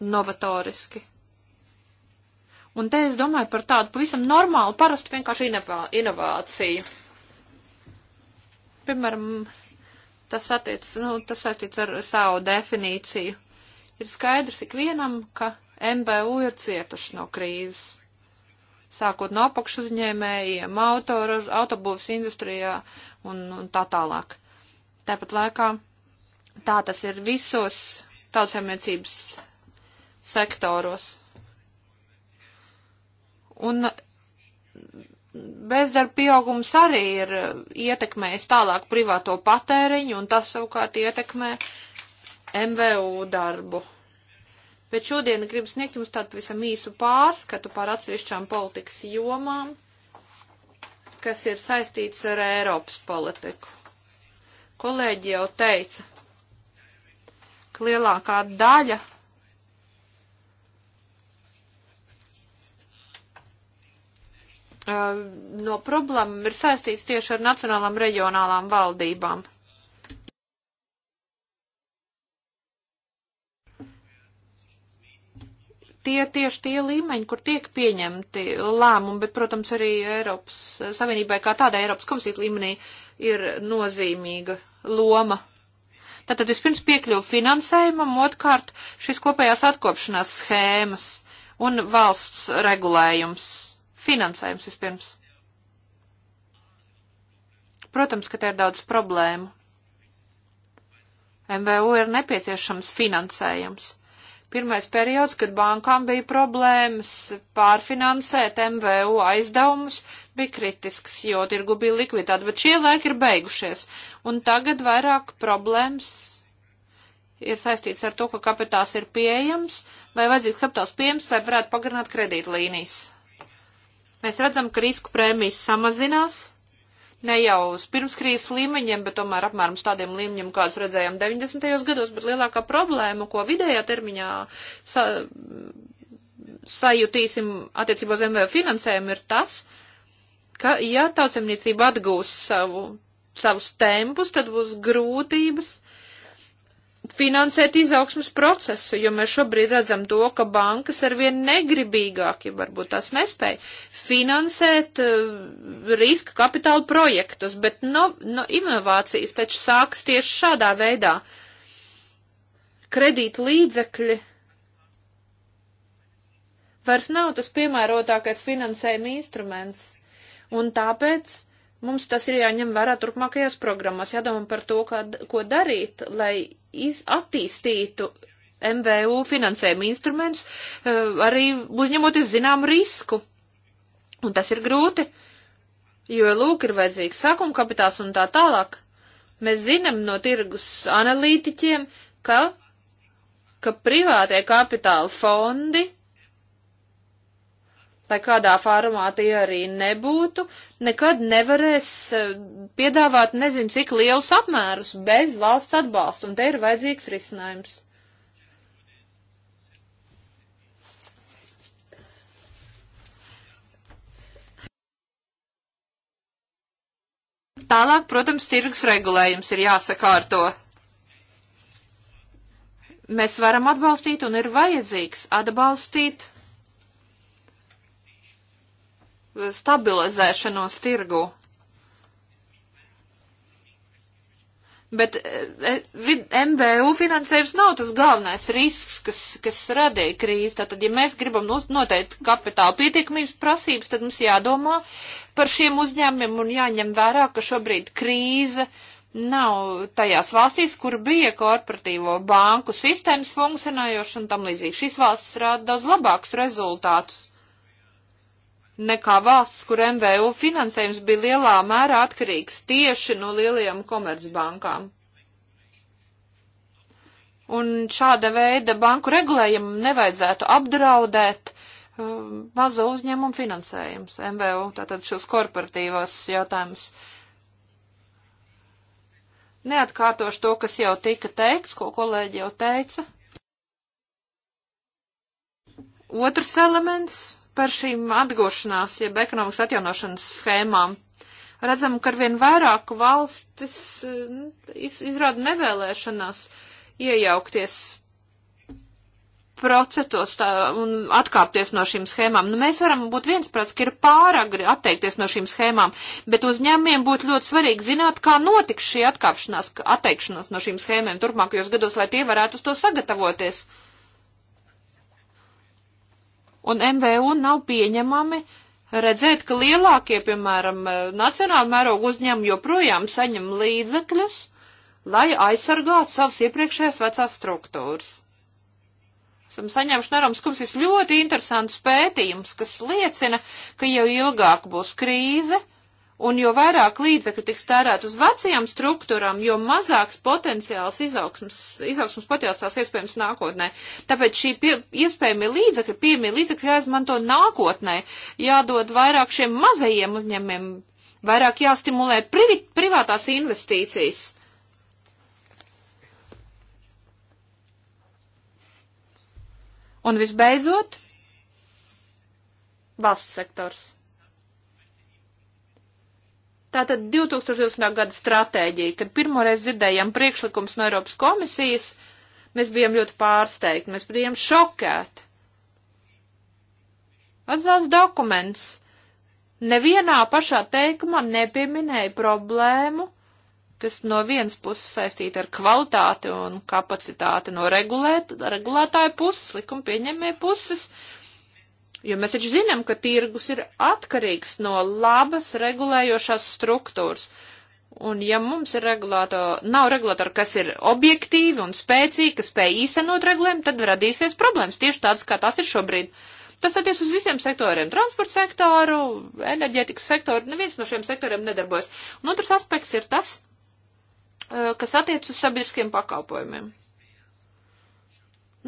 novatoriski. Un te es domāju par tādu pavisam normālu, parastu vienkārši inovā, inovāciju. Piemēram, tas attiec, nu, tas saistīts ar savu definīciju. Ir skaidrs ikvienam, ka MBU ir cietuši no krīzes. Sākot no apakšuzņēmējiem, autobūvas industrijā un, un tā tālāk. Tāpat laikā tā tas ir visos tautsēmniecības sektoros. Un bezdarba pieaugums arī ir ietekmējis tālāk privāto patēriņu, un tas savukārt ietekmē MVU darbu. Bet šodien gribu sniegt jums tādu visam īsu pārskatu par atsevišķām politikas jomām, kas ir saistīts ar Eiropas politiku. Kolēģi jau teica, ka lielākā daļa Eh, no problēmām ir saistīts tieši ar nacionālām reģionālām valdībām. Tie tieši tie līmeņi, kur tiek pieņemti lēmumi, bet, protams, arī Eiropas Savienībai kā tādai Eiropas komisija līmenī ir nozīmīga loma. Tātad vispirms piekļuva finansējumam, otrkārt šīs kopējās atkopšanās schēmas un valsts regulējums Finansējums vispirms. Protams, ka te ir daudz problēmu. MVU ir nepieciešams finansējums. Pirmais periods, kad bankām bija problēmas pārfinansēt MVU aizdevumus, bija kritisks, jo tirgu bija likviditāte, bet šie laiki ir beigušies. Un tagad vairāk problēmas ir saistīts ar to, ka kapitāls ir pieejams vai vajadzīgs kapitāls pieejams, lai varētu pagarināt kredītlīnijas. Mēs redzam, ka risku prēmijas samazinās, ne jau uz pirmskrīzes līmeņiem, bet tomēr apmēram tādiem līmeņiem, kādus redzējām 90. gados, bet lielākā problēma, ko vidējā termiņā sa sajutīsim attiecībā uz MVO finansējumu, ir tas, ka, ja tautsemniecība atgūs savu, savus tempus, tad būs grūtības finansēt izaugsmas procesu, jo mēs šobrīd redzam to, ka bankas arvien negribīgāki, ja varbūt tās nespēja, finansēt uh, riska kapitāla projektus, bet no, no inovācijas taču sāks tieši šādā veidā. Kredīt līdzekļi vairs nav tas piemērotākais finansējuma instruments, un tāpēc Mums tas ir jāņem vērā turpmākajās programmās, jādomā par to, kā, ko darīt, lai iz, attīstītu MVU finansējuma instruments, e, arī uzņemoties zinām risku. Un tas ir grūti, jo, lūk, ir vajadzīgs sākuma kapitāls un tā tālāk. Mēs zinām no tirgus analītiķiem, ka, ka privātie kapitāla fondi lai kādā fārumā tie arī nebūtu, nekad nevarēs e, piedāvāt nezinu cik lielus apmērus bez valsts atbalsta, un te ir vajadzīgs risinājums. Tālāk, protams, tirgus regulējums ir jāsakārto. Mēs varam atbalstīt un ir vajadzīgs atbalstīt stabilizēšanos tirgu. Bet e, e, vid, MVU finansējums nav tas galvenais risks, kas, kas radīja krīzi. Tātad, ja mēs gribam noteikt kapitāla pietiekamības prasības, tad mums jādomā par šiem uzņēmumiem un jāņem vērā, ka šobrīd krīze nav tajās valstīs, kur bija korporatīvo banku sistēmas funkcionējoši un tam līdzīgi. Šīs valstis rāda daudz labākus rezultātus nekā valsts, kur MVU finansējums bija lielā mērā atkarīgs tieši no lielajām komercbankām. Un šāda veida banku regulējumu nevajadzētu apdraudēt um, mazo uzņēmumu finansējums, MVU, tātad šos korporatīvos jautājumus. Neatkārtošu to, kas jau tika teikts, ko kolēģi jau teica. Otrs elements par šīm atgošanās, jeb ekonomikas atjaunošanas schēmām. Redzam, ka arvien vairāk valstis iz, izrāda nevēlēšanās iejaukties procesos tā, un atkāpties no šīm schēmām. Nu, mēs varam būt viensprāts, ka ir pāragri atteikties no šīm schēmām, bet uzņēmiem būtu ļoti svarīgi zināt, kā notiks šī atkāpšanās, atteikšanās no šīm schēmēm turpmākajos gados, lai tie varētu uz to sagatavoties. Uh, un MVU nav pieņemami redzēt, ka lielākie, piemēram, nacionāla mēroga uzņēmumi joprojām saņem līdzekļus, lai aizsargātu savas iepriekšējās vecās struktūras. Esam saņēmuši Nerams Kupsis ļoti interesantus pētījumus, kas liecina, ka jau ilgāk būs krīze, Un jo vairāk līdzekļu tiks tērēt uz vecajām struktūrām, jo mazāks potenciāls izaugsmas, izaugsmas potenciāls iespējams nākotnē. Tāpēc šī pie, iespējami līdzekļi, pieejamie līdzekļi jāizmanto nākotnē, jādod vairāk šiem mazajiem uzņēmiem, vairāk jāstimulē privi, privātās investīcijas. Un visbeidzot, valsts sektors. Tātad 2020. gada stratēģija, kad pirmoreiz dzirdējām priekšlikums no Eiropas komisijas, mēs bijām ļoti pārsteigti, mēs bijām šokēti. Atzāls dokuments nevienā pašā teikumā nepieminēja problēmu, kas no vienas puses saistīta ar kvalitāti un kapacitāti no regulēt, regulētāju puses, likuma pieņēmēju puses. Uh, Jo mēs taču zinām, ka tirgus ir atkarīgs no labas regulējošās struktūras. Un ja mums ir regulātori, nav regulātori, kas ir objektīvi un spēcīgi, kas spēj īstenot regulējumu, tad radīsies problēmas tieši tādas, kā tās ir šobrīd. Tas attiec uz visiem sektoriem - transporta sektoru, enerģētikas sektoru, neviens no šiem sektoriem nedarbojas. Un otrs aspekts ir tas, eh, kas attiec uz sabiedriskiem pakalpojumiem.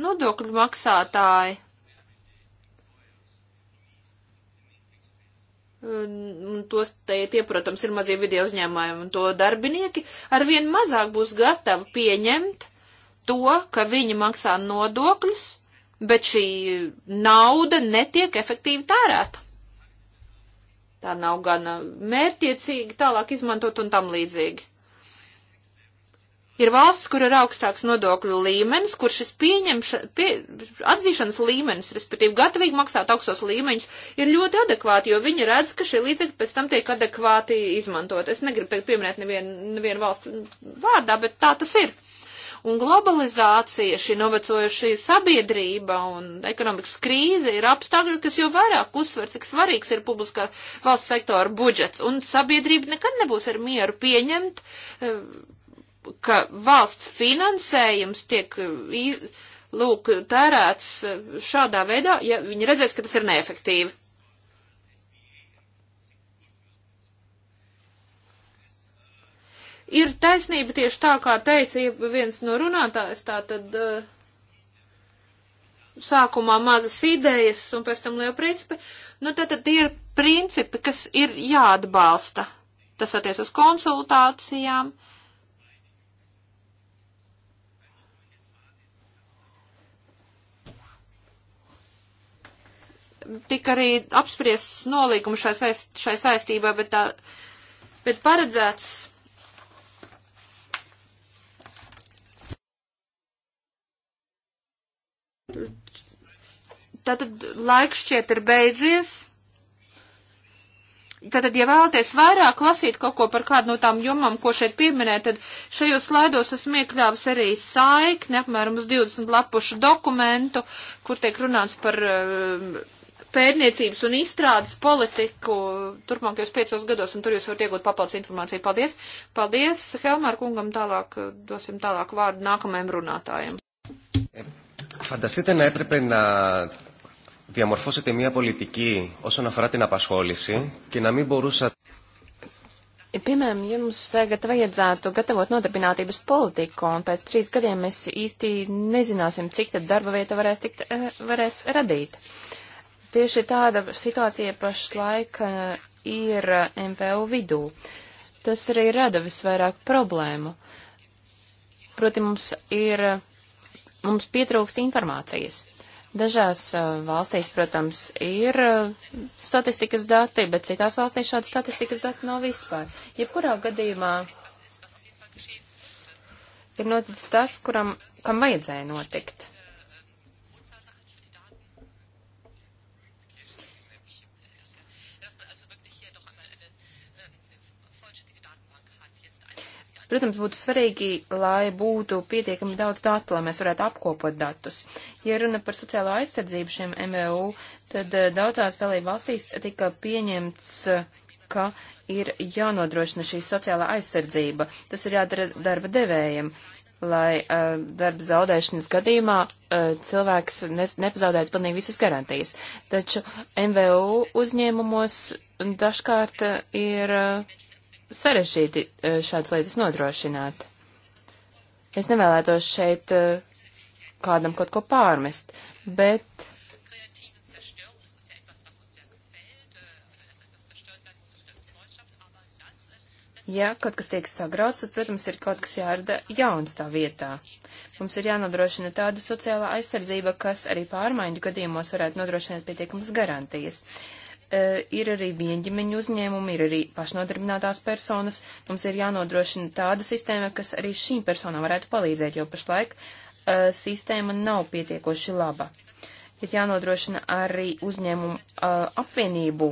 Nodokļu maksātāji Un tos, te, tie, protams, ir mazie video uzņēmājumi un to darbinieki, arvien mazāk būs gatavi pieņemt to, ka viņi maksā nodokļus, bet šī nauda netiek efektīvi tērēta. Tā nav gana mērtiecīgi tālāk izmantot un tam līdzīgi. Ir valsts, kur ir augstāks nodokļu līmenis, kur šis pieņemša, pie, atzīšanas līmenis, respektīvi gatavīgi maksāt augstos līmeņus, ir ļoti adekvāti, jo viņi redz, ka šie līdzekļi pēc tam tiek adekvāti izmantot. Es negribu teikt pieminēt nevienu, nevienu valstu vārdā, bet tā tas ir un globalizācija, šī novecojušī sabiedrība un ekonomikas krīze ir apstākļi, kas jau vairāk uzsver, cik svarīgs ir publiskā valsts sektora budžets, un sabiedrība nekad nebūs ar mieru pieņemt eh, ka valsts finansējums tiek lūk tērēts šādā veidā, ja viņi redzēs, ka tas ir neefektīvi. Ir taisnība tieši tā, kā teica viens no runātājs, tā tad uh, sākumā mazas idejas un pēc tam liela principi. Nu, tad, tad tie ir principi, kas ir jāatbalsta. Tas attiec uz konsultācijām, uh, tika arī apspriests nolīgums šai, saist, šai saistībā, bet, tā, bet paredzēts. Tātad laiks šķiet ir beidzies. Tātad, ja vēlaties vairāk lasīt kaut ko par kādu no tām jomām, ko šeit pieminē, tad šajos slaidos esmu iekļāvis arī saikni, apmēram uz 20 lapušu dokumentu, kur tiek runāts par uh, pērniecības un izstrādes politiku turpmākajos piecos gados, un tur jūs varat iegūt papildus informāciju. Paldies! Paldies Helmāra kungam tālāk, eh, dosim tālāk vārdu nākamajam runātājam. Φανταστείτε να έπρεπε να διαμορφώσετε μια πολιτική όσον αφορά την απασχόληση και να μην μπορούσατε. Piemēram, jums tagad vajadzētu gatavot nodarbinātības politiku, un pēc trīs gadiem mēs īsti nezināsim, cik tad darba vieta varēs, tikt, eh, varēs radīt. Uh, Tieši tāda situācija pašlaik uh, ir uh, MPU vidū. Tas arī rada visvairāk problēmu. Proti mums ir, uh, mums pietrūkst informācijas. Dažās valstīs, protams, ir statistikas dati, bet citās valstīs šāda statistikas dati nav vispār. Jebkurā gadījumā ir noticis tas, kuram, kam vajadzēja notikt. Protams, būtu svarīgi, lai būtu pietiekami daudz datu, lai mēs varētu apkopot datus. Ja runa par sociālo aizsardzību šiem MVU, tad eh, daudzās dalību valstīs tika pieņemts eh, ka ir jānodrošina šī sociālā aizsardzība. Tas ir jādara darba devējiem, lai uh, darba zaudēšanas gadījumā uh, cilvēks ne, nepazaudētu pilnīgi visas garantijas. Taču MVU uzņēmumos dažkārt ir uh, sarežģīti eh, šādas lietas nodrošināt. Es nevēlētos šeit eh, kādam kaut ko pārmest, bet. Ja kaut kas tiek sagrauts, tad, protams, ir kaut kas jārada jauns tā vietā. Mums ir jānodrošina tāda sociālā aizsardzība, kas arī pārmaiņu gadījumos varētu nodrošināt pietiekamas garantijas. E, ir arī vienģimeņu uzņēmumi, ir arī pašnodarbinātās personas. Mums ir jānodrošina tāda sistēma, kas arī šīm personām varētu palīdzēt, jo pašlaik uh, sistēma nav pietiekoši laba. Ir jānodrošina arī uzņēmumu uh, apvienību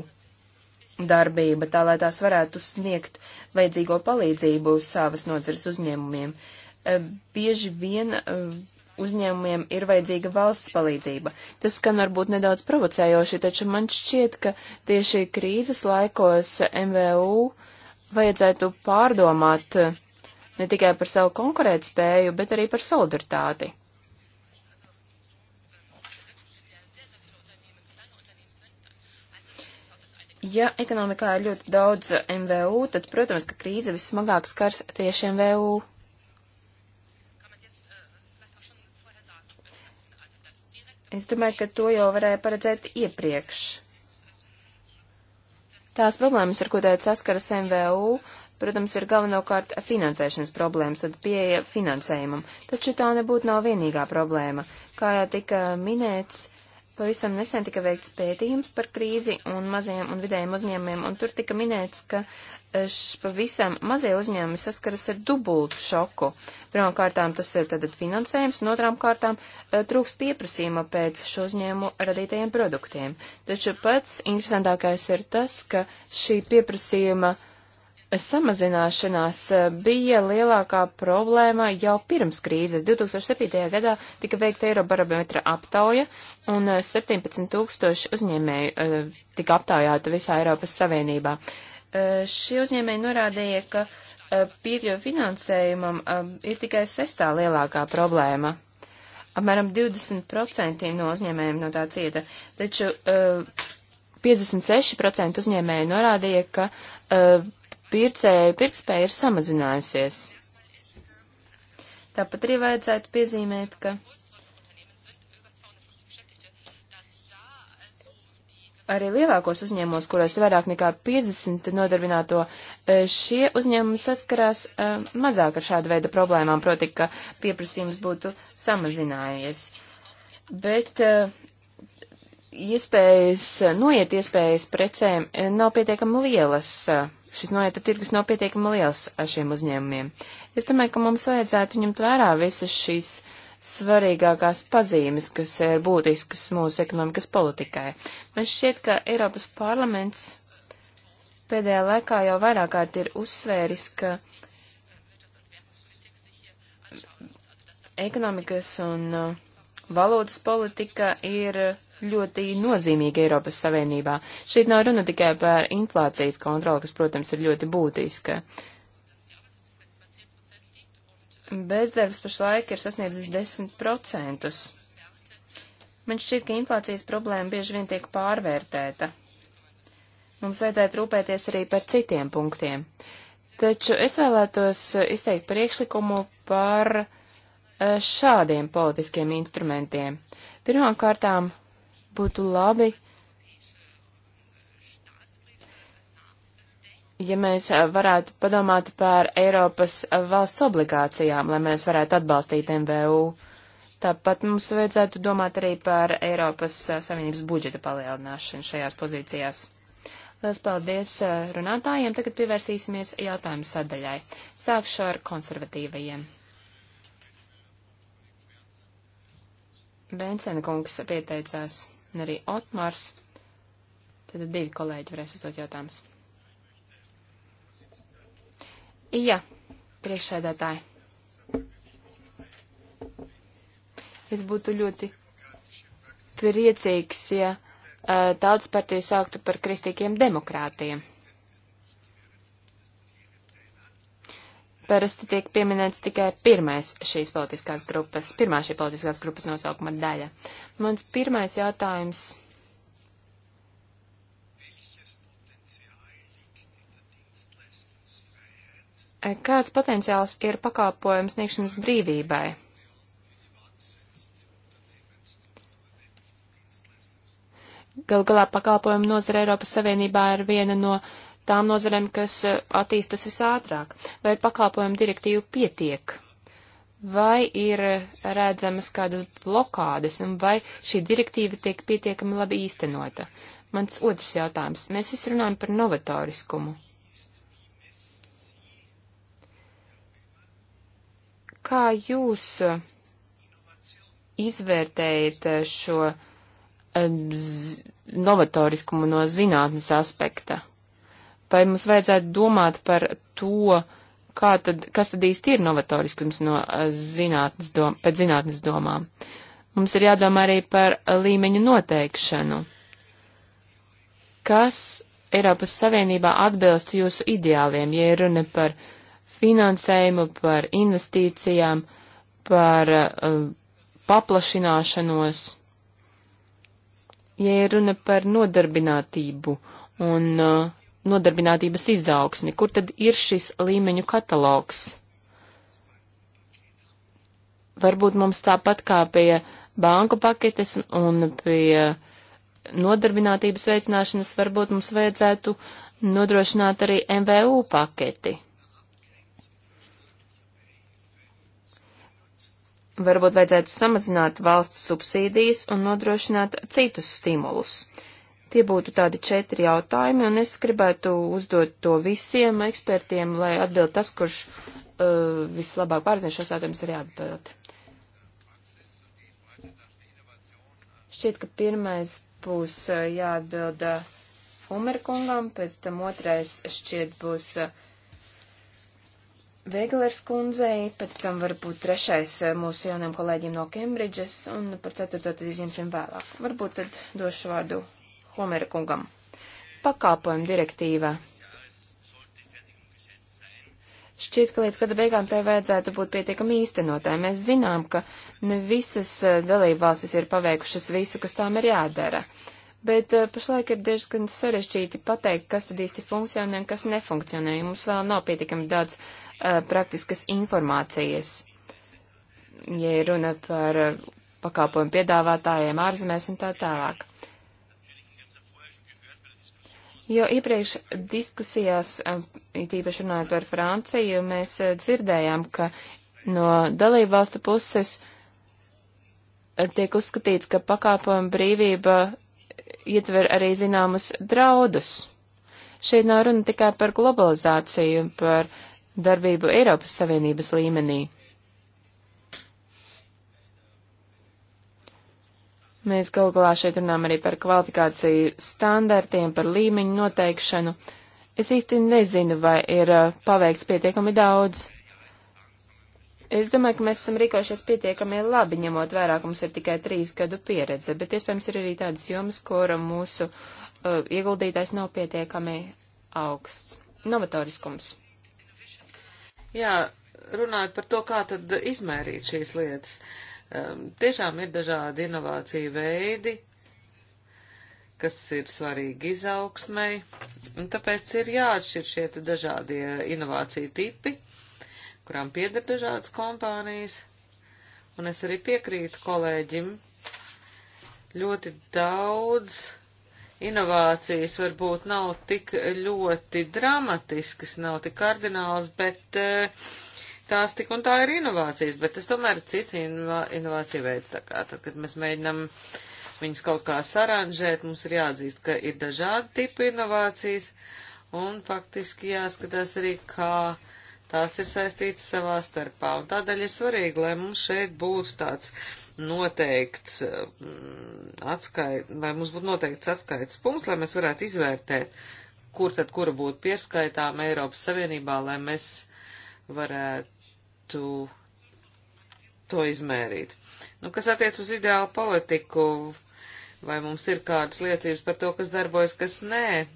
darbība, tā lai tās varētu sniegt vajadzīgo palīdzību savas nodzeres uzņēmumiem. Uh, bieži vien uh, uzņēmumiem ir vajadzīga valsts palīdzība. Tas skan varbūt nedaudz provocējoši, taču man šķiet, ka tieši krīzes laikos MVU vajadzētu pārdomāt eh, ne tikai par savu konkurētspēju, bet arī par solidaritāti. Ja ekonomikā ir ļoti daudz MVU, tad, protams, ka krīze vismagāk skars tieši MVU. Es domāju, ka to jau varēja paredzēt iepriekš. Tās problēmas, ar ko tagad saskaras MVU, protams, ir galvenokārt finansēšanas problēmas, tad pieeja finansējumam. Taču tā nebūtu nav vienīgā problēma. Kā jau tika minēts, Pavisam nesen tika veikts pētījums par krīzi un mazajiem un vidējiem uzņēmumiem, un tur tika minēts, ka eh, š, pavisam mazie uzņēmumi saskaras ar dubultu šoku. Pirmām kārtām tas ir tad finansējums, un otrām kārtām eh, trūks pieprasījuma pēc šo uzņēmumu radītajiem produktiem. Taču pats interesantākais ir tas, ka šī pieprasījuma uh, samazināšanās eh, bija lielākā problēma jau pirms krīzes. 2007. gadā tika veikta Eirobarometra aptauja, un 17 eh, tūkstoši uzņēmēju eh, tika aptaujāta visā Eiropas Savienībā. Šie uzņēmēji norādīja, ka piekļuva finansējumam ir tikai sestā lielākā problēma. Apmēram 20% no uzņēmējiem no tā cieta, taču 56% uzņēmēji norādīja, ka pircēju pirktspēja ir samazinājusies. Tāpat arī vajadzētu piezīmēt, ka arī lielākos uzņēmumos, kuros ir vairāk nekā 50 nodarbināto, e, šie uzņēmumi saskarās e, mazāk ar šādu veidu problēmām, proti, ka pieprasījums būtu samazinājies. Bet e, iespējas, noiet iespējas precēm nav pietiekami lielas šis noieta tirgus nav pietiekami liels šiem uzņēmumiem. Es domāju, ka mums vajadzētu ņemt vērā visas šīs svarīgākās pazīmes, kas ir būtiskas mūsu ekonomikas politikai. Man šķiet, ka Eiropas parlaments pēdējā laikā jau vairāk kārt ir uzsvēris, ka ekonomikas un uh, valūtas politika ir ļoti nozīmīga Eiropas Savienībā. Šeit nav runa tikai par inflācijas kontroli, kas, protams, ir ļoti būtiska. Bezdarbs pašlaik ir sasniedzis 10%. Man šķiet, ka inflācijas problēma bieži vien tiek pārvērtēta. Mums vajadzētu rūpēties arī par citiem punktiem. Taču es vēlētos izteikt priekšlikumu par eh, šādiem politiskiem instrumentiem. Pirmkārtām, būtu labi, ja mēs eh, varētu padomāt par Eiropas eh, valsts obligācijām, lai mēs varētu atbalstīt MVU. Tāpat mums vajadzētu domāt arī par Eiropas eh, Savienības budžeta palielināšanu šajās pozīcijās. Lielas paldies runātājiem. Tagad pievērsīsimies jautājumu sadaļai. Sākšu ar konservatīvajiem. Bensena kungs pieteicās un arī Otmars. Tad divi kolēģi varēs uzdot jautājumus. Jā, priekšsēdētāji. Es būtu ļoti priecīgs, ja uh, tautas partija sauktu par kristīgiem demokrātiem. Parasti tiek pieminēts tikai pirmais šīs politiskās grupas, pirmā šī politiskās grupas nosaukuma daļa. Mans pirmais jautājums. Kāds potenciāls ir pakalpojums sniegšanas brīvībai? Galu galā pakalpojumu nozara Eiropas Savienībā ir viena no uh, tām nozarēm, kas e, attīstas visātrāk? Vai ar pakalpojumu direktīvu pietiek? Vai ir redzamas kādas blokādes, un vai šī direktīva tiek pietiekami labi īstenota? Mans otrs jautājums. Mēs visi runājam par novatoriskumu. Kā jūs e, izvērtējat e, šo novatoriskumu no zinātnes aspekta? vai mums vajadzētu domāt par to, kā tad, kas tad īsti ir novatorisks no eh, zinātnes dom, pēc zinātnes domām. Mums ir jādomā arī par eh, līmeņu noteikšanu. Kas Eiropas Savienībā atbilst jūsu ideāliem, ja ir runa par finansējumu, par investīcijām, par uh, paplašināšanos, ja ir runa par nodarbinātību un uh, nodarbinātības izaugsmi, kur tad ir šis līmeņu katalogs? Varbūt mums tāpat kā pie banku paketes un pie nodarbinātības veicināšanas, varbūt mums vajadzētu nodrošināt arī MVU paketi. Varbūt vajadzētu samazināt valsts subsīdijas un nodrošināt citus stimulus. Uh, Tie būtu tādi četri jautājumi, un es gribētu uzdot to visiem ekspertiem, lai atbild tas, kurš uh, vislabāk pārzina šos jautājumus, arī atbild. Šķiet, ka pirmais būs uh, jāatbild uh, Umerkungam, pēc tam otrais šķiet būs uh, Veglers kundzei, pēc tam varbūt trešais uh, mūsu jauniem kolēģiem no Kembridžas, un par ceturto tad izņemsim vēlāk. Varbūt tad došu vārdu Homera kungam. Pakāpojuma direktīva. Šķiet, ka līdz gada beigām tai vajadzētu būt pietiekami īstenotāji. Mēs zinām, ka ne visas eh, dalībvalstis ir paveikušas visu, kas tām ir jādara. Bet eh, pašlaik ir diezgan sarežģīti pateikt, kas tad īsti funkcionē un kas nefunkcionē. Mums vēl nav pietiekami daudz uh, praktiskas informācijas. Ja runa par uh, pakāpojumu piedāvātājiem ārzemēs un tā tālāk. Jo iepriekš diskusijās, eh, tīpaši runājot par Franciju, mēs eh, dzirdējām, ka no dalību valstu puses eh, tiek uzskatīts, ka pakāpojuma brīvība ietver arī zināmas draudus. Šeit nav runa tikai par globalizāciju, par darbību Eiropas Savienības līmenī. Mēs galu galā šeit runājam arī par kvalifikāciju standartiem, par līmeņu noteikšanu. Es īsti nezinu, vai ir uh, paveikts pietiekami daudz. Es domāju, ka mēs esam rīkojušies pietiekami labi, ņemot vērā, ka mums ir tikai trīs gadu pieredze, bet iespējams ir arī tādas jomas, kur mūsu uh, ieguldītais nav pietiekami augsts. Novatoriskums. Jā, runājot par to, kā tad izmērīt šīs lietas. Uh, Um, tiešām ir dažādi inovāciju veidi, kas ir svarīgi izaugsmai, un tāpēc ir jāatšķir šie dažādie inovāciju tipi, kurām pieder dažādas kompānijas, un es arī piekrītu kolēģim, ļoti daudz inovācijas varbūt nav tik ļoti dramatiskas, nav tik kardinālas, bet uh, tās tik un tā ir inovācijas, bet tas tomēr ir cits inova, inovācija veids. Tā kā tad, kad mēs mēģinam viņus kaut kā saranžēt, mums ir jāatzīst, ka ir dažādi tipi inovācijas un faktiski jāskatās arī, kā tās ir saistītas savā starpā. Un tādēļ ir svarīgi, lai mums šeit būtu tāds noteikts mm, atskaits, lai mums būtu noteikts atskaits punkts, lai mēs varētu izvērtēt, kur tad kura būtu pieskaitām Eiropas Savienībā, lai mēs varētu varētu to izmērīt. Nu, kas attiec uz ideālu politiku, vai mums ir kādas liecības par to, kas darbojas, kas nē?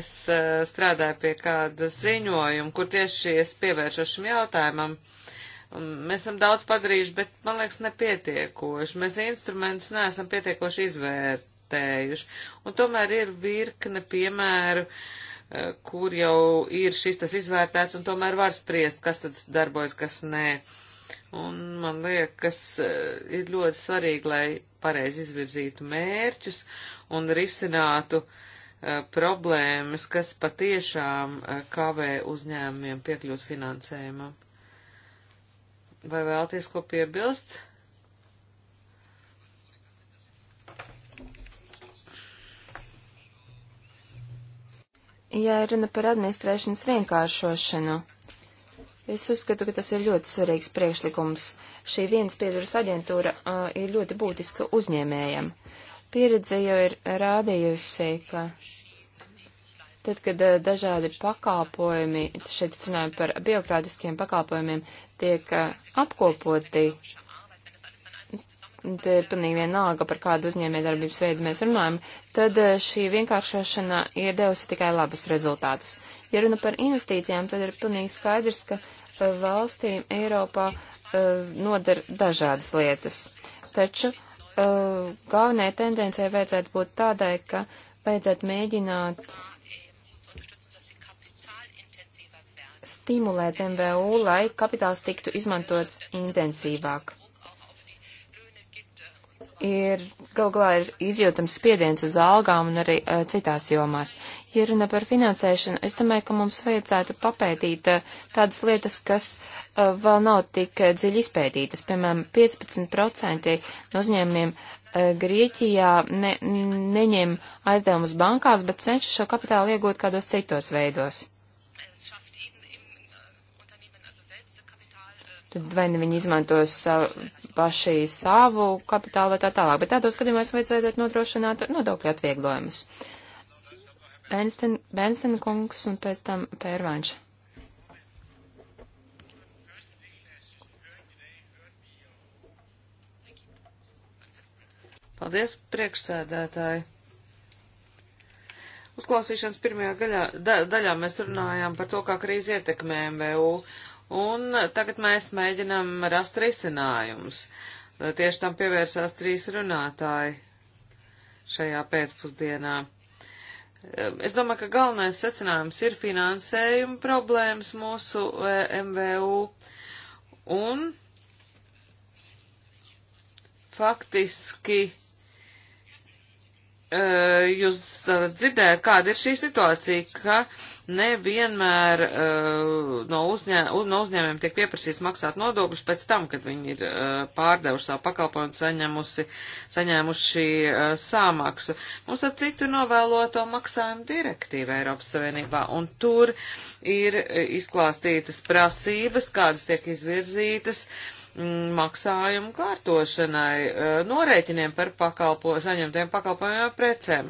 Es uh, strādāju pie kāda ziņojuma, kur tieši es pievēršu šim jautājumam. Mēs esam daudz padarījuši, bet, man liekas, nepietiekoši. Mēs instrumentus neesam pietiekoši izvērtējuši. Un tomēr ir virkne piemēru, uh, Eh, kur jau ir šis tas izvērtēts un tomēr var spriest, kas tad darbojas, kas nē. Un man liekas, eh, ir ļoti svarīgi, lai pareizi izvirzītu mērķus un risinātu eh, problēmas, kas patiešām kavē uzņēmumiem piekļūt finansējumam. Vai vēlties ko piebilst? Ja runa par administrēšanas vienkāršošanu, es uzskatu, ka tas ir ļoti svarīgs priekšlikums. Šī vienas pieturas aģentūra uh, ir ļoti būtiska uzņēmējam. Pieredze jau ir rādījusi, ka tad, kad uh, dažādi pakalpojumi, šeit runājam par biokrātiskiem pakalpojumiem, tiek uh, apkopoti, uh, te ir pilnīgi vienalga, par kādu uzņēmējdarbības veidu mēs runājam, tad eh, šī vienkāršošana ir devusi tikai labus rezultātus. Ja runa par investīcijām, tad ir pilnīgi skaidrs, ka eh, valstīm Eiropā uh, eh, noder dažādas lietas. Taču uh, galvenajai tendencijai vajadzētu būt tādai, ka vajadzētu mēģināt stimulēt MVU, lai kapitāls tiktu izmantots intensīvāk ir gal galā ir izjūtams spiediens uz algām un arī uh, citās jomās. Ja runa par finansēšanu, es domāju, ka mums vajadzētu papētīt uh, tādas lietas, kas uh, vēl nav tik uh, dziļi izpētītas. Piemēram, 15% no uzņēmumiem uh, Grieķijā ne, neņem aizdevumus bankās, bet cenšas šo kapitālu iegūt kādos citos veidos. Tad vai ne nu viņi izmantos savu paši savu kapitālu vai tā tālāk, bet tādos gadījumos vajadzētu nodrošināt nodokļu atvieglojumus. Bensen, Bensen kungs un pēc tam Pērvanš. Paldies, priekšsēdētāji! Uzklausīšanas pirmajā gaļā, da, daļā mēs runājām par to, kā krīze ietekmē MVU un tagad mēs mēģinam rast risinājumus. Tieši tam pievērsās trīs runātāji šajā pēcpusdienā. Es domāju, ka galvenais secinājums ir finansējuma problēmas mūsu e, MVU un faktiski jūs dzirdējat, kāda ir šī situācija, ka nevienmēr no, uzņē, no uzņēmumiem tiek pieprasīts maksāt nodokļus pēc tam, kad viņi ir pārdevuši savu pakalpojumu saņemusi, saņēmuši sāmaksu. Mums ap citu novēloto maksājumu direktīva Eiropas Savienībā, un tur ir izklāstītas prasības, kādas tiek izvirzītas. Uh, Mm, maksājumu kārtošanai, eh, norēķiniem par pakalpo, saņemtiem pakalpojumiem precēm.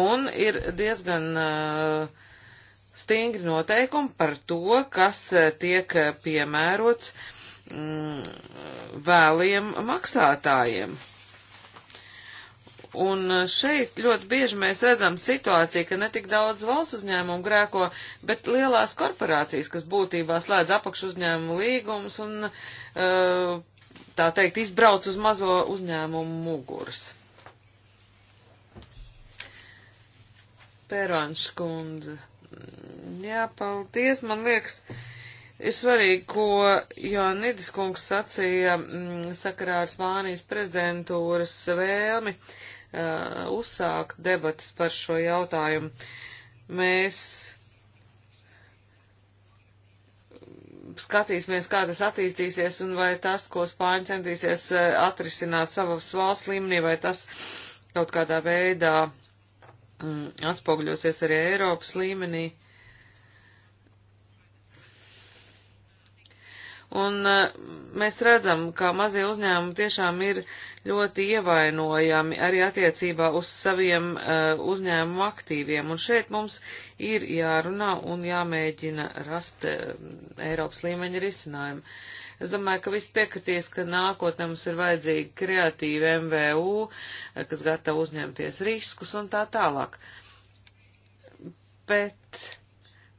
Un ir diezgan eh, stingri noteikumi par to, kas eh, tiek piemērots mm, vēliem maksātājiem. Un e, šeit ļoti bieži mēs redzam situāciju, ka ne tik daudz valsts uzņēmumu grēko, bet lielās korporācijas, kas būtībā slēdz apakšu uzņēmumu līgumus un, e, tā teikt, izbrauc uz mazo uzņēmumu muguras. Pērāņš kundze. Jā, paldies, man liekas. Ir svarīgi, ko Joannidis kungs sacīja m, mm, sakarā ar Spānijas prezidentūras vēlmi uh, uzsākt debatas par šo jautājumu. Mēs skatīsimies, kā tas attīstīsies un vai tas, ko Spāņi centīsies uh, atrisināt savas valsts līmenī, vai tas kaut kādā veidā mm, atspogļosies arī Eiropas līmenī. Uh, Un e, mēs redzam, ka mazie uzņēmumi tiešām ir ļoti ievainojami arī attiecībā uz saviem uh, uzņēmumu aktīviem. Un šeit mums ir jārunā un jāmēģina rast uh, Eiropas līmeņa risinājumu. Es domāju, ka viss piekritīs, ka nākotnē mums ir vajadzīgi kreatīvi MVU, kas gatavo uzņemties riskus un tā tālāk. Bet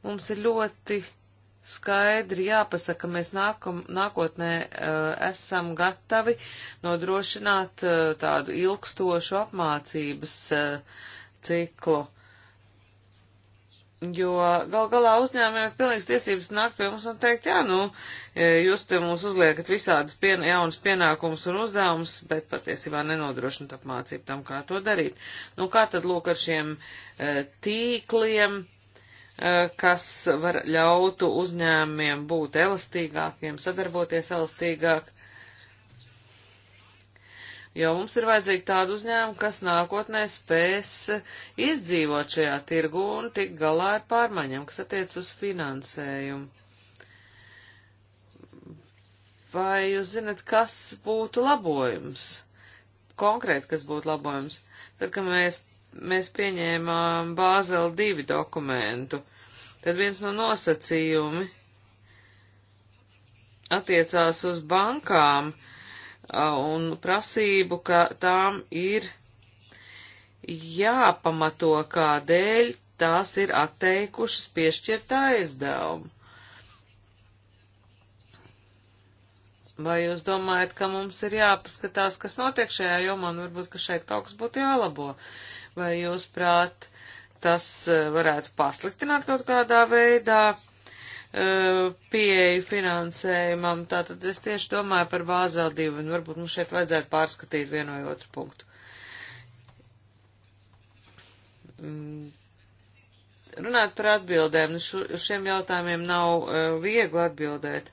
mums ir ļoti skaidri jāpasaka, ka mēs nākam, nākotnē uh, esam gatavi nodrošināt uh, tādu ilgstošu apmācības uh, ciklu. Jo gal galā uzņēmējiem ir pilnīgs tiesības nākt pie mums un teikt, jā, nu, jūs te mums uzliekat visādas pien, jaunas pienākumus un uzdevumus, bet patiesībā nenodrošinat apmācību tam, kā to darīt. Nu, kā tad lūk ar šiem e, tīkliem, Eh, kas var ļautu uzņēmiem būt elastīgākiem, sadarboties elastīgāk. Jo mums ir vajadzīgi tādu uzņēmumu, kas nākotnē spēs izdzīvot šajā tirgu un tik galā ar pārmaiņām, kas attiec uz finansējumu. Vai jūs zinat, kas būtu labojums? Konkrēti, kas būtu labojums? Tad, kad mēs mēs pieņēmām Bāzeli 2 dokumentu, tad viens no nosacījumi attiecās uz bankām un prasību, ka tām ir jāpamato, kādēļ tās ir atteikušas piešķirt aizdevumu. Vai jūs domājat, ka mums ir jāpaskatās, kas notiek šajā jomā, un varbūt, ka šeit kaut kas būtu jālabo? Uh, Vai jūs prāt, tas eh, varētu pasliktināt kaut kādā veidā eh, pieeju finansējumam? Tātad es tieši domāju par Bāzēlu 2, un varbūt mums šeit vajadzētu pārskatīt vienu vai otru punktu. Mm. Runāt par atbildēm, uz nu, šiem jautājumiem nav eh, viegli atbildēt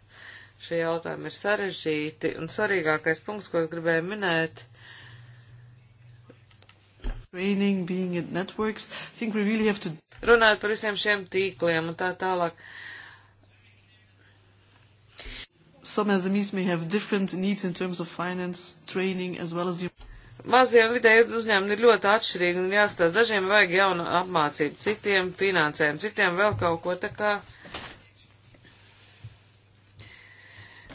šie jautājumi ir sarežģīti, un svarīgākais punkts, ko es gribēju minēt, training, being at networks. I think we really have to. Runājot par visiem šiem tīkliem un tā tālāk. Some SMEs may have different needs in terms of finance, training, as well as the. Mazie un vidēji uzņēmumi ir ļoti atšķirīgi un jāstāsta. Dažiem vajag jaunu apmācību, citiem finansējumu, citiem vēl kaut ko tā kā.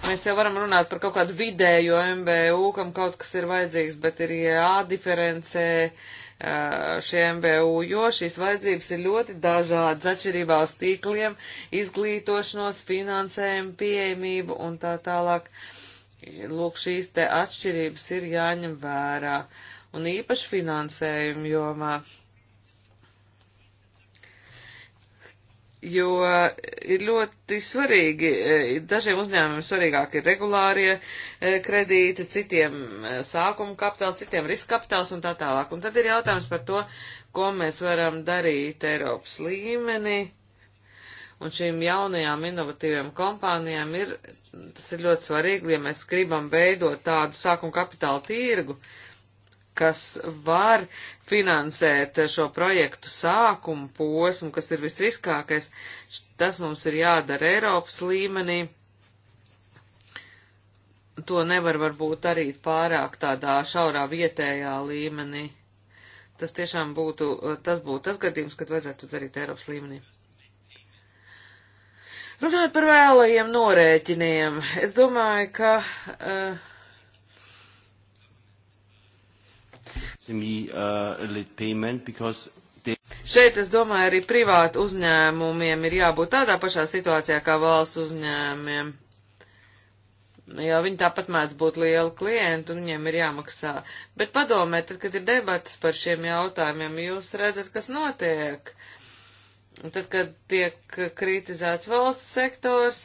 Mēs jau varam runāt par kaut kādu vidējo MBU, kam kaut kas ir vajadzīgs, bet ir jādiferencē šie MVU, jo šīs vajadzības ir ļoti dažādas atšķirībā uz tīkliem, izglītošanos, finansējumu, pieejamību un tā tālāk. Lūk, šīs te atšķirības ir jāņem vērā un īpaši finansējumu jomā. Uh, jo ir ļoti svarīgi, eh, dažiem uzņēmumiem svarīgāk ir regulārie eh, kredīti, citiem eh, sākuma kapitāls, citiem riska kapitāls un tā tālāk. Un tad ir jautājums par to, ko mēs varam darīt Eiropas līmenī. Un šīm jaunajām inovatīvām kompānijām ir, tas ir ļoti svarīgi, ja mēs gribam veidot tādu sākuma kapitāla tirgu, uh, kas var finansēt šo projektu sākumu posmu, kas ir visriskākais, tas mums ir jādara Eiropas līmenī. To nevar varbūt darīt pārāk tādā šaurā vietējā līmenī. Tas tiešām būtu, tas būtu tas gadījums, kad vajadzētu darīt Eiropas līmenī. Runāt par vēlajiem norēķiniem. Es domāju, ka uh, Uh, Šeit, es domāju, arī privātu uzņēmumiem ir jābūt tādā pašā situācijā kā valsts uzņēmumiem. Jo viņi tāpat mēdz būt lieli klienti un viņiem ir jāmaksā. Bet padomē, tad, kad ir debatas par šiem jautājumiem, jūs redzat, kas notiek. Un tad, kad tiek kritizēts valsts sektors,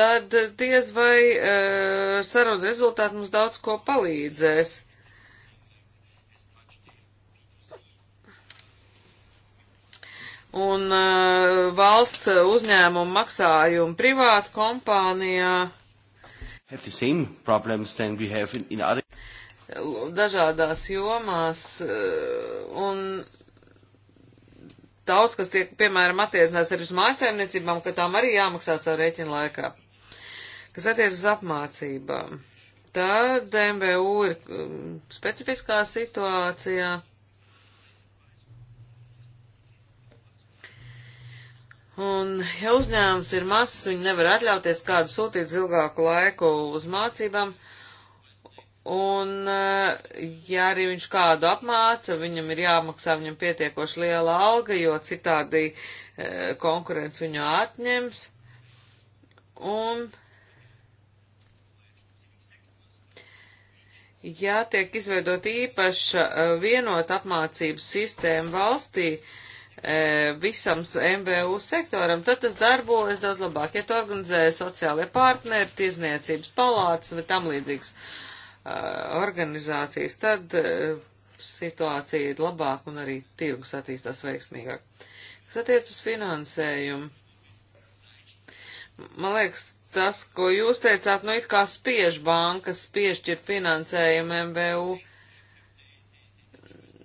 tad diez vai uh, saruna rezultāti mums daudz ko palīdzēs. Uh, un uh, valsts uzņēmumu maksājumu privātu kompānijā. In, in other... Dažādās jomās, uh, un daudz, kas tiek, piemēram, attiecinās arī uz mājasēmniecībām, ka tām arī jāmaksā savu rēķinu laikā. Kas attiec uz apmācībām, tad MVU ir um, specifiskā situācijā. Un, ja uzņēmums ir mazs, viņi nevar atļauties kādu sūtīt ilgāku laiku uz mācībām, un, eh, ja arī viņš kādu apmāca, viņam ir jāmaksā viņam pietiekoši liela alga, jo citādi e, eh, konkurence viņu atņems. Un, ja tiek izveidot īpaša eh, vienota apmācības sistēma valstī, uh, E, visam MVU sektoram, tad tas darbojas daudz labāk. Ja to organizē sociālie partneri, tirzniecības palātas vai tam līdzīgas uh, organizācijas, tad uh, situācija ir labāka un arī tirgus attīstās veiksmīgāk. Kas attiec uz finansējumu? Man liekas, tas, ko jūs teicāt, nu it kā spiež bankas piešķirt finansējumu MVU. Uh,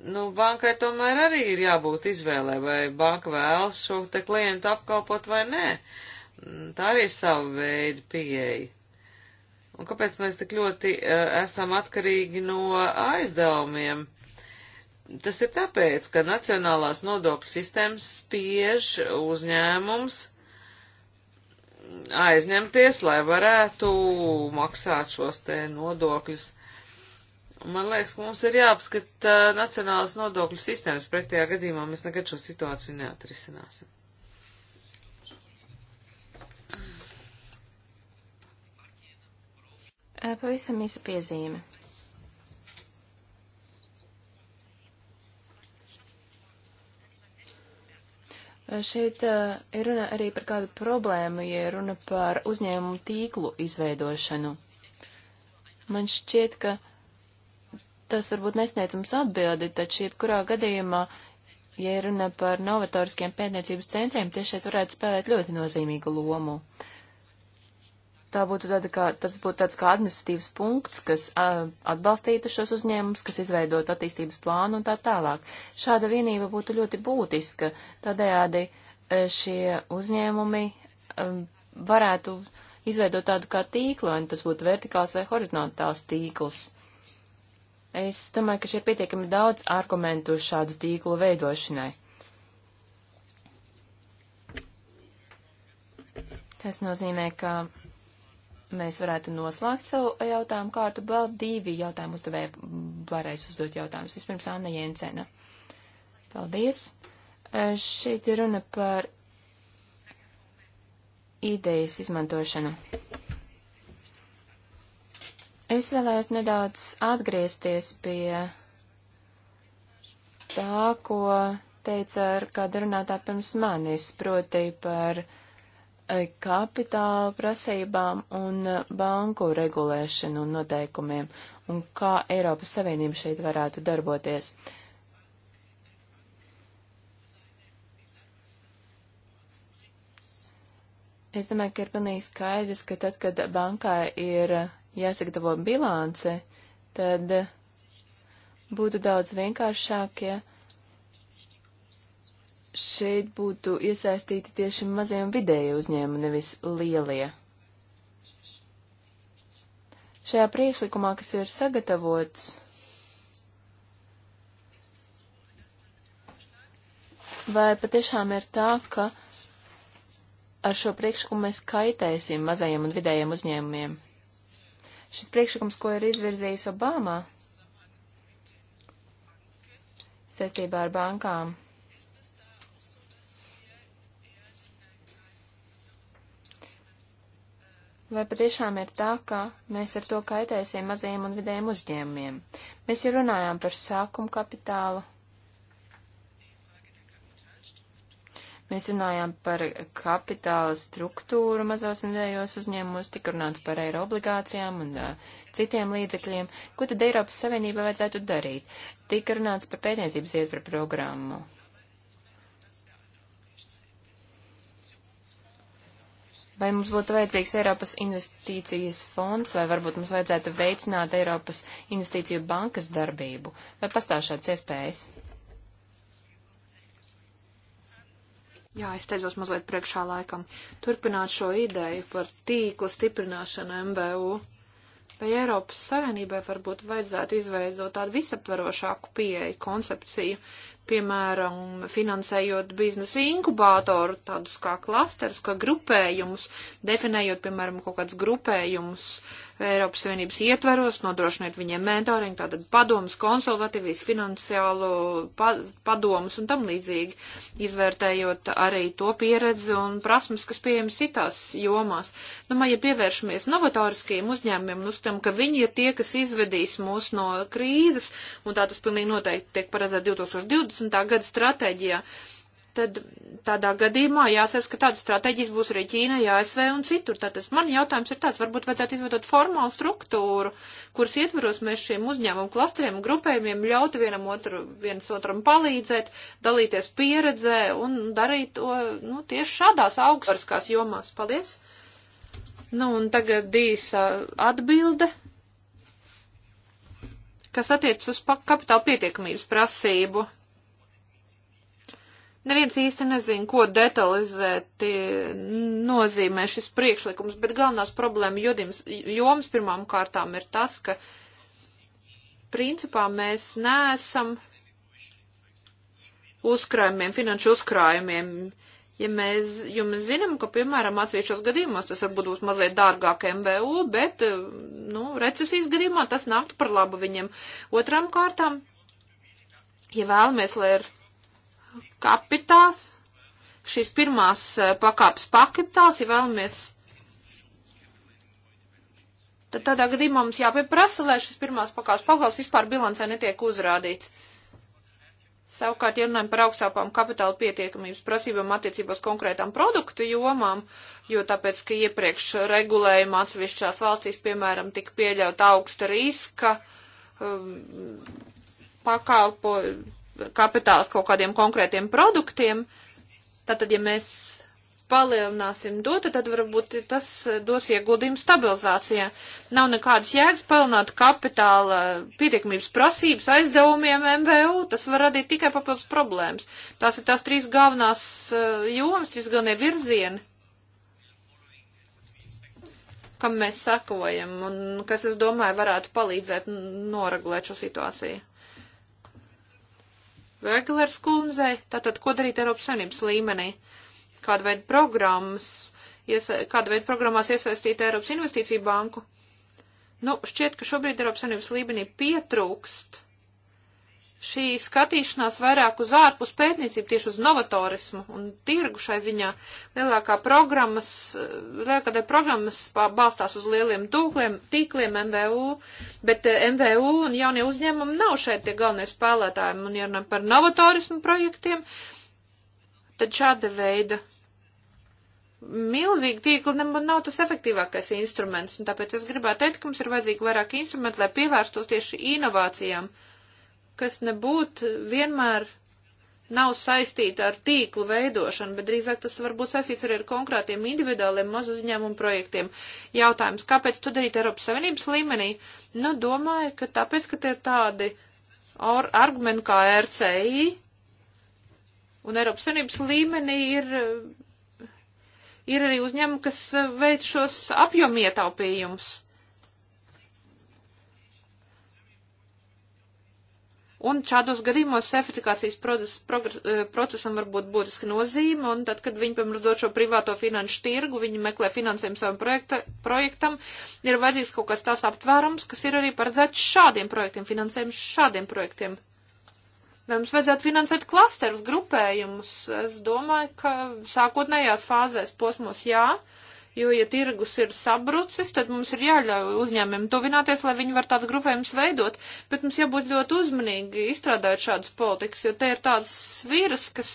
Nu, bankai tomēr arī ir jābūt izvēlē, vai banka vēlas šo te klientu apkalpot vai nē. Mm, tā arī ir sava veida pieeja. Un kāpēc mēs tik ļoti uh, esam atkarīgi no aizdevumiem? Tas ir tāpēc, ka nacionālās nodokļu sistēmas spiež uzņēmums aizņemties, lai varētu maksāt šos te nodokļus Man liekas, ka mums ir jāapskata nacionālas nodokļu sistēmas, pretējā gadījumā mēs nekad šo situāciju neatrisināsim. Pavisam īsa piezīme. Šeit ir runa arī par kādu problēmu, ja runa par uzņēmumu tīklu izveidošanu. Man šķiet, ka tas varbūt nesniedz mums atbildi, taču jebkurā gadījumā, ja runa par novatoriskiem pētniecības centriem, tieši šeit varētu spēlēt ļoti nozīmīgu lomu. Tā būtu tāda kā, tas būtu tāds kā administratīvs punkts, kas uh, atbalstītu šos uzņēmumus, kas izveidot attīstības plānu un tā tālāk. Šāda vienība būtu ļoti būtiska, tādējādi e, šie uzņēmumi um, varētu izveidot tādu kā tīklu, un nu tas būtu vertikāls vai horizontāls tīkls. Es domāju, ka šeit pietiekami daudz argumentu šādu tīklu veidošanai. Tas nozīmē, ka mēs varētu noslēgt savu jautājumu kārtu, vēl divi jautājumu uzdevēji varēs uzdot jautājumus. Vispirms Anna Jensena. Paldies. E, šeit ir runa par idejas izmantošanu. Es vēlējos nedaudz atgriezties pie tā, ko teica ar kādu runātā pirms manis, proti par e, kapitāla prasībām un e, banku regulēšanu un noteikumiem, un kā Eiropas Savienība šeit varētu darboties. Es domāju, ka ir pilnīgi skaidrs, ka tad, kad bankai ir jāsagatavo bilance, tad būtu daudz vienkāršāk, ja šeit būtu iesaistīti tieši mazie un vidēji uzņēmumi, nevis lielie. Šajā priekšlikumā, kas ir sagatavots, vai patiešām ir tā, ka ar šo priekšlikumu mēs kaitēsim mazajiem un vidējiem uzņēmumiem? Šis priekšlikums, ko ir izvirzījis Obama saistībā ar bankām, Vai patiešām ir tā, ka mēs ar to kaitēsim mazajiem un vidējiem uzņēmumiem? Mēs jau runājām par sākumu kapitālu, Mēs runājām par kapitāla struktūru mazos un vidējos uzņēmumos, tika runāts par eiro obligācijām un uh, citiem līdzekļiem. Ko tad Eiropas Savienībai vajadzētu darīt? Tika runāts par pētniecības ietvaru programmu. Vai mums būtu vajadzīgs Eiropas investīcijas fonds, vai varbūt mums vajadzētu veicināt Eiropas investīciju bankas darbību? Vai pastāv šāds iespējas? Jā, es teicos mazliet priekšā laikam. Turpināt šo ideju par tīkla stiprināšanu MVU. Vai Eiropas Savienībai varbūt vajadzētu izveidot tādu visaptvarošāku pieeju, koncepciju, piemēram, finansējot biznesa inkubātoru, tādus kā klasterus, kā grupējumus, definējot, piemēram, kaut kādus grupējumus uh, Eiropas Savienības ietvaros, nodrošinot viņiem mentoringu, tātad padomus, konsultatīvīs, finansiālo pa, padomus un tam līdzīgi, izvērtējot arī to pieredzi un prasmes, kas pieejams citās jomās. Domāju, nu, ja pievēršamies novatoriskajiem uzņēmumiem un uzskatām, ka viņi ir tie, kas izvedīs mūs no krīzes, un tā tas pilnīgi noteikti tiek paredzēts 2020. gada stratēģijā, tad tādā gadījumā jāsaka, ka tādas stratēģijas būs arī Ķīna, ASV un citur. Tātad man jautājums ir tāds, varbūt vajadzētu izveidot formālu struktūru, kuras ietvaros mēs šiem uzņēmumu klasteriem un grupējumiem ļautu vienam otru, viens otram palīdzēt, dalīties pieredzē un darīt to, nu, tieši šādās augstvariskās jomās. Paldies! Nu, un tagad īsa atbilde kas attiec uz kapitāla pietiekamības prasību Neviens īsti nezina, ko detalizēti nozīmē šis priekšlikums, bet galvenās problēma jodims, joms pirmām kārtām ir tas, ka principā mēs neesam uzkrājumiem, finanšu uzkrājumiem. Ja mēs, jo mēs zinām, ka, piemēram, atsevišķos gadījumos tas varbūt būs mazliet dārgāk MVU, bet, nu, recesijas gadījumā tas nāktu par labu viņiem. Otrām kārtām, ja vēlamies, lai ir kapitāls, šīs pirmās e, pakāpes kapitāls, ja vēlamies, tad tādā gadījumā mums jāpieprasa, lai šis pirmās pakāpes pakāpes vispār bilancē netiek uzrādīts. Savukārt, ja runājam par augstākām kapitāla pietiekamības prasībām attiecībās konkrētām produktu jomām, jo tāpēc, ka iepriekš regulējuma atsevišķās valstīs, piemēram, tika pieļauta augsta riska um, pakalpojumi kapitāls kaut kādiem konkrētiem produktiem, tātad, ja mēs palielināsim dota, tad varbūt tas dos ieguldījumu stabilizācijā. Nav nekādas jēgas palielināt kapitāla pietiekamības prasības aizdevumiem MVU, tas var radīt tikai papildus problēmas. Tās ir tās trīs galvenās eh, jomas, trīs galvenie virzieni, kam mēs sekojam un kas, es domāju, varētu palīdzēt noregulēt šo situāciju. Vēglers kundzei, tātad ko darīt Eiropas Savienības līmenī, kāda veida programmas, iesa, kāda veida programmās iesaistīt Eiropas Investīciju banku. Nu, šķiet, ka šobrīd Eiropas Savienības līmenī pietrūkst šī skatīšanās vairāk uz ārpus pētniecību, tieši uz novatorismu un tirgu šai ziņā. Lielākā programmas, lielākā daļa programmas balstās uz lieliem tūkliem, tīkliem MVU, bet eh, MVU un jaunie uzņēmumi nav šeit tie galvenie spēlētāji. Un, ja runājam par novatorismu projektiem, tad šāda veida milzīgi tīkli nemaz nav tas efektīvākais instruments. Un tāpēc es gribētu teikt, ka mums ir vajadzīgi vairāk instrumentu, lai pievērstos tieši inovācijām. Uh, kas nebūtu vienmēr nav saistīta ar tīklu veidošanu, bet drīzāk tas var būt saistīts arī ar konkrētiem individuāliem mazu uzņēmumu projektiem. Jautājums, kāpēc to darīt Eiropas Savienības līmenī? Nu, domāju, ka tāpēc, ka tie ir tādi ar argumenti kā RCI, un Eiropas Savienības līmenī ir, ir arī uzņēmumi, kas veic šos apjomietaupījumus. Un šādos gadījumos certifikācijas eh, procesam var būt būtiska nozīme, un tad, kad viņi, piemēram, dod šo privāto finanšu tirgu, viņi meklē finansējumu savam projekta, projektam, ir vajadzīgs kaut kas tās aptvērums, kas ir arī paredzēts šādiem projektiem, finansējums šādiem projektiem. Vai mums vajadzētu finansēt klasterus, grupējumus? Es domāju, ka sākotnējās fāzēs posmos jā, jo, ja tirgus ir sabrucis, tad mums ir jāļauj uzņēmumiem tuvināties, lai viņi var tāds grupējums veidot, bet mums jābūt ļoti uzmanīgi izstrādājot šādas politikas, jo te ir tādas sviras, kas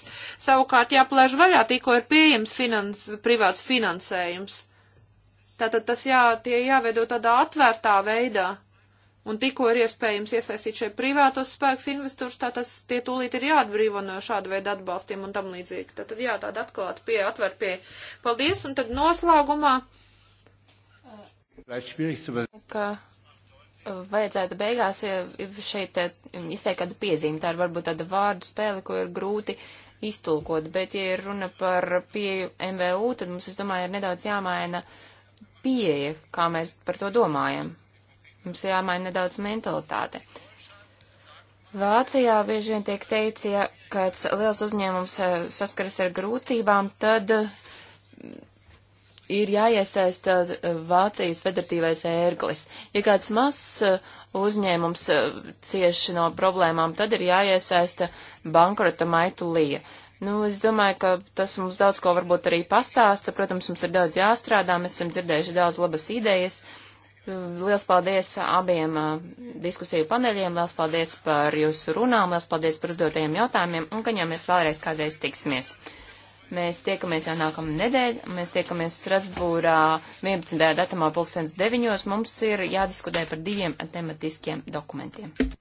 savukārt jāplēž vaļā, tikko ir pieejams finans, privāts finansējums. Tātad tas jā, tie jāveido tādā atvērtā veidā un tikko ir iespējams iesaistīt šeit privātos spēkus investors, tā tas tie tūlīt ir jāatbrīvo no šāda veida atbalstiem un tam līdzīgi. Tad, tad jā, tāda atklāta pie, atver pie. Paldies, un tad noslēgumā. Ka uh, vajadzētu beigās šeit uh, izteikt kādu piezīmi, tā ir varbūt tāda vārdu spēle, ko ir grūti iztulkot, bet ja ir runa par pieju MVU, tad mums, es domāju, ir nedaudz jāmaina pieeja, kā mēs par to domājam. Mums jāmaina nedaudz mentalitāte. Vācijā bieži vien tiek teicis, ja kāds liels uzņēmums eh, saskaras ar grūtībām, tad eh, ir jāiesaista eh, Vācijas federatīvais ērglis. Ja kāds mazs uzņēmums cieši no problēmām, tad ir jāiesaista bankrota maitulīja. Nu, es domāju, ka tas mums daudz ko varbūt arī pastāsta. Protams, mums ir daudz jāstrādā, mēs esam dzirdējuši daudz labas idejas. Uh, Liels paldies abiem diskusiju paneļiem, liels paldies par jūsu runām, liels paldies par uzdotajiem jautājumiem un ka jau mēs vēlreiz kādreiz tiksimies. Mēs tiekamies jau nākamā nedēļa, mēs tiekamies Strasbūrā 11. datumā pulkstens 9. Mums ir jādiskutē par diviem tematiskiem dokumentiem.